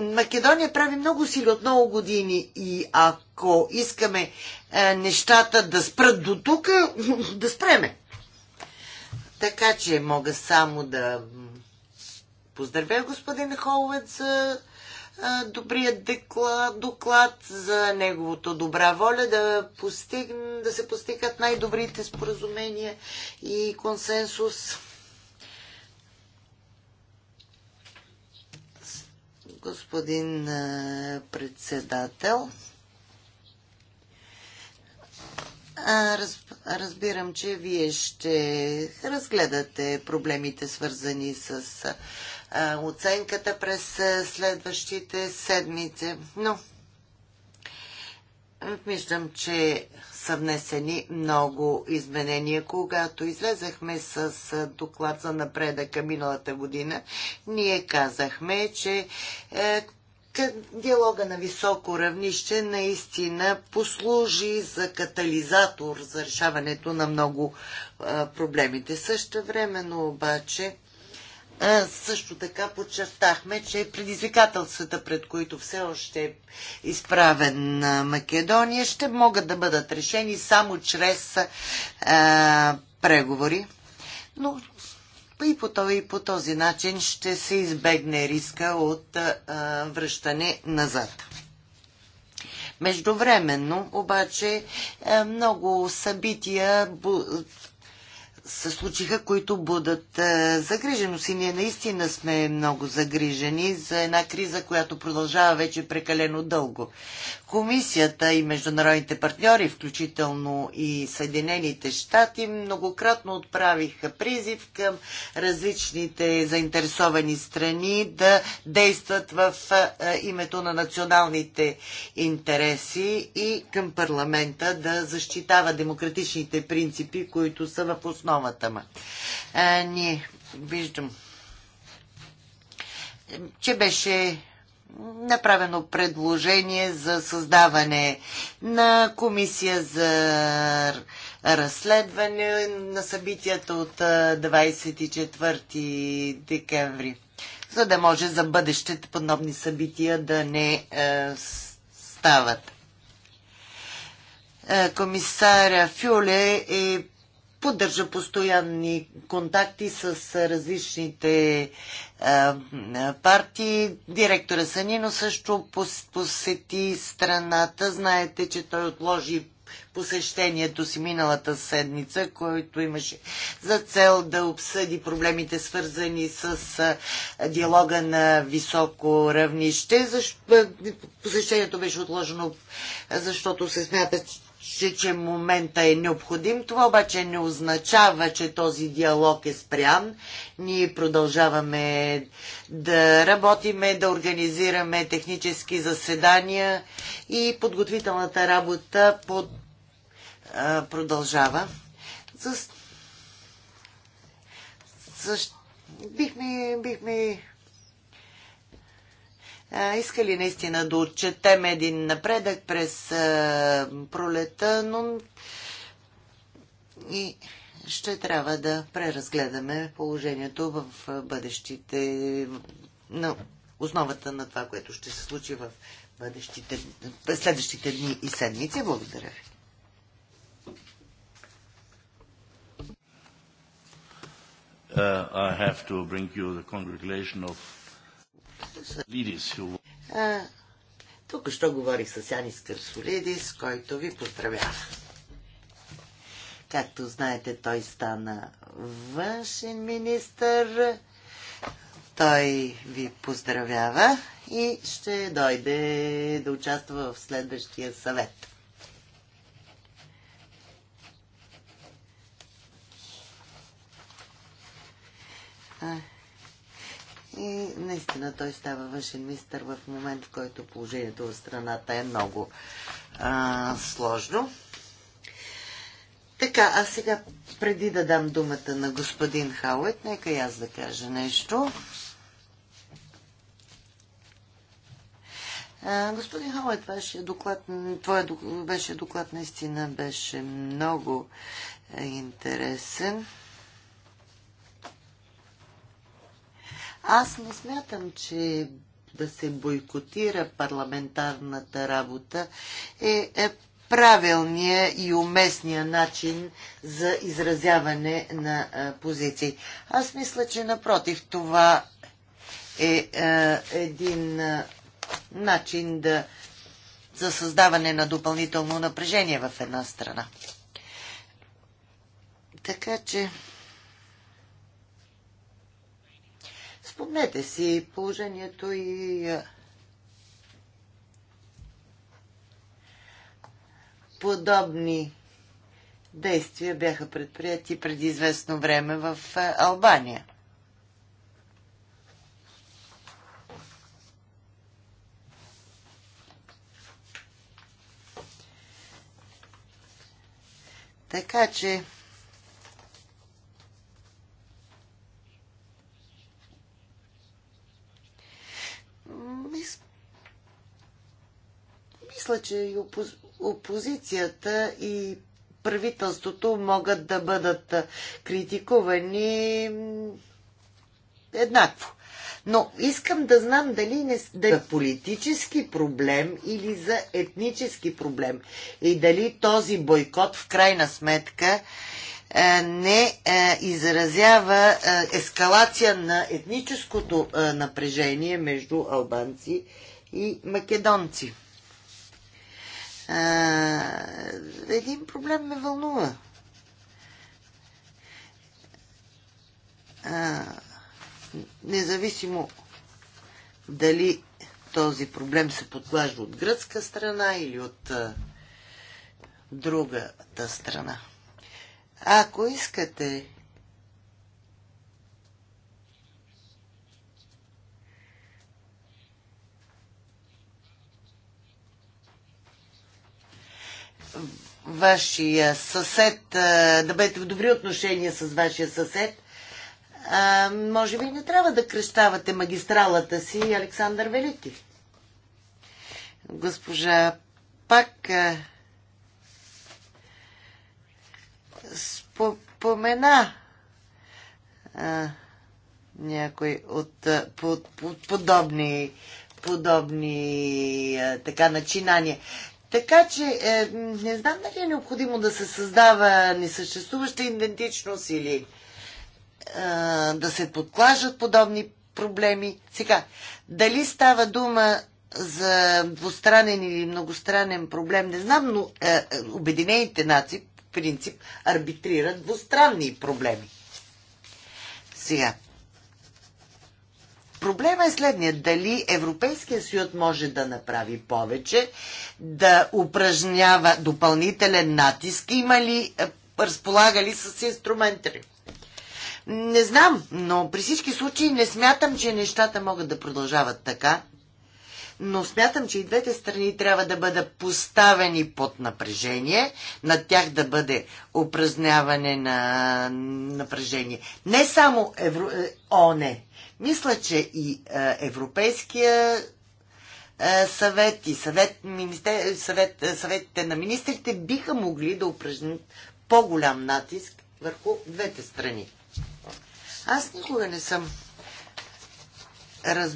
Македония прави много сили от много години и ако искаме е, нещата да спрат до тук, (laughs) да спреме. Така че мога само да поздравя господин Холвет за добрият доклад, доклад за неговото добра воля да, постиг, да се постигат най-добрите споразумения и консенсус. Господин председател, разбирам, че вие ще разгледате проблемите свързани с оценката през следващите седмици. Но виждам, че са внесени много изменения. Когато излезахме с доклад за напредъка миналата година, ние казахме, че диалога на високо равнище наистина послужи за катализатор за решаването на много проблемите. Също времено обаче също така подчертахме, че предизвикателствата, пред които все още е изправен Македония, ще могат да бъдат решени само чрез преговори. Но и по, този, и по този начин ще се избегне риска от връщане назад. Междувременно, обаче, много събития се случиха, които будат е, загриженост. И ние наистина сме много загрижени за една криза, която продължава вече прекалено дълго. Комисията и международните партньори, включително и Съединените щати, многократно отправиха призив към различните заинтересовани страни да действат в е, е, името на националните интереси и към парламента да защитава демократичните принципи, които са в основа основата ма. А, ние виждам, че беше направено предложение за създаване на комисия за разследване на събитията от 24 декември, за да може за бъдещето подобни събития да не е, стават. Комисаря Фюле е поддържа постоянни контакти с различните а, партии. Директора Санино също посети страната. Знаете, че той отложи посещението си миналата седмица, който имаше за цел да обсъди проблемите свързани с диалога на високо равнище. Защо... Посещението беше отложено, защото се смята, че, че момента е необходим. Това обаче не означава, че този диалог е спрян. Ние продължаваме да работиме, да организираме технически заседания и подготвителната работа под, а, продължава. За, за, бихме, бихме искали наистина да отчетем един напредък през пролета, но и ще трябва да преразгледаме положението в бъдещите, на основата на това, което ще се случи в бъдещите, следващите дни и седмици. Благодаря ви. Uh, I have to bring you the congratulation of тук що говорих с Янис Кърсолидис, който ви поздравява. Както знаете, той стана външен министър. Той ви поздравява и ще дойде да участва в следващия съвет. А. И наистина той става външен мистър в момент, в който положението в страната е много а, сложно. Така, а сега, преди да дам думата на господин Хаует, нека и аз да кажа нещо. А, господин Хаует, вашия доклад, твоя доклад, вашия доклад наистина беше много интересен. Аз не смятам, че да се бойкотира парламентарната работа е, е правилния и уместния начин за изразяване на е, позиции. Аз мисля, че напротив, това е, е един е, начин да, за създаване на допълнително напрежение в една страна. Така че. Спомнете си положението и подобни действия бяха предприяти преди известно време в Албания. Така че мисля, че и опози... опозицията и правителството могат да бъдат критикувани еднакво. Но искам да знам дали не да за политически проблем или за етнически проблем. И дали този бойкот в крайна сметка не изразява ескалация на етническото напрежение между албанци и македонци. А, един проблем ме вълнува. А, независимо дали този проблем се подглажда от гръцка страна или от а, другата страна. Ако искате вашия съсед, да бъдете в добри отношения с вашия съсед, а, може би не трябва да крещавате магистралата си Александър Велики. Госпожа пак а, спомена а, някой от, от, от подобни подобни а, така начинания. Така че е, не знам дали е необходимо да се създава несъществуваща идентичност или е, да се подклажат подобни проблеми. Сега, дали става дума за двустранен или многостранен проблем, не знам, но е, е Обединените нации, в принцип, арбитрират двустранни проблеми. Сега, Проблема е следният. Дали Европейския съюз може да направи повече, да упражнява допълнителен натиск, има ли, е, разполага ли с инструментари? Не знам, но при всички случаи не смятам, че нещата могат да продължават така. Но смятам, че и двете страни трябва да бъдат поставени под напрежение, на тях да бъде упражняване на напрежение. Не само Евро... Е, мисля, че и е, Европейския е, съвет и съвет, министер, съвет, е, съветите на министрите биха могли да упражнят по-голям натиск върху двете страни. Аз никога не съм раз,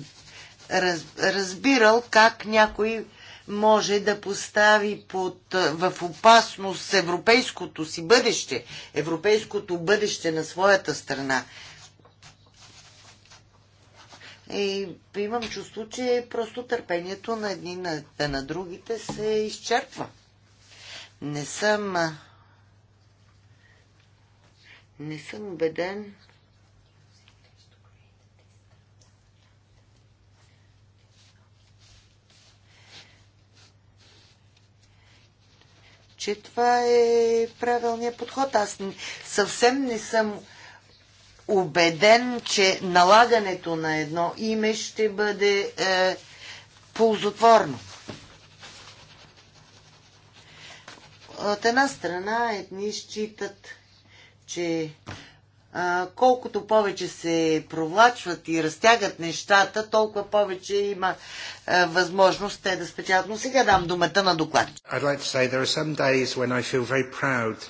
раз, разбирал как някой може да постави под, в опасност европейското си бъдеще, европейското бъдеще на своята страна. И имам чувство, че просто търпението на едни на, на другите се изчерпва. Не съм. Не съм убеден, че това е правилният подход. Аз съвсем не съм убеден, че налагането на едно име ще бъде е, ползотворно. От една страна едни считат, че а, колкото повече се провлачват и разтягат нещата, толкова повече има а, е, възможност те да спечат. Но сега дам думата на доклад. Like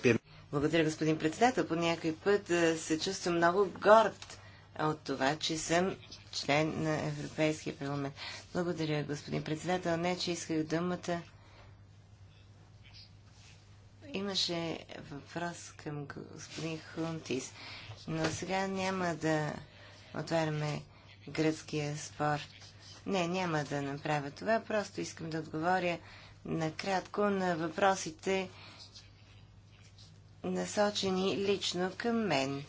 be... Благодаря, господин председател. По някой път се чувствам много горд от това, че съм член на Европейския парламент. Благодаря, господин председател. Не, че исках думата. Имаше въпрос към господин Хунтис, но сега няма да отваряме гръцкия спор. Не, няма да направя това. Просто искам да отговоря накратко на въпросите, насочени лично към мен.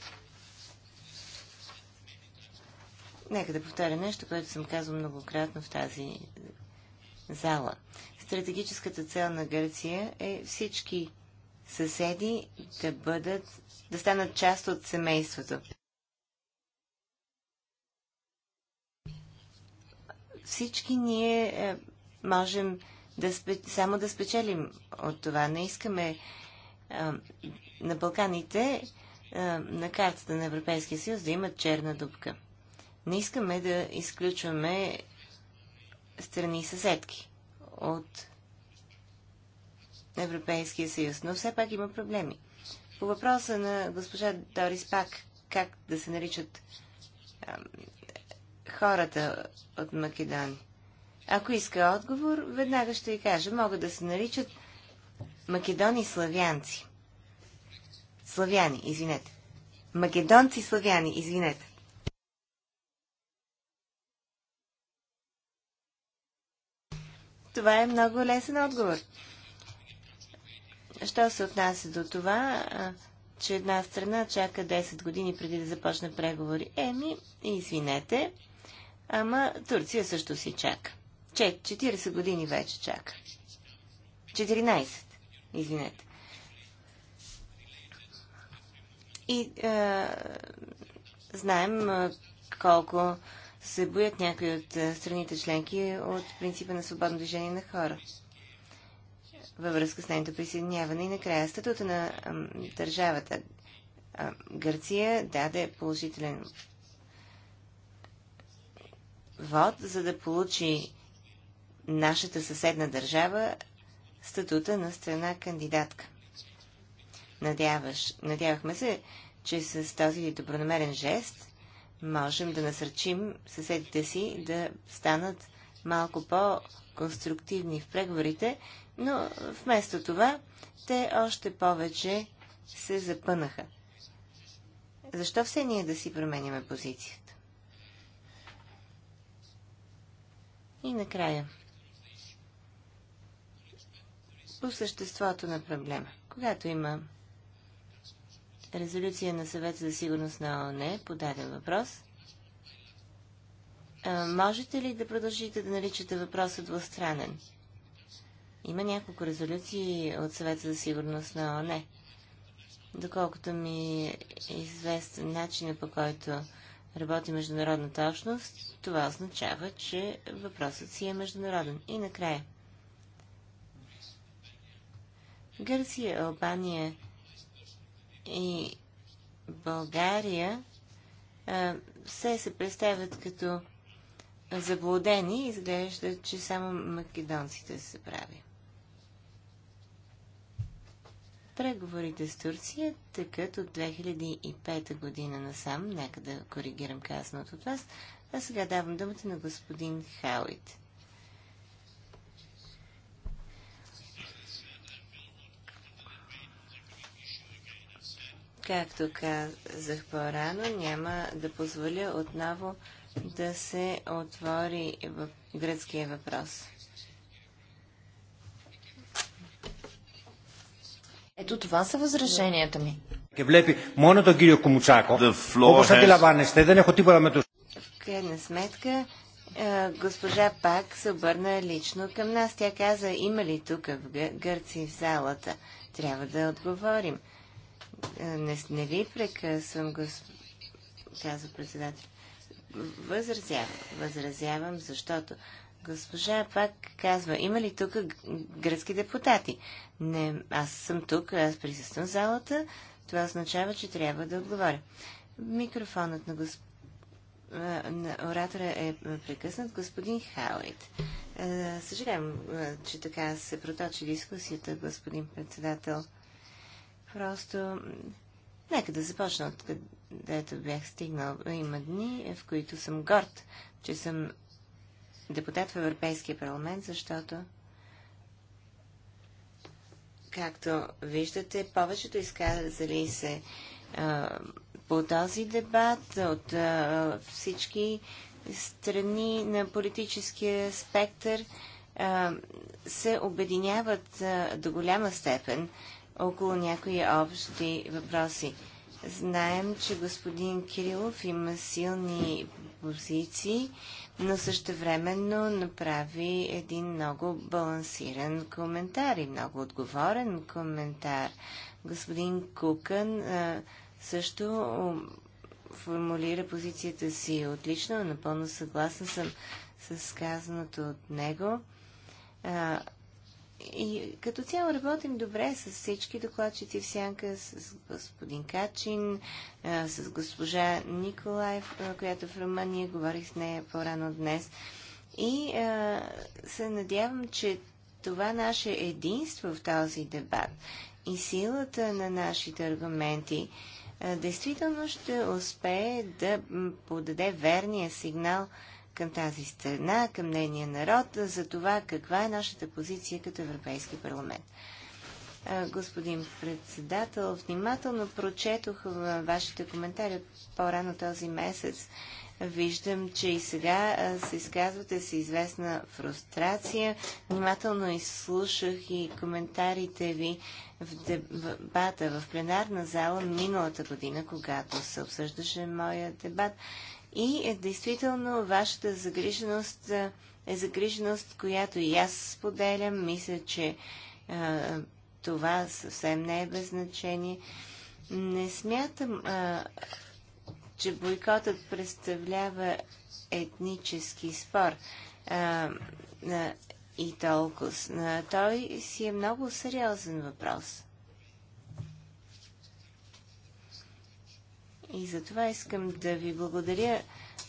Нека да повторя нещо, което съм казал многократно в тази зала. Стратегическата цел на Гърция е всички съседи да бъдат, да станат част от семейството. Всички ние е, можем да спе, само да спечелим от това. Не искаме е, на Балканите е, на картата на Европейския съюз да имат черна дупка. Не искаме да изключваме страни и съседки от Европейския съюз, но все пак има проблеми. По въпроса на госпожа Дорис Пак, как да се наричат хората от Македон. Ако иска отговор, веднага ще ви кажа. Могат да се наричат македони славянци славяни, извинете. Македонци славяни, извинете. Това е много лесен отговор. Що се отнася до това, че една страна чака 10 години преди да започне преговори? Еми, извинете, ама Турция също си чака. Че, 40 години вече чака. 14, извинете. И е, знаем е, колко се боят някои от е, страните членки от принципа на свободно движение на хора във връзка с нейното присъединяване. И накрая статута на а, държавата а, Гърция даде положителен вод, за да получи нашата съседна държава статута на страна кандидатка. Надяваш, надявахме се, че с този добронамерен жест можем да насърчим съседите си да станат малко по-конструктивни в преговорите, но вместо това те още повече се запънаха. Защо все ние да си променяме позицията? И накрая. По съществото на проблема. Когато има резолюция на съвет за сигурност на ООН е по даден въпрос. А, можете ли да продължите да наричате въпроса двустранен? Има няколко резолюции от съвет за сигурност на ООН. Доколкото ми е известен начинът по който работи международната общност, това означава, че въпросът си е международен. И накрая. Гърция, Албания, и България все се представят като заблудени и изглежда, че само македонците се прави. Преговорите с Турция тъкат от 2005 година насам, нека да коригирам казаното от вас, а сега давам думата на господин Хауит. Както казах по-рано, няма да позволя отново да се отвори гръцкия въпрос. Ето това са възраженията ми. В крайна сметка, е, госпожа пак се обърна лично към нас. Тя каза, има ли тук в Гърци в залата? Трябва да отговорим. Е, не, не ви прекъсвам, госп... казва председател. Възразявам. Възразявам, защото госпожа пак казва, има ли тук гръцки депутати? Не, аз съм тук, аз присъствам в залата. Това означава, че трябва да отговоря. Микрофонът на, госп... Е, на оратора е прекъснат. Господин Хауит. Е, съжалявам, че така се проточи дискусията, господин председател. Просто нека да започна от където бях стигнал. Има дни, в които съм горд, че съм депутат в Европейския парламент, защото както виждате, повечето изказали се а, по този дебат от а, всички страни на политическия спектър а, се обединяват а, до голяма степен около някои общи въпроси. Знаем, че господин Кирилов има силни позиции, но същевременно направи един много балансиран коментар и много отговорен коментар. Господин Кукън също формулира позицията си отлично, напълно съгласна съм с казаното от него. И като цяло работим добре с всички докладчици в сянка, с господин Качин, с госпожа Николаев, която е в Румъния говорих с нея по-рано днес. И се надявам, че това наше единство в този дебат и силата на нашите аргументи действително ще успее да подаде верния сигнал към тази страна, към нейния народ, за това каква е нашата позиция като Европейски парламент. Господин председател, внимателно прочетох вашите коментари по-рано този месец. Виждам, че и сега се изказвате с известна фрустрация. Внимателно изслушах и коментарите ви в дебата в пленарна зала миналата година, когато се обсъждаше моя дебат. И е, действително вашата загриженост е загриженост, която и аз споделям. Мисля, че а, това съвсем не е без значение. Не смятам, а, че бойкотът представлява етнически спор. А, а, и толкова. А, той си е много сериозен въпрос. И за това искам да ви благодаря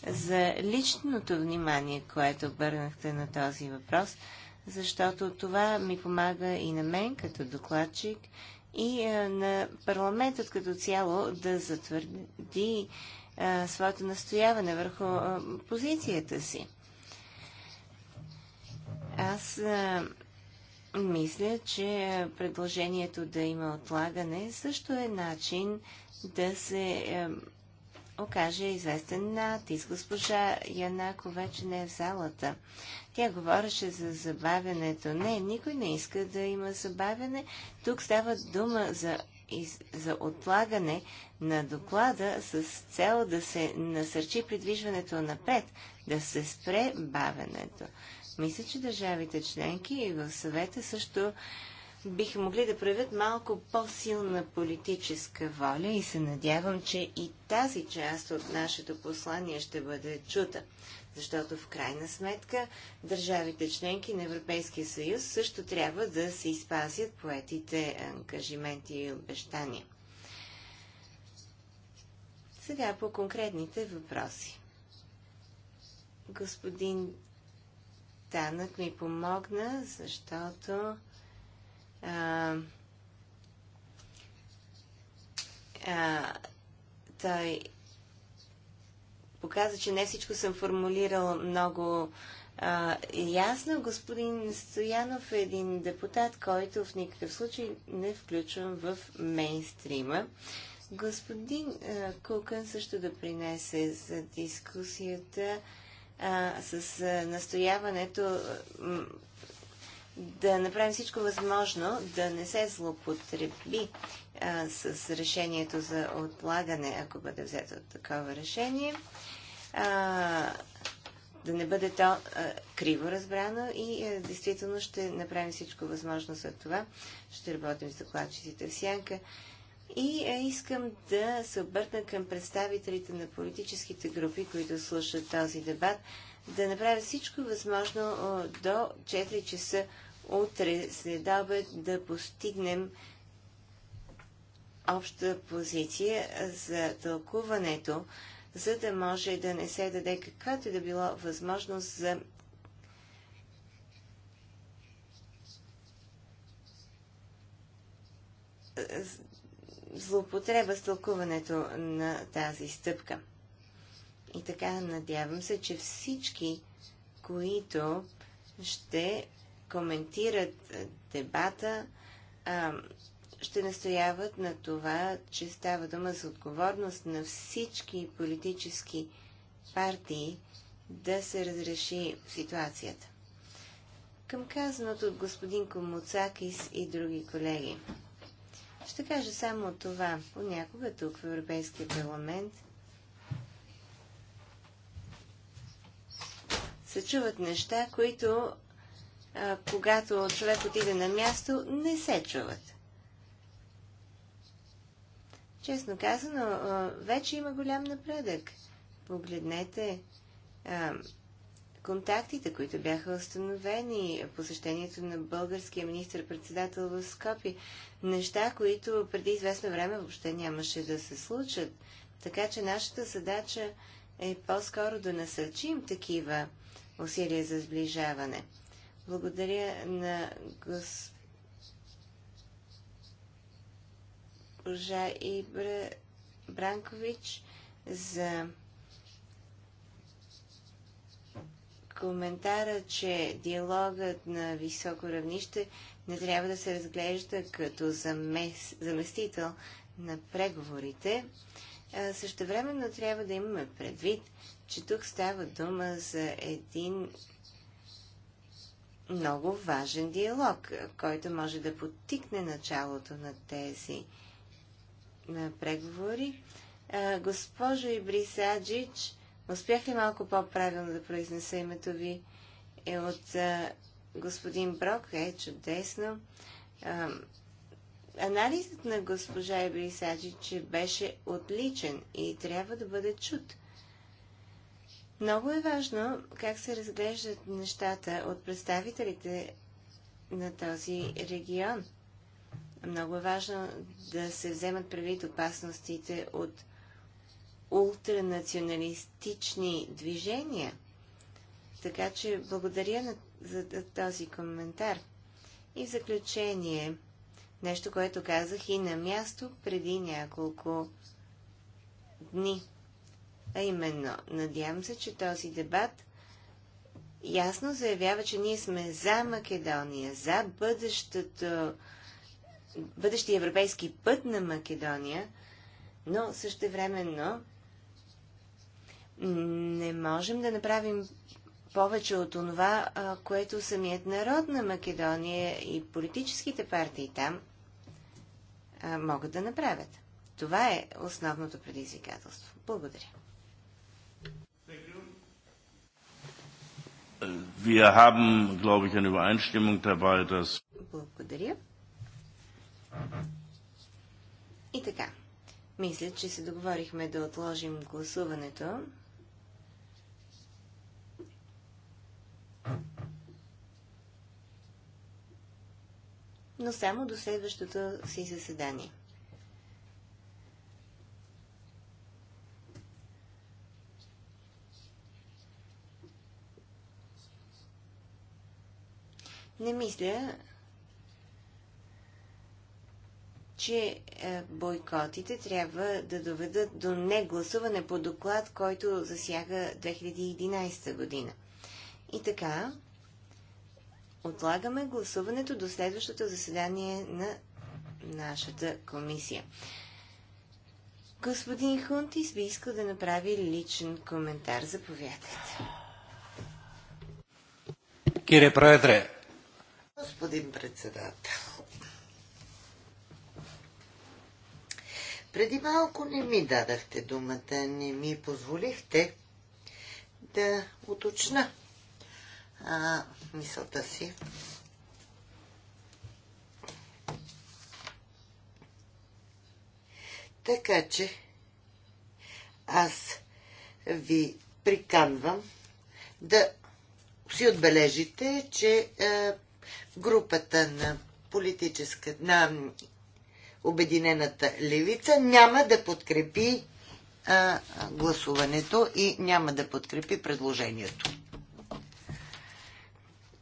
за личното внимание, което обърнахте на този въпрос, защото това ми помага и на мен като докладчик, и на парламентът като цяло да затвърди своето настояване върху позицията си. Аз мисля, че предложението да има отлагане също е начин да се е, окаже известен натиск. Госпожа Янако вече не е в залата. Тя говореше за забавянето. Не, никой не иска да има забавяне. Тук става дума за, из, за отлагане на доклада с цел да се насърчи придвижването напред, да се спре бавенето. Мисля, че държавите членки и в съвета също биха могли да проявят малко по-силна политическа воля и се надявам, че и тази част от нашето послание ще бъде чута. Защото в крайна сметка държавите членки на Европейския съюз също трябва да се изпазят поетите ангажименти и обещания. Сега по конкретните въпроси. Господин Танък ми помогна, защото а, а, той показа, че не всичко съм формулирал много а, ясно. Господин Стоянов е един депутат, който в никакъв случай не включвам в мейнстрима. Господин а, Кукън също да принесе за дискусията а, с а, настояването да направим всичко възможно да не се злоупотреби а, с решението за отлагане, ако бъде взето такова решение, а, да не бъде то а, криво разбрано и а, действително ще направим всичко възможно за това. Ще работим с докладчиците в сянка. И а, искам да се обърна към представителите на политическите групи, които слушат този дебат, да направя всичко възможно до 4 часа утре след обед да постигнем обща позиция за тълкуването, за да може да не се даде каквато и да било възможност за злоупотреба с тълкуването на тази стъпка. И така надявам се, че всички, които ще коментират дебата, ще настояват на това, че става дума за отговорност на всички политически партии да се разреши ситуацията. Към казаното от господин Комуцакис и други колеги. Ще кажа само това. Понякога тук в Европейския парламент се чуват неща, които а, когато човек отиде на място, не се чуват. Честно казано, а, вече има голям напредък. Погледнете а, контактите, които бяха установени, посещението на българския министр-председател в Скопи, неща, които преди известно време въобще нямаше да се случат. Така че нашата задача е по-скоро да насърчим такива усилия за сближаване. Благодаря на госпожа Ибра Бранкович за коментара, че диалогът на високо равнище не трябва да се разглежда като замес, заместител на преговорите. Същевременно трябва да имаме предвид, че тук става дума за един много важен диалог, който може да подтикне началото на тези на преговори. Госпожо Ибрисаджич, успях ли малко по-правилно да произнеса името ви? Е от а, господин Брок, е чудесно. А, анализът на госпожа Ибрисаджич беше отличен и трябва да бъде чут. Много е важно как се разглеждат нещата от представителите на този регион. Много е важно да се вземат предвид опасностите от ултранационалистични движения. Така че благодаря за този коментар. И в заключение, нещо, което казах и на място преди няколко дни – а именно, надявам се, че този дебат ясно заявява, че ние сме за Македония, за бъдещето, бъдещия европейски път на Македония, но същевременно не можем да направим повече от това, което самият народ на Македония и политическите партии там могат да направят. Това е основното предизвикателство. Благодаря. Wir haben, glaube ich, eine Übereinstimmung dabei, dass. Благодаря. И така. Мисля, че се договорихме да отложим гласуването. Но само до следващото си заседание. Не мисля, че е, бойкотите трябва да доведат до негласуване по доклад, който засяга 2011 година. И така, отлагаме гласуването до следващото заседание на нашата комисия. Господин Хунтис би искал да направи личен коментар. Заповядайте. Кире Проедре, Господин председател, преди малко не ми дадахте думата, не ми позволихте да уточна а, мисълта си. Така че аз ви приканвам да си отбележите, че е, групата на политическа, на Обединената левица няма да подкрепи а, гласуването и няма да подкрепи предложението.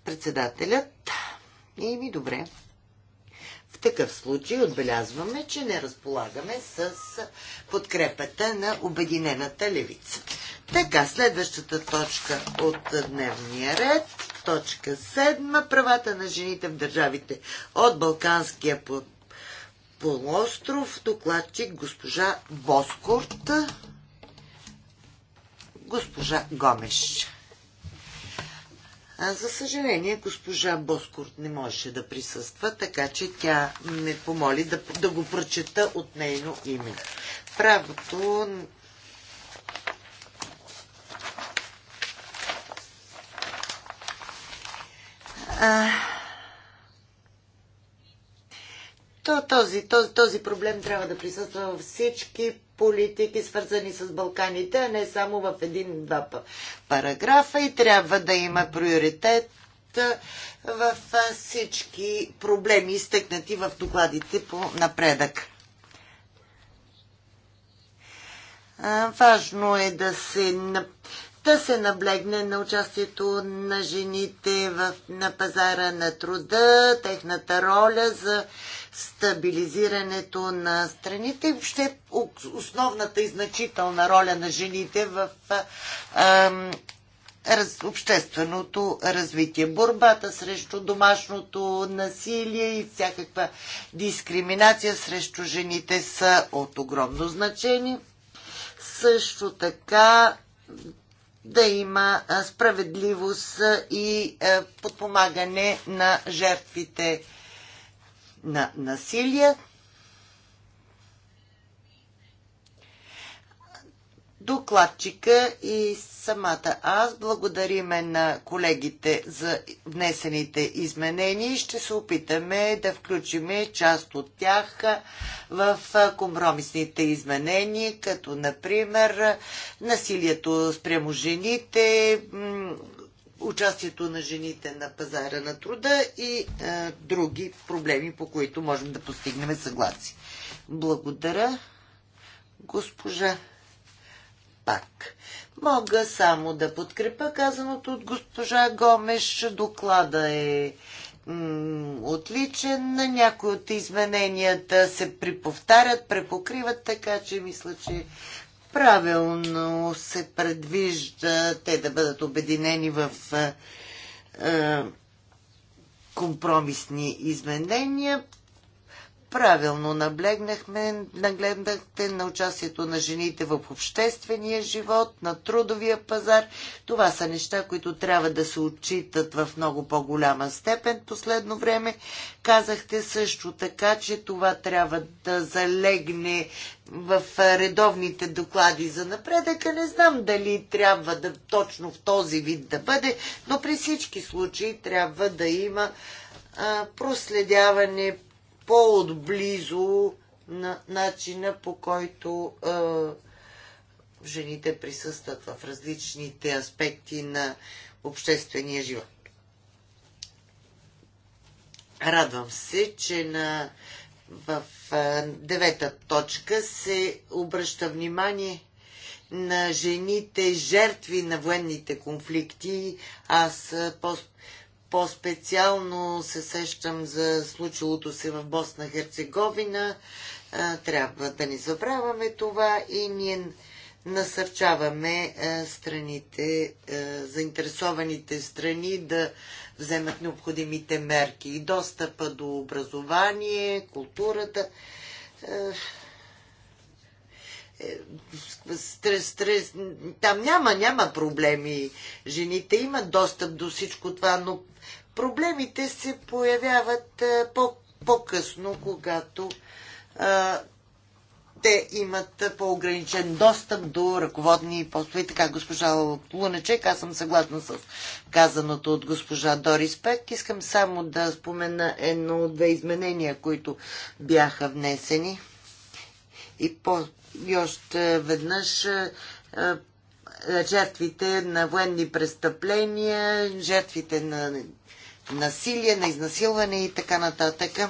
Председателят. И ми добре. В такъв случай отбелязваме, че не разполагаме с подкрепата на Обединената левица. Така, следващата точка от дневния ред Точка 7. Правата на жените в държавите от Балканския полуостров. Докладчик госпожа Боскорт. Госпожа Гомеш. А, за съжаление, госпожа Боскорт не можеше да присъства, така че тя ме помоли да, да го прочета от нейно име. Правото А, то, този, този, този проблем трябва да присъства във всички политики, свързани с Балканите, а не само в един-два параграфа и трябва да има приоритет в всички проблеми, изтъкнати в докладите по напредък. Важно е да се да се наблегне на участието на жените в, на пазара на труда, техната роля за стабилизирането на страните и въобще основната и значителна роля на жените в а, раз, общественото развитие. Борбата срещу домашното насилие и всякаква дискриминация срещу жените са от огромно значение. Също така да има справедливост и подпомагане на жертвите на насилие. докладчика и самата аз. Благодариме на колегите за внесените изменения и ще се опитаме да включиме част от тях в компромисните изменения, като например насилието спрямо жените, участието на жените на пазара на труда и е, други проблеми, по които можем да постигнем съгласие. Благодаря, госпожа пак. Мога само да подкрепа казаното от госпожа Гомеш. Доклада е отличен. На някои от измененията се приповтарят, препокриват, така че мисля, че правилно се предвижда те да бъдат обединени в е, е, компромисни изменения. Правилно наблегнахме, нагледнахте на участието на жените в обществения живот, на трудовия пазар. Това са неща, които трябва да се отчитат в много по-голяма степен последно време. Казахте също така, че това трябва да залегне в редовните доклади за напредъка. Не знам дали трябва да точно в този вид да бъде, но при всички случаи трябва да има проследяване по-отблизо на начина по който е, жените присъстват в различните аспекти на обществения живот. Радвам се, че на, в а, девета точка се обръща внимание на жените жертви на военните конфликти. Аз а, по, по-специално се сещам за случилото се в Босна Херцеговина. Трябва да ни забравяме това и ние насърчаваме страните, заинтересованите страни да вземат необходимите мерки и достъпа до образование, културата. Е, стрес, стрес, там няма, няма проблеми. Жените имат достъп до всичко това, но проблемите се появяват по- по-късно, когато а, те имат по-ограничен достъп до ръководни постове. Така, госпожа Луначек, аз съм съгласна с казаното от госпожа Дорис Пек. Искам само да спомена едно от две изменения, които бяха внесени. И, по, и още веднъж жертвите на военни престъпления, жертвите на насилие, на изнасилване и така нататък.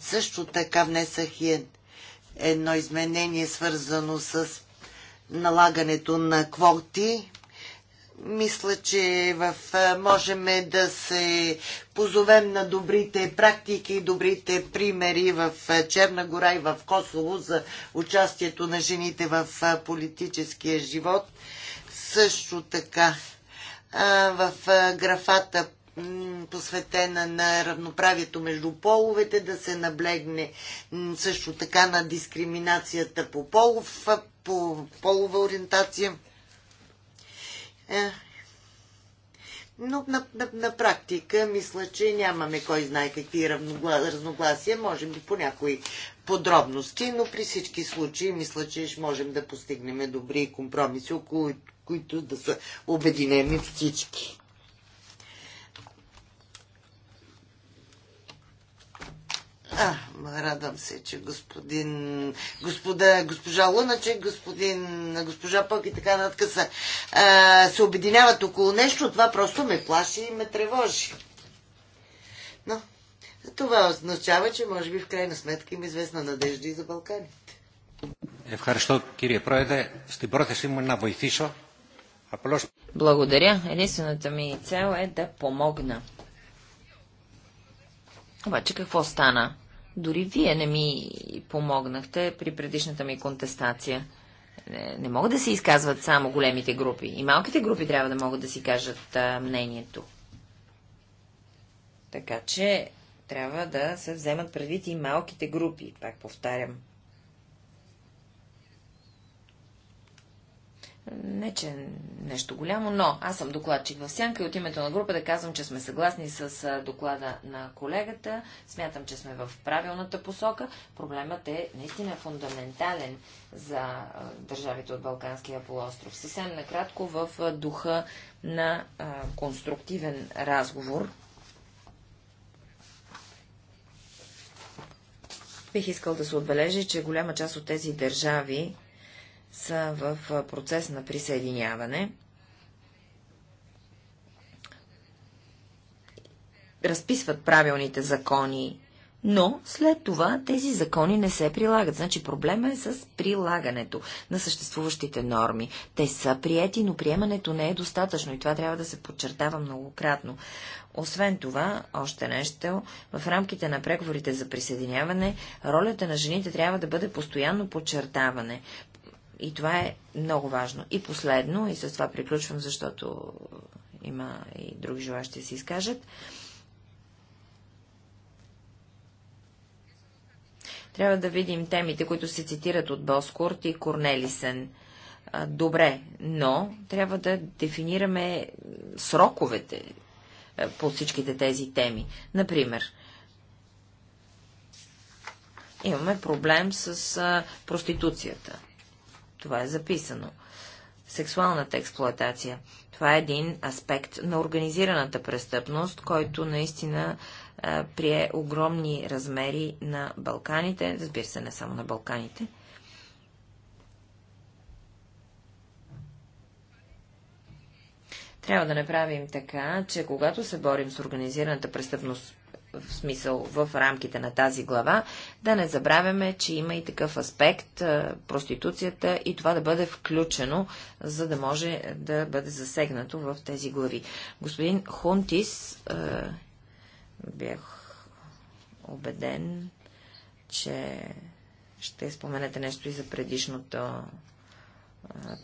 Също така внесах и едно изменение, свързано с налагането на квоти. Мисля, че в, можем да се позовем на добрите практики и добрите примери в Черна гора и в Косово за участието на жените в политическия живот. Също така в графата посветена на равноправието между половете, да се наблегне също така на дискриминацията по, полов, по полова ориентация. Е, но на, на, на практика мисля, че нямаме кой знае какви равногла... разногласия, може би по някои подробности, но при всички случаи мисля, че можем да постигнем добри компромиси, около които да са обединени всички. А, радвам се, че господин, господа, госпожа Луначек, господин, госпожа Пък и така нататък са, а, се обединяват около нещо, това просто ме плаши и ме тревожи. Но това означава, че може би в крайна сметка има известна надежда и за Балканите. Ευχαριστώ κύριε Πρόεδρε. Στην πρόθεσή μου να βοηθήσω благодаря. Единствената ми цел е да помогна. Обаче какво стана? Дори вие не ми помогнахте при предишната ми контестация. Не, не могат да се изказват само големите групи. И малките групи трябва да могат да си кажат а, мнението. Така че трябва да се вземат предвид и малките групи, пак повтарям. Не, че е нещо голямо, но аз съм докладчик в Сянка и от името на група да казвам, че сме съгласни с доклада на колегата. Смятам, че сме в правилната посока. Проблемът е наистина е фундаментален за държавите от Балканския полуостров. Съвсем накратко в духа на конструктивен разговор. Бих искал да се отбележи, че голяма част от тези държави са в процес на присъединяване. Разписват правилните закони, но след това тези закони не се прилагат. Значи проблема е с прилагането на съществуващите норми. Те са приети, но приемането не е достатъчно и това трябва да се подчертава многократно. Освен това, още нещо, в рамките на преговорите за присъединяване, ролята на жените трябва да бъде постоянно подчертаване. И това е много важно. И последно, и с това приключвам, защото има и други желащи да се изкажат. Трябва да видим темите, които се цитират от Боскурт и Корнелисен. Добре, но трябва да дефинираме сроковете по всичките тези теми. Например, имаме проблем с проституцията. Това е записано. Сексуалната експлоатация. Това е един аспект на организираната престъпност, който наистина а, прие огромни размери на Балканите, разбира се, не само на Балканите. Трябва да направим така, че когато се борим с организираната престъпност в смисъл в рамките на тази глава, да не забравяме, че има и такъв аспект проституцията и това да бъде включено, за да може да бъде засегнато в тези глави. Господин Хунтис, бях убеден, че ще споменете нещо и за предишното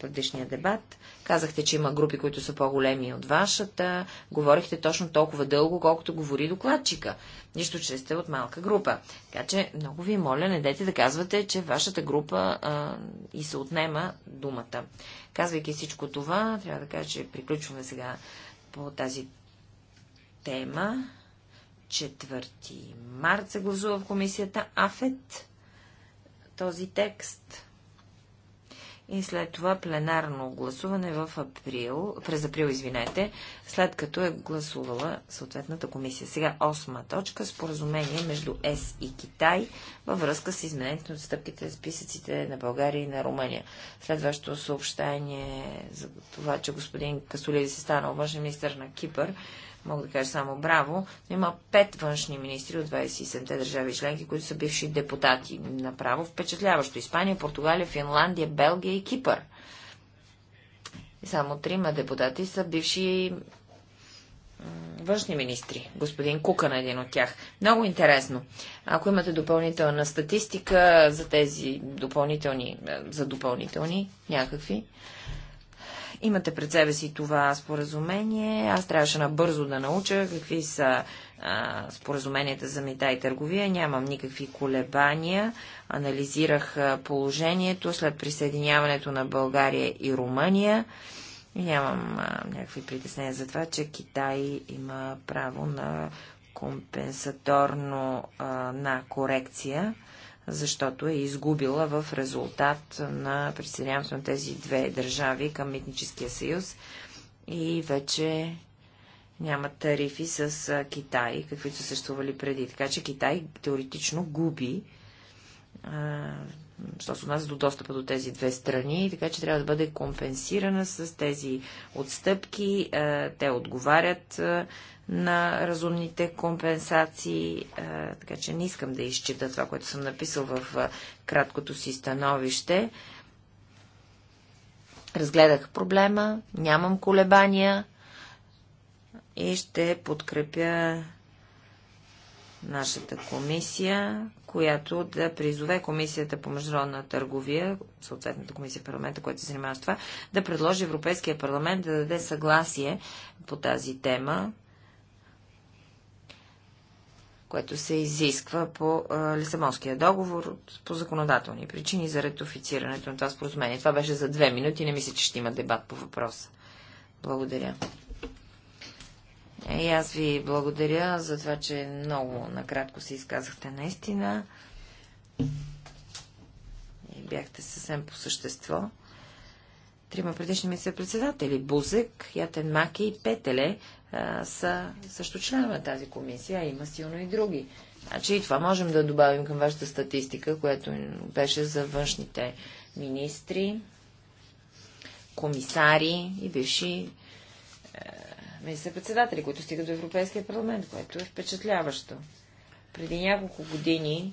предишния дебат. Казахте, че има групи, които са по-големи от вашата. Говорихте точно толкова дълго, колкото говори докладчика. Нищо, че сте от малка група. Така че, много ви моля, не дайте да казвате, че вашата група а, и се отнема думата. Казвайки всичко това, трябва да кажа, че приключваме сега по тази тема. 4 март се гласува в комисията АФЕТ този текст и след това пленарно гласуване в април, през април, извинете, след като е гласувала съответната комисия. Сега осма точка – споразумение между ЕС и Китай във връзка с изменението на стъпките в списъците на България и на Румъния. Следващото съобщение за това, че господин Касолидис е станал външен министър на Кипър, мога да кажа само браво, но има пет външни министри от 27-те държави членки, които са бивши депутати. Направо впечатляващо. Испания, Португалия, Финландия, Белгия и Кипър. само трима депутати са бивши външни министри, господин Кука на е един от тях. Много интересно. Ако имате допълнителна статистика за тези допълнителни, е, за допълнителни някакви, Имате пред себе си това споразумение. Аз трябваше набързо да науча какви са а, споразуменията за мита и търговия. Нямам никакви колебания. Анализирах положението след присъединяването на България и Румъния. нямам а, някакви притеснения за това, че Китай има право на компенсаторно а, на корекция защото е изгубила в резултат на присъединяването на тези две държави към Митническия съюз и вече няма тарифи с Китай, каквито съществували преди. Така че Китай теоретично губи, а, що се отнася до достъпа до тези две страни, така че трябва да бъде компенсирана с тези отстъпки. А, те отговарят а, на разумните компенсации, е, така че не искам да изчита това, което съм написал в е, краткото си становище. Разгледах проблема, нямам колебания и ще подкрепя нашата комисия, която да призове комисията по международна търговия, съответната комисия в парламента, която се занимава с това, да предложи Европейския парламент да даде съгласие по тази тема, което се изисква по а, Лисабонския договор по законодателни причини за ретофицирането на това споразумение. Това беше за две минути. Не мисля, че ще има дебат по въпроса. Благодаря. Е, и аз ви благодаря за това, че много накратко се изказахте наистина. И бяхте съвсем по същество. Трима предишни ми са председатели Бузек, Ятен Маки и Петеле са също членове на тази комисия, а има силно и други. Значи и това можем да добавим към вашата статистика, която беше за външните министри, комисари и бивши министър-председатели, които стигат до Европейския парламент, което е впечатляващо. Преди няколко години,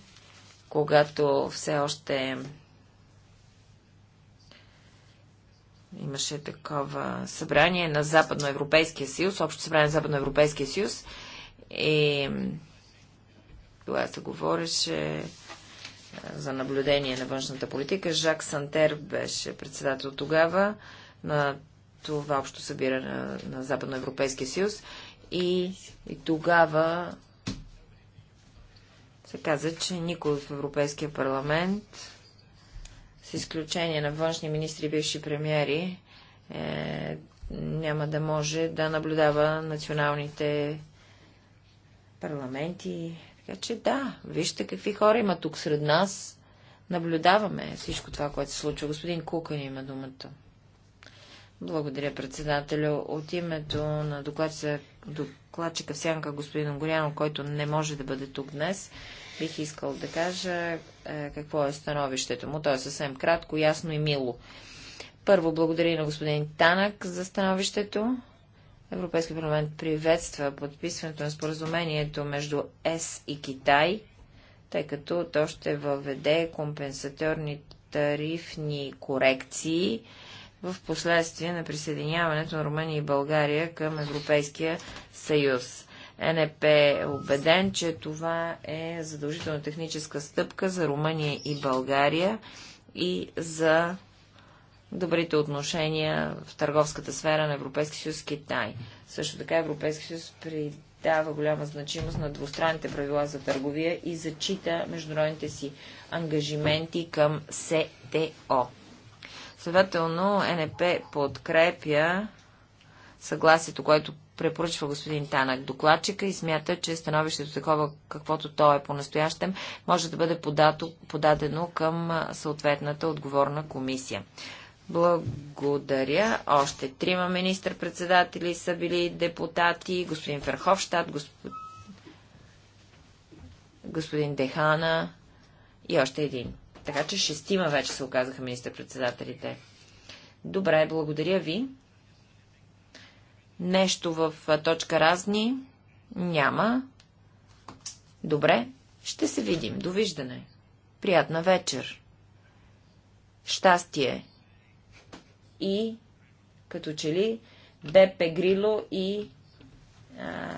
когато все още Имаше такова събрание на Западноевропейския съюз, общо събрание на Западноевропейския съюз. И тогава се говореше за наблюдение на външната политика. Жак Сантер беше председател тогава на това общо събиране на, Западноевропейския съюз. И, и тогава се каза, че никой в Европейския парламент с изключение на външни министри и бивши премиери, е, няма да може да наблюдава националните парламенти. Така че да, вижте какви хора има тук сред нас. Наблюдаваме всичко това, което се случва. Господин Кукан има думата. Благодаря, председателю. От името на докладчика, докладчика в сянка господин Горяно, който не може да бъде тук днес, бих искал да кажа е, какво е становището му. То е съвсем кратко, ясно и мило. Първо, благодаря на господин Танък за становището. Европейски парламент приветства подписването на споразумението между ЕС и Китай, тъй като то ще въведе компенсаторни тарифни корекции в последствие на присъединяването на Румъния и България към Европейския съюз. НП е убеден, че това е задължително техническа стъпка за Румъния и България и за добрите отношения в търговската сфера на Европейския съюз с Китай. Също така Европейския съюз придава голяма значимост на двустранните правила за търговия и зачита международните си ангажименти към СТО. Следователно, НП подкрепя съгласието, което препоръчва господин Танак докладчика и смята, че становището такова, каквото то е по-настоящем, може да бъде подато, подадено към съответната отговорна комисия. Благодаря. Още трима министър-председатели са били депутати. Господин Ферховщад, госп... господин Дехана и още един. Така че шестима вече се оказаха министър-председателите. Добре, благодаря ви. Нещо в точка разни? Няма. Добре, ще се видим. Довиждане. Приятна вечер. Щастие. И, като че ли, Бепе Грило и а,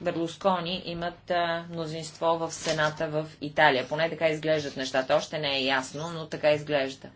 Берлускони имат а, мнозинство в Сената в Италия. Поне така изглеждат нещата. Още не е ясно, но така изглежда.